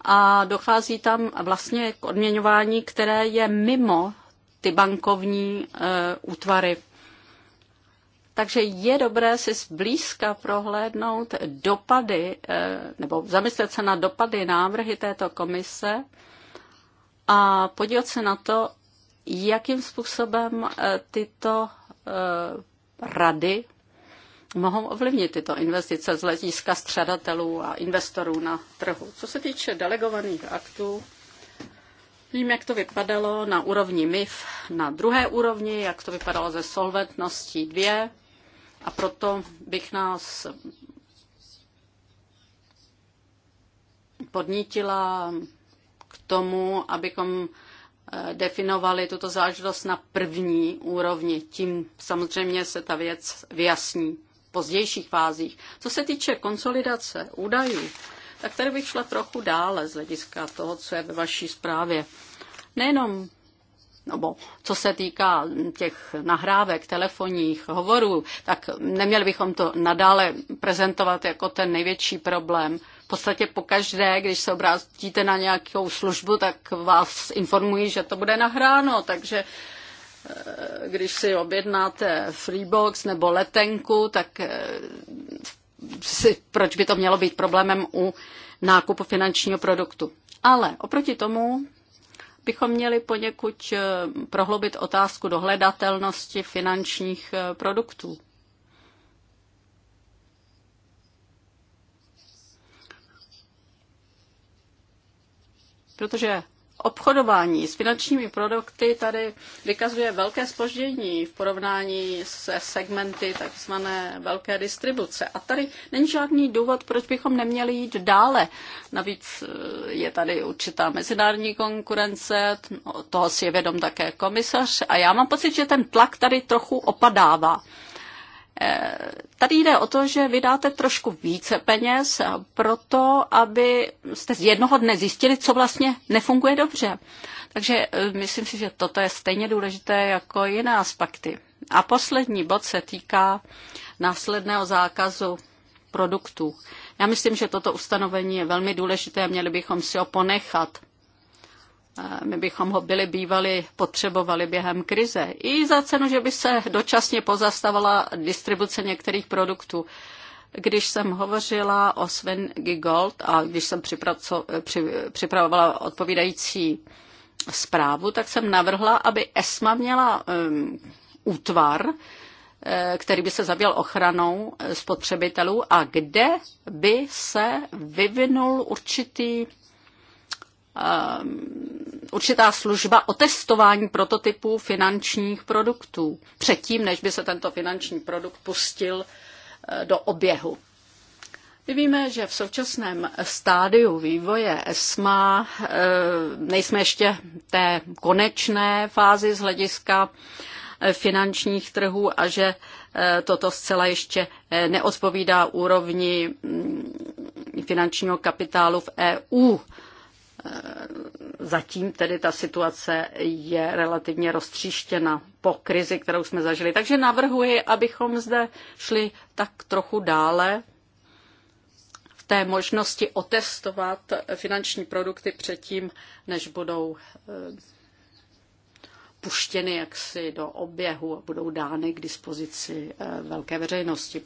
a dochází tam vlastně k odměňování, které je mimo ty bankovní e, útvary. Takže je dobré si zblízka prohlédnout dopady, e, nebo zamyslet se na dopady návrhy této komise a podívat se na to, jakým způsobem eh, tyto rady mohou ovlivnit tyto investice z hlediska střadatelů a investorů na trhu. Co se týče delegovaných aktů, vím, jak to vypadalo na úrovni MIF, na druhé úrovni, jak to vypadalo ze solventností 2 a proto bych nás podnítila k tomu, abychom eh, definovali tuto záležitost na první úrovni. Tím samozřejmě se ta věc vyjasní pozdějších fázích. Co se týče konsolidace údajů, tak tady bych šla trochu dále z hlediska toho, co je ve vaší zprávě. Nejenom nebo co se týká těch nahrávek, telefonních hovorů, tak neměli bychom to nadále prezentovat jako ten největší problém. V podstatě pokaždé, když se obrátíte na nějakou službu, tak vás informují, že to bude nahráno, takže Eh, když si objednáte Freebox nebo letenku, tak eh, si, proč by to mělo být problémem u nákupu finančního produktu. Ale oproti tomu bychom měli poněkud eh, prohloubit otázku dohledatelnosti finančních produktů. Protože obchodování s finančními produkty tady vykazuje velké spoždění v porovnání se segmenty takzvané velké distribuce. A tady není žádný důvod, proč bychom neměli jít dále. Navíc eh, je tady určitá mezinárodní konkurence, toho si je vědom také komisař a já mám pocit, že ten tlak tady trochu opadává. Tady jde o to, že vydáte trošku více peněz pro to, aby jste z jednoho dne zjistili, co vlastně nefunguje dobře. Takže eh, myslím si, že toto je stejně důležité jako jiné aspekty. A poslední bod se týká následného zákazu produktů. Já myslím, že toto ustanovení je velmi důležité, a měli bychom si ho ponechat. My bychom ho byli bývali potřebovali během krize. I za cenu, že by se dočasně pozastavila distribuce některých produktů. Když jsem hovořila o Sven Gigold a když jsem připravovala odpovídající zprávu, tak jsem navrhla, aby ESMA měla um, útvar, eh, který by se zabýval ochranou spotřebitelů a kde by se vyvinul určitý Ehm, určitá služba o testování prototypů finančních produktů předtím, než by se tento finanční produkt pustil eh, do oběhu. My víme, že v současném stádiu vývoje ESMA eh, nejsme ještě té konečné fázi z hlediska eh, finančních trhů a že toto zcela ještě neodpovídá úrovni mm, finančního kapitálu v EU. Eh, zatím tedy ta situace je relativně roztříštěna po krizi, kterou jsme zažili. Takže navrhuji, abychom zde šli tak trochu dále v té možnosti otestovat finanční produkty předtím, než budou eh, puštěny jaksi do oběhu a budou dány k dispozici eh, velké veřejnosti.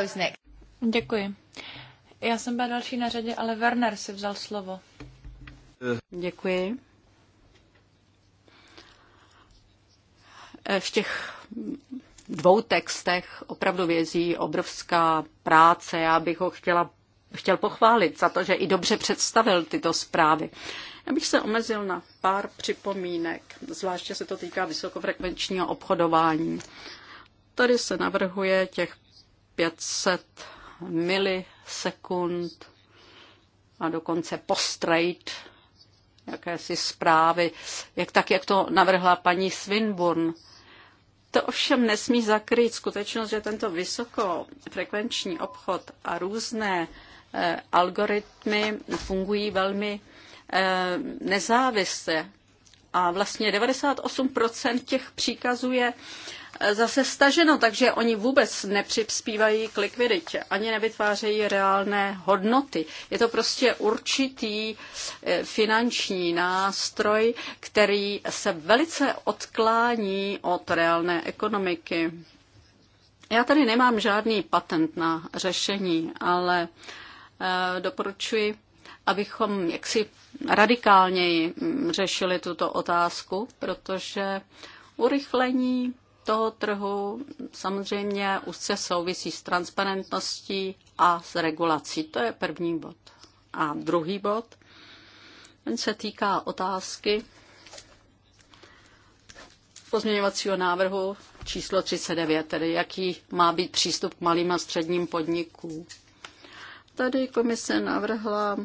Um, Děkuji. Já jsem byla další na řadě, ale Werner si vzal slovo. Děkuji. V těch dvou textech opravdu vězí obrovská práce. Já bych ho chtěla, chtěl pochválit za to, že i dobře představil tyto zprávy. Já bych se omezil na pár připomínek, zvláště se to týká vysokofrekvenčního obchodování. Tady se navrhuje těch 500 mili sekund a dokonce postrejt jakési zprávy, jak tak, jak to navrhla paní Swinburne. To ovšem nesmí zakrýt skutečnost, že tento vysokofrekvenční obchod a různé eh, algoritmy fungují velmi eh, nezávisle. A vlastně 98% těch příkazů je eh, zase staženo, takže oni vůbec nepřispívají k likviditě, ani nevytvářejí reálné hodnoty. Je to prostě určitý eh, finanční nástroj, který se velice odklání od reálné ekonomiky. Já tady nemám žádný patent na řešení, ale eh, doporučuji, abychom jaksi radikálněji mm, řešili tuto otázku, protože urychlení toho trhu samozřejmě úzce souvisí s transparentností a s regulací. To je první bod. A druhý bod, ten se týká otázky pozměňovacího návrhu číslo 39, tedy jaký má být přístup k malým a středním podnikům. Tady komise navrhla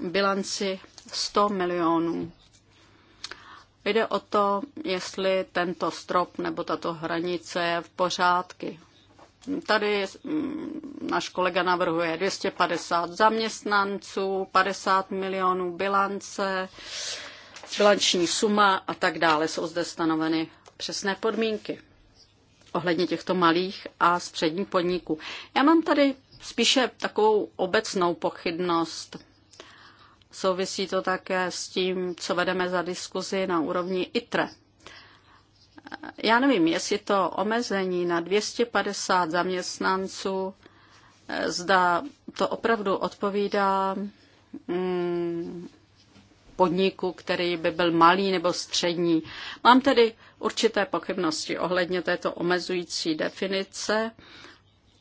bilanci 100 milionů Jde o to, jestli tento strop nebo tato hranice je v pořádky. Tady mm, náš kolega navrhuje 250 zaměstnanců, 50 milionů bilance, bilanční suma a tak dále. Jsou zde stanoveny přesné podmínky ohledně těchto malých a středních podniků. Já mám tady spíše takovou obecnou pochybnost. Souvisí to také s tím, co vedeme za diskuzi na úrovni ITRE. Já nevím, jestli to omezení na 250 zaměstnanců, eh, zda to opravdu odpovídá mm, podniku, který by byl malý nebo střední. Mám tedy určité pochybnosti ohledně této omezující definice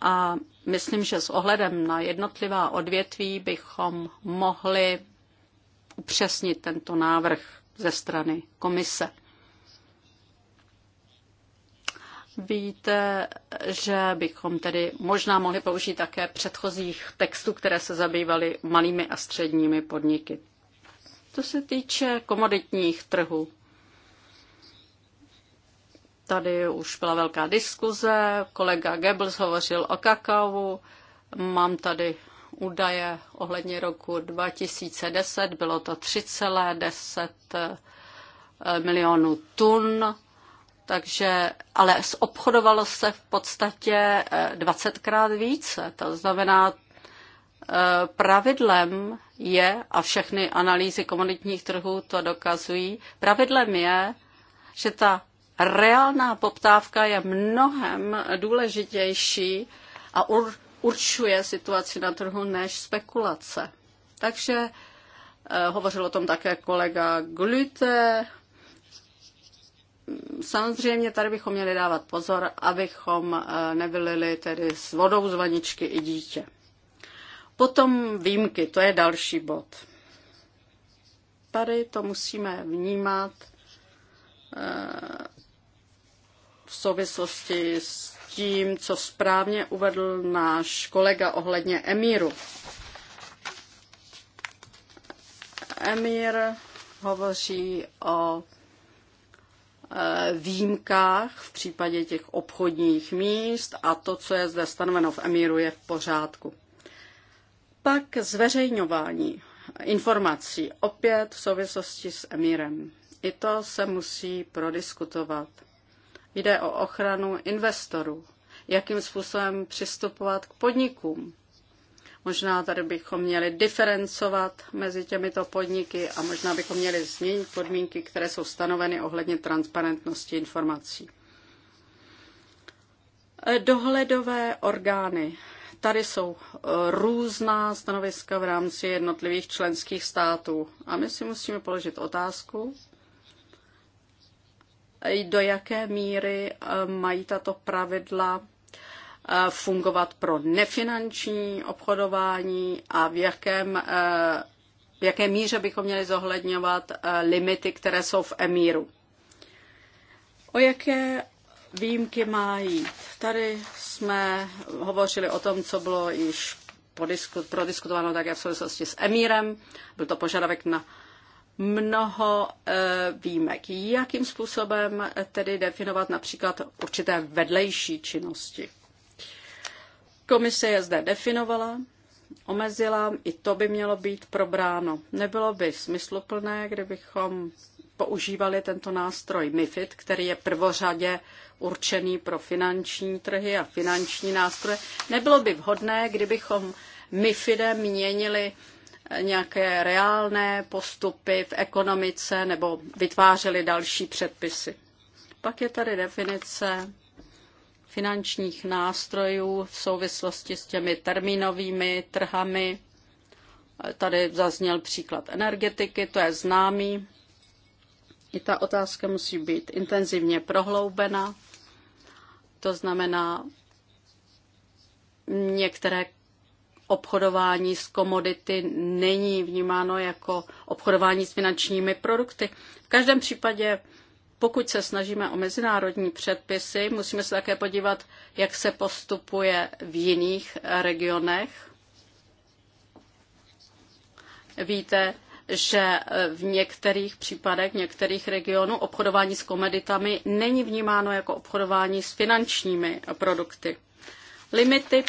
a myslím, že s ohledem na jednotlivá odvětví bychom mohli upřesnit tento návrh ze strany komise. Víte, že bychom tedy možná mohli použít také předchozích textů, které se zabývaly malými a středními podniky. To se týče komoditních trhů, tady už byla velká diskuze, kolega Goebbels hovořil o kakao, mám tady údaje ohledně roku 2010. Bylo to 3,10 eh, milionů tun, takže, ale obchodovalo se v podstatě 20krát eh, více. To znamená, eh, pravidlem je, a všechny analýzy komoditních trhů to dokazují, pravidlem je, že ta reálná poptávka je mnohem důležitější a ur, určuje situaci na trhu než spekulace. Takže eh, hovořil o tom také kolega Glüte. Samozřejmě tady bychom měli dávat pozor, abychom eh, nevylili tedy s vodou z vaničky i dítě. Potom výjimky, to je další bod. Tady to musíme vnímat eh, v souvislosti s tím, co správně uvedl náš kolega ohledně Emíru. Emír hovoří o e, výjimkách v případě těch obchodních míst a to, co je zde stanoveno v Emíru, je v pořádku. Pak zveřejňování informací opět v souvislosti s Emírem. I to se musí prodiskutovat. Jde o ochranu investorů, jakým způsobem přistupovat k podnikům. Možná tady bychom měli diferencovat mezi těmito podniky a možná bychom měli změnit podmínky, které jsou stanoveny ohledně transparentnosti informací. Dohledové orgány. Tady jsou eh, různá stanoviska v rámci jednotlivých členských států. A my si musíme položit otázku, do jaké míry eh, mají tato pravidla eh, fungovat pro nefinanční obchodování a v jakém eh, v jaké míře bychom měli zohledňovat limity, které jsou v emíru. O jaké výjimky má jít? Tady jsme hovořili o tom, co bylo již prodiskutováno také v souvislosti s emírem. Byl to požadavek na mnoho eh, výjimek. Jakým způsobem eh, tedy definovat například určité vedlejší činnosti? Komise je zde definovala, omezila, i to by mělo být probráno. Nebylo by smysluplné, kdybychom používali tento nástroj MIFID, který je prvořadě určený pro finanční trhy a finanční nástroje. Nebylo by vhodné, kdybychom MIFIDem měnili nějaké reálné postupy v ekonomice nebo vytvářeli další předpisy. Pak je tady definice finančních nástrojů v souvislosti s těmi termínovými trhami. Tady zazněl příklad energetiky, to je známý. I ta otázka musí být intenzivně prohloubena. To znamená, některé obchodování s komodity není vnímáno jako obchodování s finančními produkty. V každém případě, pokud se snažíme o mezinárodní předpisy, musíme se také podívat, jak se postupuje v jiných regionech. Víte, že v některých případech, v některých regionů obchodování s komoditami není vnímáno jako obchodování s finančními produkty. Limity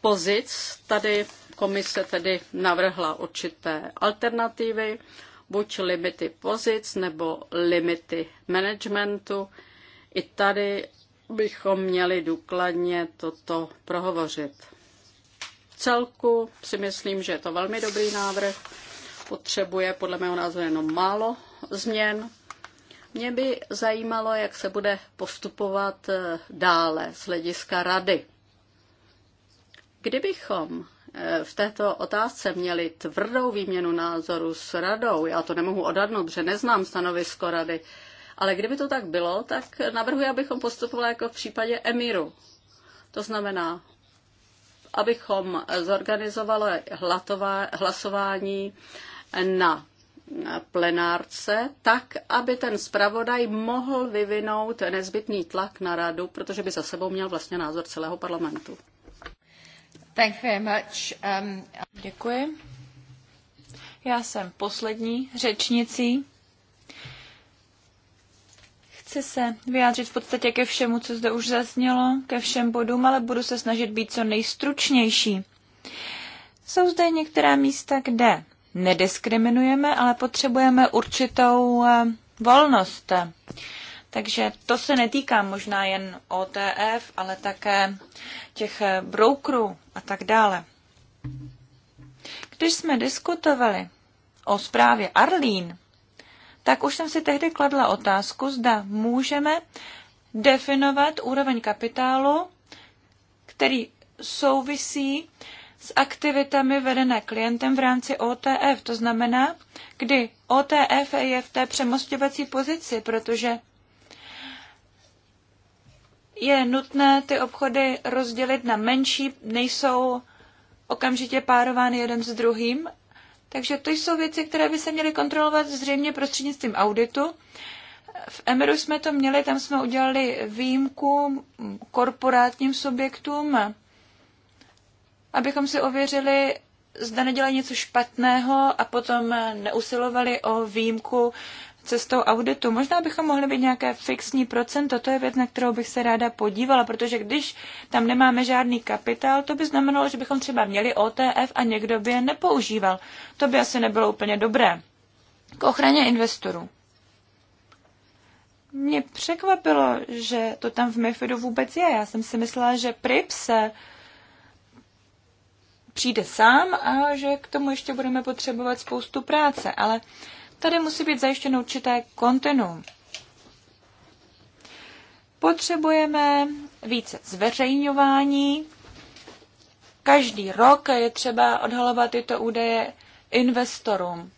pozic. Tady komise tedy navrhla určité alternativy, buď limity pozic nebo limity managementu. I tady bychom měli důkladně toto prohovořit. V celku si myslím, že je to velmi dobrý návrh. Potřebuje podle mého názoru jenom málo změn. Mě by zajímalo, jak se bude postupovat eh, dále z hlediska rady. Kdybychom eh, v této otázce měli tvrdou výměnu názoru s radou, já to nemohu odhadnout, protože neznám stanovisko rady, ale kdyby to tak bylo, tak navrhuji, abychom postupovali jako v případě Emiru. To znamená, abychom zorganizovali hlasování na plenárce, tak, aby ten zpravodaj mohl vyvinout nezbytný tlak na radu, protože by za sebou měl vlastně názor celého parlamentu. Um, Děkuji. Já jsem poslední řečnicí. Chci se vyjádřit v podstatě ke všemu, co zde už zaznělo, ke všem bodům, ale budu se snažit být co nejstručnější. Jsou zde některá místa, kde nediskriminujeme, ale potřebujeme určitou eh, volnost. Takže to se netýká možná jen OTF, ale také těch eh, brokerů, a tak dále. Když jsme diskutovali o zprávě Arlín, tak už jsem si tehdy kladla otázku, zda můžeme definovat úroveň kapitálu, který souvisí s aktivitami vedené klientem v rámci OTF. To znamená, kdy OTF je v té přemostěvací pozici, protože je nutné ty obchody rozdělit na menší, nejsou okamžitě párovány jeden s druhým. Takže to jsou věci, které by se měly kontrolovat zřejmě prostřednictvím auditu. V Emeru jsme to měli, tam jsme udělali výjimku korporátním subjektům, abychom si ověřili, zda nedělají něco špatného a potom neusilovali o výjimku cestou auditu. Možná bychom mohli být nějaké fixní procento, to je věc, na kterou bych se ráda podívala, protože když tam nemáme žádný kapitál, to by znamenalo, že bychom třeba měli OTF a někdo by je nepoužíval. To by asi nebylo úplně dobré. K ochraně investorů. Mě překvapilo, že to tam v MIFIDu vůbec je. Já jsem si myslela, že se přijde sám a že k tomu ještě budeme potřebovat spoustu práce, ale Tady musí být zajištěno určité kontinuum. Potřebujeme více zveřejňování. Každý rok je třeba odhalovat tyto údaje investorům.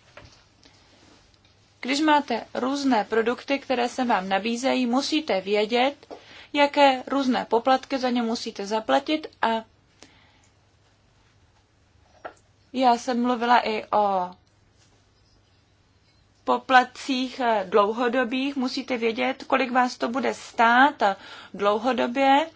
Když máte různé produkty, které se vám nabízejí, musíte vědět, jaké různé poplatky za ně musíte zaplatit a já jsem mluvila i o poplacích eh, dlouhodobých musíte vědět, kolik vás to bude stát eh, dlouhodobě.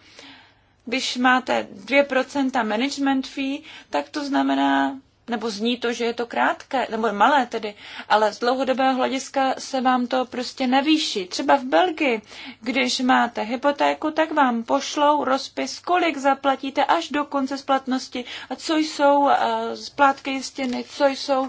Když máte 2% management fee, tak to znamená, nebo zní to, že je to krátké, nebo malé tedy, ale z dlouhodobého hlediska se vám to prostě nevýší. Třeba v Belgii, když máte hypotéku, tak vám pošlou rozpis, kolik zaplatíte až do konce splatnosti a co jsou uh, splátky jistiny, co jsou uh,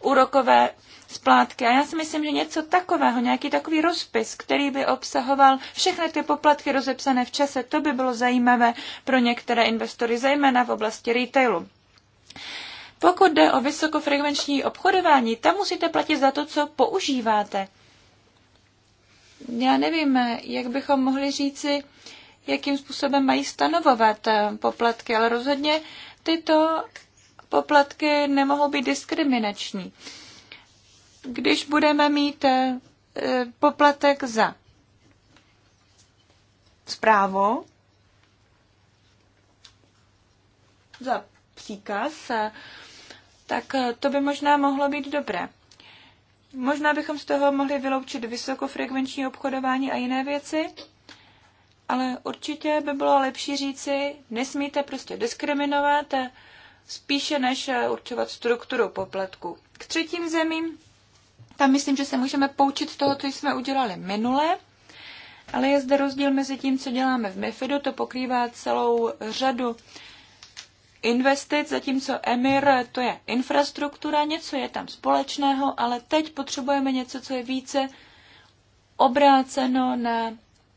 úrokové splátky. A já si myslím, že něco takového, nějaký takový rozpis, který by obsahoval všechny ty poplatky rozepsané v čase, to by bylo zajímavé pro některé investory, zejména v oblasti retailu. Pokud jde o vysokofrekvenční obchodování, tam musíte platit za to, co používáte. Já nevím, jak bychom mohli říci, jakým způsobem mají stanovovat eh, poplatky, ale rozhodně tyto poplatky nemohou být diskriminační. Když budeme mít eh, poplatek za zprávu, za příkaz, eh, tak eh, to by možná mohlo být dobré. Možná bychom z toho mohli vyloučit vysokofrekvenční obchodování a jiné věci, ale určitě by bylo lepší říci, nesmíte prostě diskriminovat, spíše než eh, určovat strukturu poplatku. K třetím zemím, tam myslím, že se můžeme poučit z toho, co jsme udělali minule, ale je zde rozdíl mezi tím, co děláme v MIFIDu, to pokrývá celou řadu investic, zatímco EMIR to je infrastruktura, něco je tam společného, ale teď potřebujeme něco, co je více obráceno na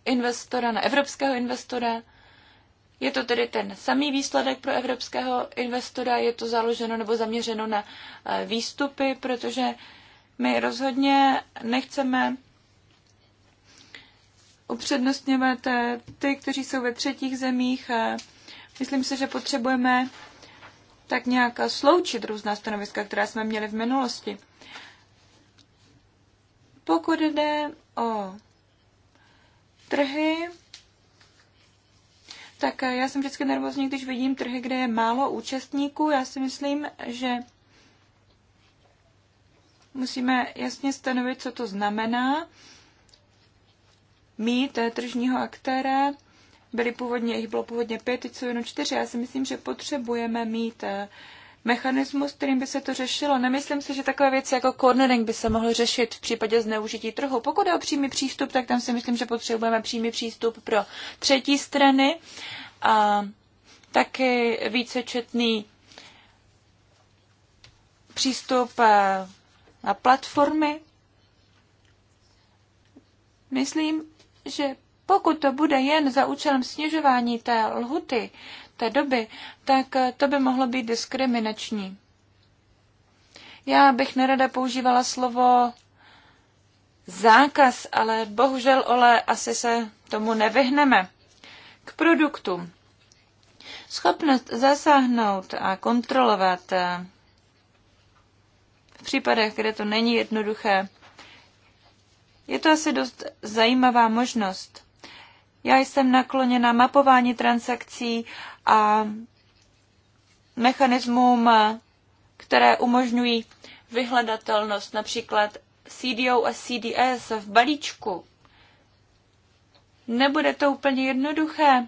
investora, na evropského investora, je to tedy ten samý výsledek pro evropského investora, je to založeno nebo zaměřeno na eh, výstupy, protože my rozhodně nechceme upřednostňovat eh, ty, kteří jsou ve třetích zemích. Myslím si, že potřebujeme tak nějak eh, sloučit různá stanoviska, která jsme měli v minulosti. Pokud jde o trhy, tak eh, já jsem vždycky nervózní, když vidím trhy, kde je málo účastníků. Já si myslím, že musíme jasně stanovit, co to znamená mít eh, tržního aktéra. Byli původně, jich bylo původně pět, teď jsou jenom čtyři. Já si myslím, že potřebujeme mít uh, mechanismus, kterým by se to řešilo. Nemyslím si, že takové věci jako cornering by se mohl řešit v případě zneužití trhu. Pokud je o přímý přístup, tak tam si myslím, že potřebujeme přímý přístup pro třetí strany a taky vícečetný přístup eh, na platformy. Myslím, že pokud to bude jen za účelem snižování té lhuty, té doby, tak eh, to by mohlo být diskriminační. Já bych nerada používala slovo zákaz, ale bohužel, Ole, asi se tomu nevyhneme. K produktu. Schopnost zasáhnout a kontrolovat eh, v případech, kde to není jednoduché, je to asi dost zajímavá možnost. Já jsem nakloněna mapování transakcí a mechanismům, které umožňují vyhledatelnost, například CDO a CDS v balíčku. Nebude to úplně jednoduché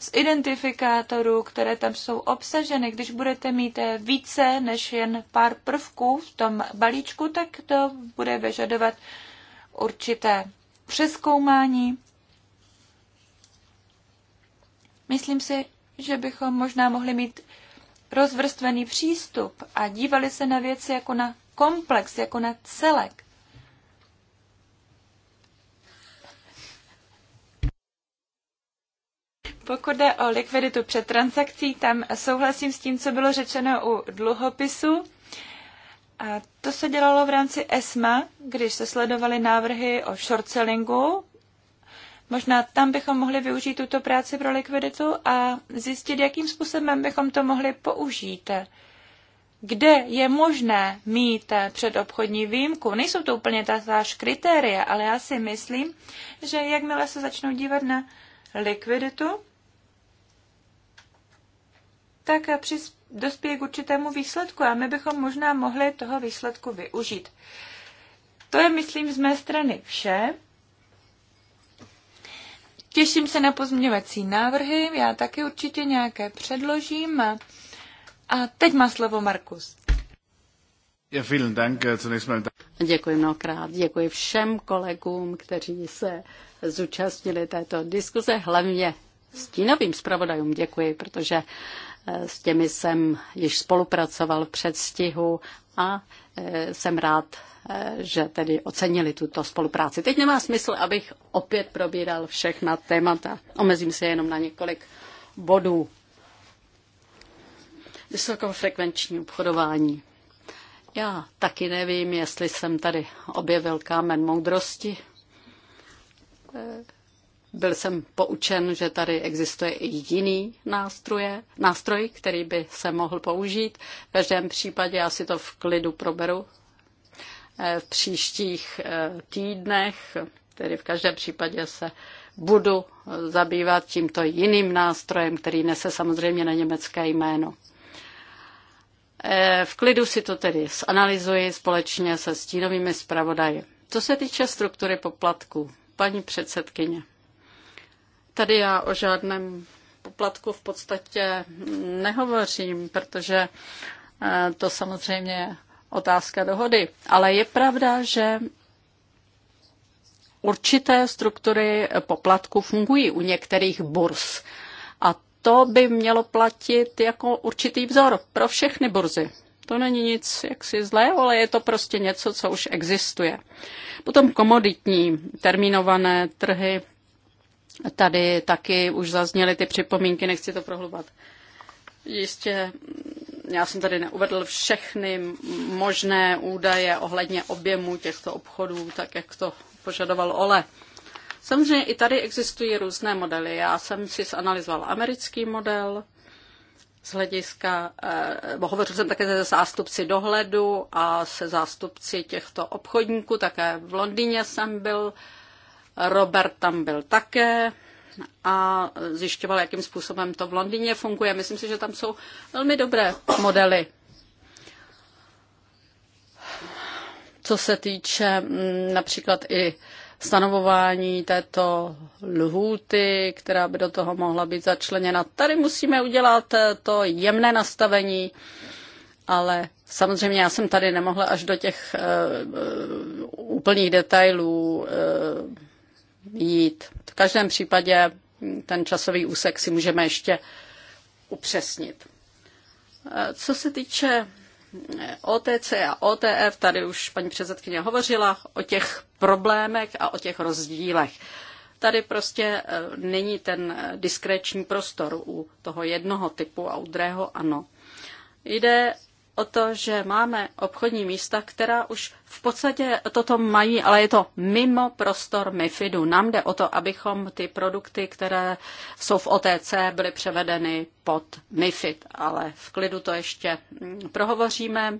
z identifikátorů, které tam jsou obsaženy. Když budete mít více než jen pár prvků v tom balíčku, tak to bude vyžadovat určité přeskoumání Myslím si, že bychom možná mohli mít rozvrstvený přístup a dívali se na věci jako na komplex, jako na celek. Pokud jde o likviditu před transakcí, tam souhlasím s tím, co bylo řečeno u dluhopisu. A to se dělalo v rámci ESMA, když se sledovaly návrhy o short sellingu Možná tam bychom mohli využít tuto práci pro likviditu a zjistit, jakým způsobem bychom to mohli použít. Kde je možné mít předobchodní výjimku? Nejsou to úplně záž kritéria, ale já si myslím, že jakmile se začnou dívat na likviditu, tak přis, dospěje k určitému výsledku a my bychom možná mohli toho výsledku využít. To je, myslím, z mé strany vše. Těším se na pozměňovací návrhy, já taky určitě nějaké předložím. A teď má slovo Markus. Ja vielen Dank, äh, zunächst Děkuji mnohokrát, děkuji všem kolegům, kteří se zúčastnili této diskuze, hlavně stínovým zpravodajům děkuji, protože eh, s těmi jsem již spolupracoval v předstihu a eh, jsem rád, eh, že tedy ocenili tuto spolupráci. Teď nemá smysl, abych opět probíral všechna témata. Omezím se jenom na několik bodů. Vysokofrekvenční obchodování. Já taky nevím, jestli jsem tady objevil kámen moudrosti byl jsem poučen, že tady existuje i jiný nástroje, nástroj, který by se mohl použít. V každém případě já si to v klidu proberu eh, v příštích eh, týdnech, tedy v každém případě se budu zabývat tímto jiným nástrojem, který nese samozřejmě na německé jméno. Eh, v klidu si to tedy zanalizuji společně se stínovými zpravodaji. Co se týče struktury poplatku, paní předsedkyně, Tady já o žádném poplatku v podstatě nehovořím, protože eh, to samozřejmě je otázka dohody. Ale je pravda, že určité struktury poplatku fungují u některých burz. A to by mělo platit jako určitý vzor pro všechny burzy. To není nic jaksi zlého, ale je to prostě něco, co už existuje. Potom komoditní termínované trhy, Tady taky už zazněly ty připomínky, nechci to prohlubat. Jistě, já jsem tady neuvedl všechny možné údaje ohledně objemu těchto obchodů, tak jak to požadoval Ole. Samozřejmě i tady existují různé modely. Já jsem si zanalizoval americký model z hlediska, eh, hovořil jsem také se zástupci dohledu a se zástupci těchto obchodníků, také v Londýně jsem byl eh, Robert tam byl také a zjišťoval, jakým způsobem to v Londýně funguje. Myslím si, že tam jsou velmi dobré modely. Co se týče mm, například i stanovování této lhůty, která by do toho mohla být začleněna. Tady musíme udělat eh, to jemné nastavení, ale samozřejmě já jsem tady nemohla až do těch uh, úplných detailů uh, jít. V každém případě ten časový úsek si můžeme ještě upřesnit. Co se týče OTC a OTF, tady už paní předsedkyně hovořila o těch problémech a o těch rozdílech. Tady prostě eh, není ten diskréční prostor u toho jednoho typu a u druhého ano. Jde o to, že máme obchodní místa, která už v podstatě toto mají, ale je to mimo prostor MIFIDu. Nám jde o to, abychom ty produkty, které jsou v OTC, byly převedeny pod MIFID, ale v klidu to ještě mm, prohovoříme.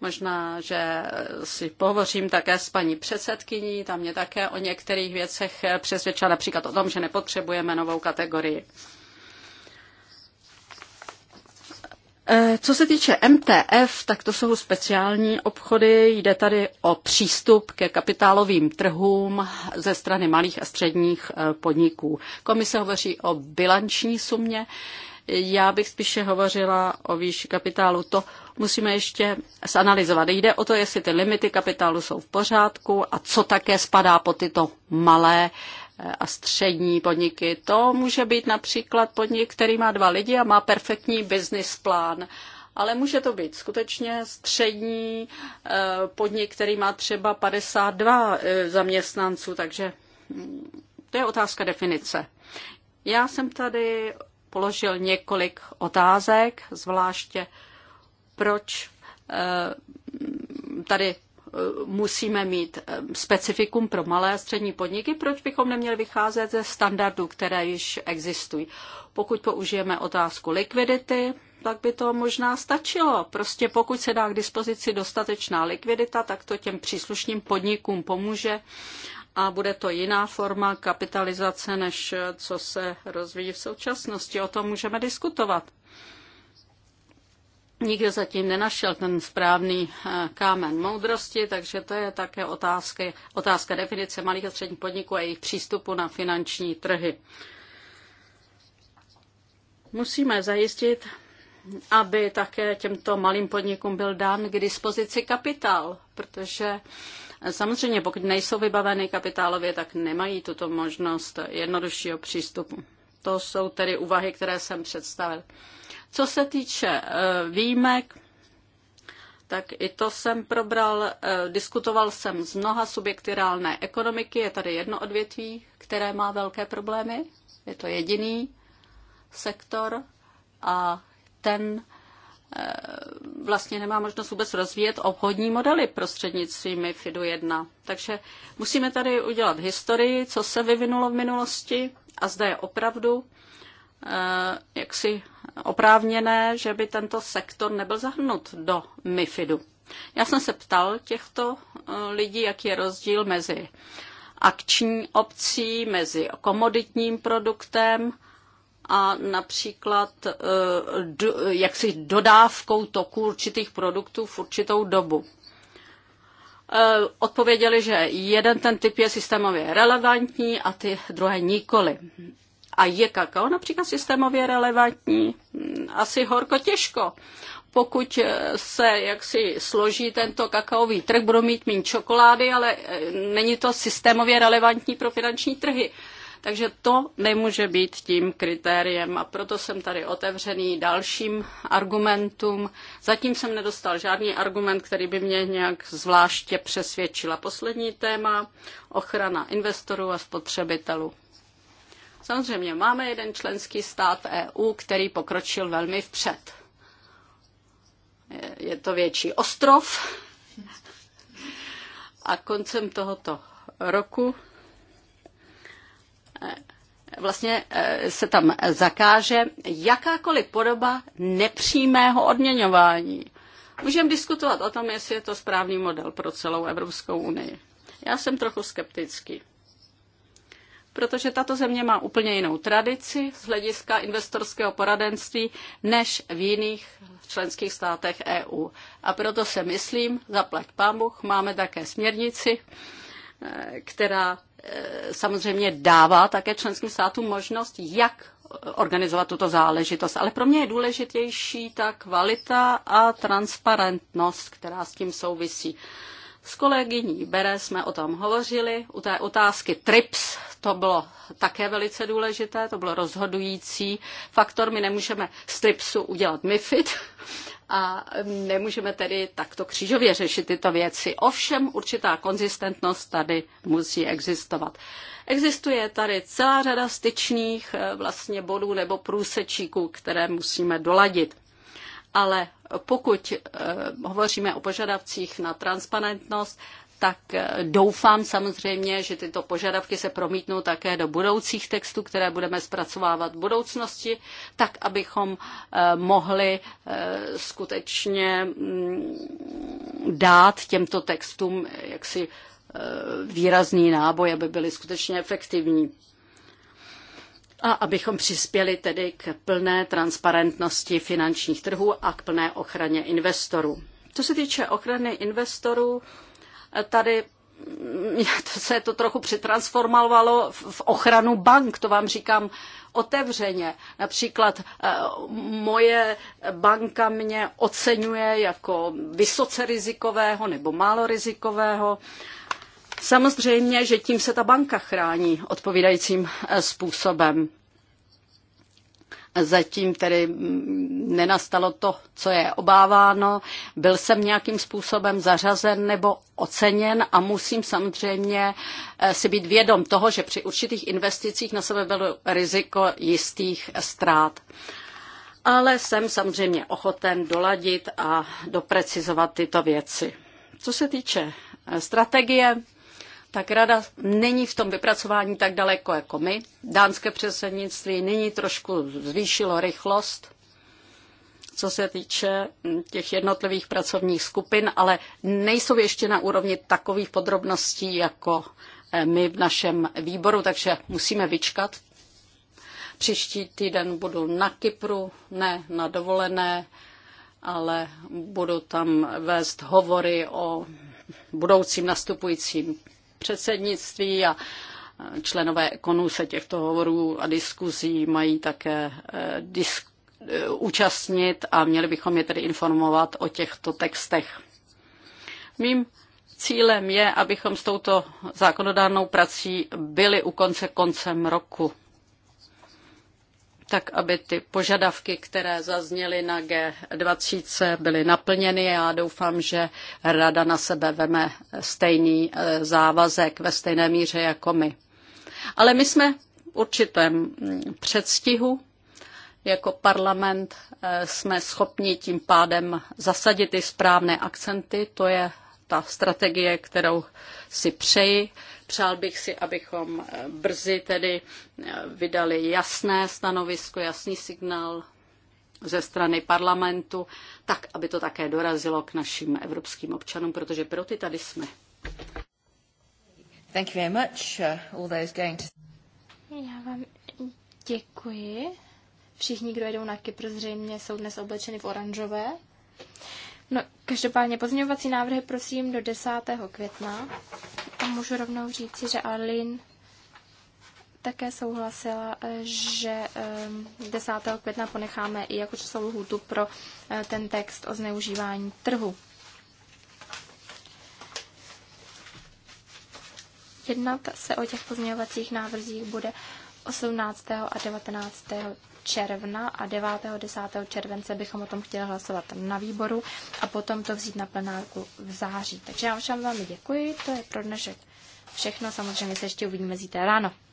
Možná, že si pohovořím také s paní předsedkyní, tam mě také o některých věcech přesvědčila, například o tom, že nepotřebujeme novou kategorii. Eh, co se týče MTF, tak to jsou speciální obchody. Jde tady o přístup ke kapitálovým trhům ze strany malých a středních eh, podniků. Komise hovoří o bilanční sumě. Já bych spíše hovořila o výši kapitálu. To musíme ještě zanalizovat. Jde o to, jestli ty limity kapitálu jsou v pořádku a co také spadá po tyto malé uh, a střední podniky. To může být například podnik, který má dva lidi a má perfektní business plán. Ale může to být skutečně střední eh, podnik, který má třeba 52 eh, zaměstnanců, takže hm, to je otázka definice. Já jsem tady položil několik otázek, zvláště proč eh, tady musíme mít eh, specifikum pro malé a střední podniky, proč bychom neměli vycházet ze standardů, které již existují. Pokud použijeme otázku likvidity, tak by to možná stačilo. Prostě pokud se dá k dispozici dostatečná likvidita, tak to těm příslušným podnikům pomůže a bude to jiná forma kapitalizace, než co se rozvíjí v současnosti. O tom můžeme diskutovat nikdo zatím nenašel ten správný eh, kámen moudrosti, takže to je také otázky, otázka definice malých a středních podniků a jejich přístupu na finanční trhy. Musíme zajistit, aby také těmto malým podnikům byl dán k dispozici kapitál, protože eh, samozřejmě pokud nejsou vybaveny kapitálově, tak nemají tuto možnost jednoduššího přístupu. To jsou tedy úvahy, které jsem představil. Co se týče eh, výjimek, tak i to jsem probral, eh, diskutoval jsem s mnoha subjekty reálné ekonomiky. Je tady jedno odvětví, které má velké problémy. Je to jediný sektor a ten eh, vlastně nemá možnost vůbec rozvíjet obchodní modely prostřednictvím FIDu 1. Takže musíme tady udělat historii, co se vyvinulo v minulosti a zde je opravdu jaksi oprávněné, že by tento sektor nebyl zahrnut do MIFIDu. Já jsem se ptal těchto eh, lidí, jaký je rozdíl mezi akční opcí, mezi komoditním produktem a například eh, jaksi dodávkou toku určitých produktů v určitou dobu. Eh, odpověděli, že jeden ten typ je systémově relevantní a ty druhé nikoli. A je kakao například systémově relevantní? Asi horko těžko. Pokud se jak si složí tento kakaový trh, budou mít méně čokolády, ale eh, není to systémově relevantní pro finanční trhy. Takže to nemůže být tím kritériem a proto jsem tady otevřený dalším argumentům. Zatím jsem nedostal žádný argument, který by mě nějak zvláště přesvědčila. Poslední téma, ochrana investorů a spotřebitelů. Samozřejmě máme jeden členský stát v EU, který pokročil velmi vpřed. Je to větší ostrov a koncem tohoto roku e, vlastně e, se tam zakáže jakákoliv podoba nepřímého odměňování. Můžeme diskutovat o tom, jestli je to správný model pro celou Evropskou unii. Já jsem trochu skeptický protože tato země má úplně jinou tradici z hlediska investorského poradenství než v jiných členských státech EU. A proto se myslím, zaplať pámuch, máme také směrnici, eh, která eh, samozřejmě dává také členským státům možnost, jak eh, organizovat tuto záležitost. Ale pro mě je důležitější ta kvalita a transparentnost, která s tím souvisí. S kolegyní Bere jsme o tom hovořili. U té otázky TRIPS to bylo také velice důležité, to bylo rozhodující faktor. My nemůžeme z TRIPSu udělat MIFID a nemůžeme tedy takto křížově řešit tyto věci. Ovšem určitá konzistentnost tady musí existovat. Existuje tady celá řada styčných eh, vlastně bodů nebo průsečíků, které musíme doladit ale pokud eh, hovoříme o požadavcích na transparentnost, tak eh, doufám samozřejmě, že tyto požadavky se promítnou také do budoucích textů, které budeme zpracovávat v budoucnosti, tak abychom eh, mohli skutečně mm, dát těmto textům jaksi výrazný náboj, aby byly skutečně efektivní a abychom přispěli tedy k plné transparentnosti finančních trhů a k plné ochraně investorů. Co se týče ochrany investorů, tady se to trochu přetransformovalo v ochranu bank, to vám říkám otevřeně. Například eh, moje banka mě oceňuje jako vysoce rizikového nebo málo rizikového Samozřejmě, že tím se ta banka chrání odpovídajícím eh, způsobem. Zatím tedy mm, nenastalo to, co je obáváno. Byl jsem nějakým způsobem zařazen nebo oceněn a musím samozřejmě eh, si být vědom toho, že při určitých investicích na sebe bylo riziko jistých ztrát. Ale jsem samozřejmě ochoten doladit a doprecizovat tyto věci. Co se týče eh, strategie, tak rada není v tom vypracování tak daleko jako my. Dánské předsednictví nyní trošku zvýšilo rychlost, co se týče hm, těch jednotlivých pracovních skupin, ale nejsou ještě na úrovni takových podrobností jako eh, my v našem výboru, takže musíme vyčkat. Příští týden budu na Kypru, ne na dovolené, ale budu tam vést hovory o budoucím nastupujícím předsednictví a členové konu se těchto hovorů a diskuzí mají také eh, disk, eh, účastnit a měli bychom je tedy informovat o těchto textech. Mým cílem je, abychom s touto zákonodárnou prací byli u konce koncem roku tak aby ty požadavky, které zazněly na G20, byly naplněny. Já doufám, že Rada na sebe veme stejný eh, závazek ve stejné míře jako my. Ale my jsme v určitém mm, předstihu. Jako parlament eh, jsme schopni tím pádem zasadit ty správné akcenty. To je ta strategie, kterou si přeji. Přál bych si, abychom eh, brzy tedy eh, vydali jasné stanovisko, jasný signál ze strany parlamentu, tak, aby to také dorazilo k našim evropským občanům, protože pro ty tady jsme. Thank you very much. Uh, all those going to... Já vám děkuji. Všichni, kdo jedou na Kypr, zřejmě jsou dnes oblečeni v oranžové. No, každopádně pozměňovací návrhy prosím do 10. května. A můžu rovnou říci, že Arlin také souhlasila, eh, že 10. Eh, května ponecháme i jako časovou hůtu pro eh, ten text o zneužívání trhu. Jednat se o těch pozměňovacích návrzích bude 18. a 19 června a 9. 10. července bychom o tom chtěli hlasovat na výboru a potom to vzít na plenárku v září. Takže já všem velmi děkuji, to je pro dnešek všechno, samozřejmě se ještě uvidíme zítra ráno.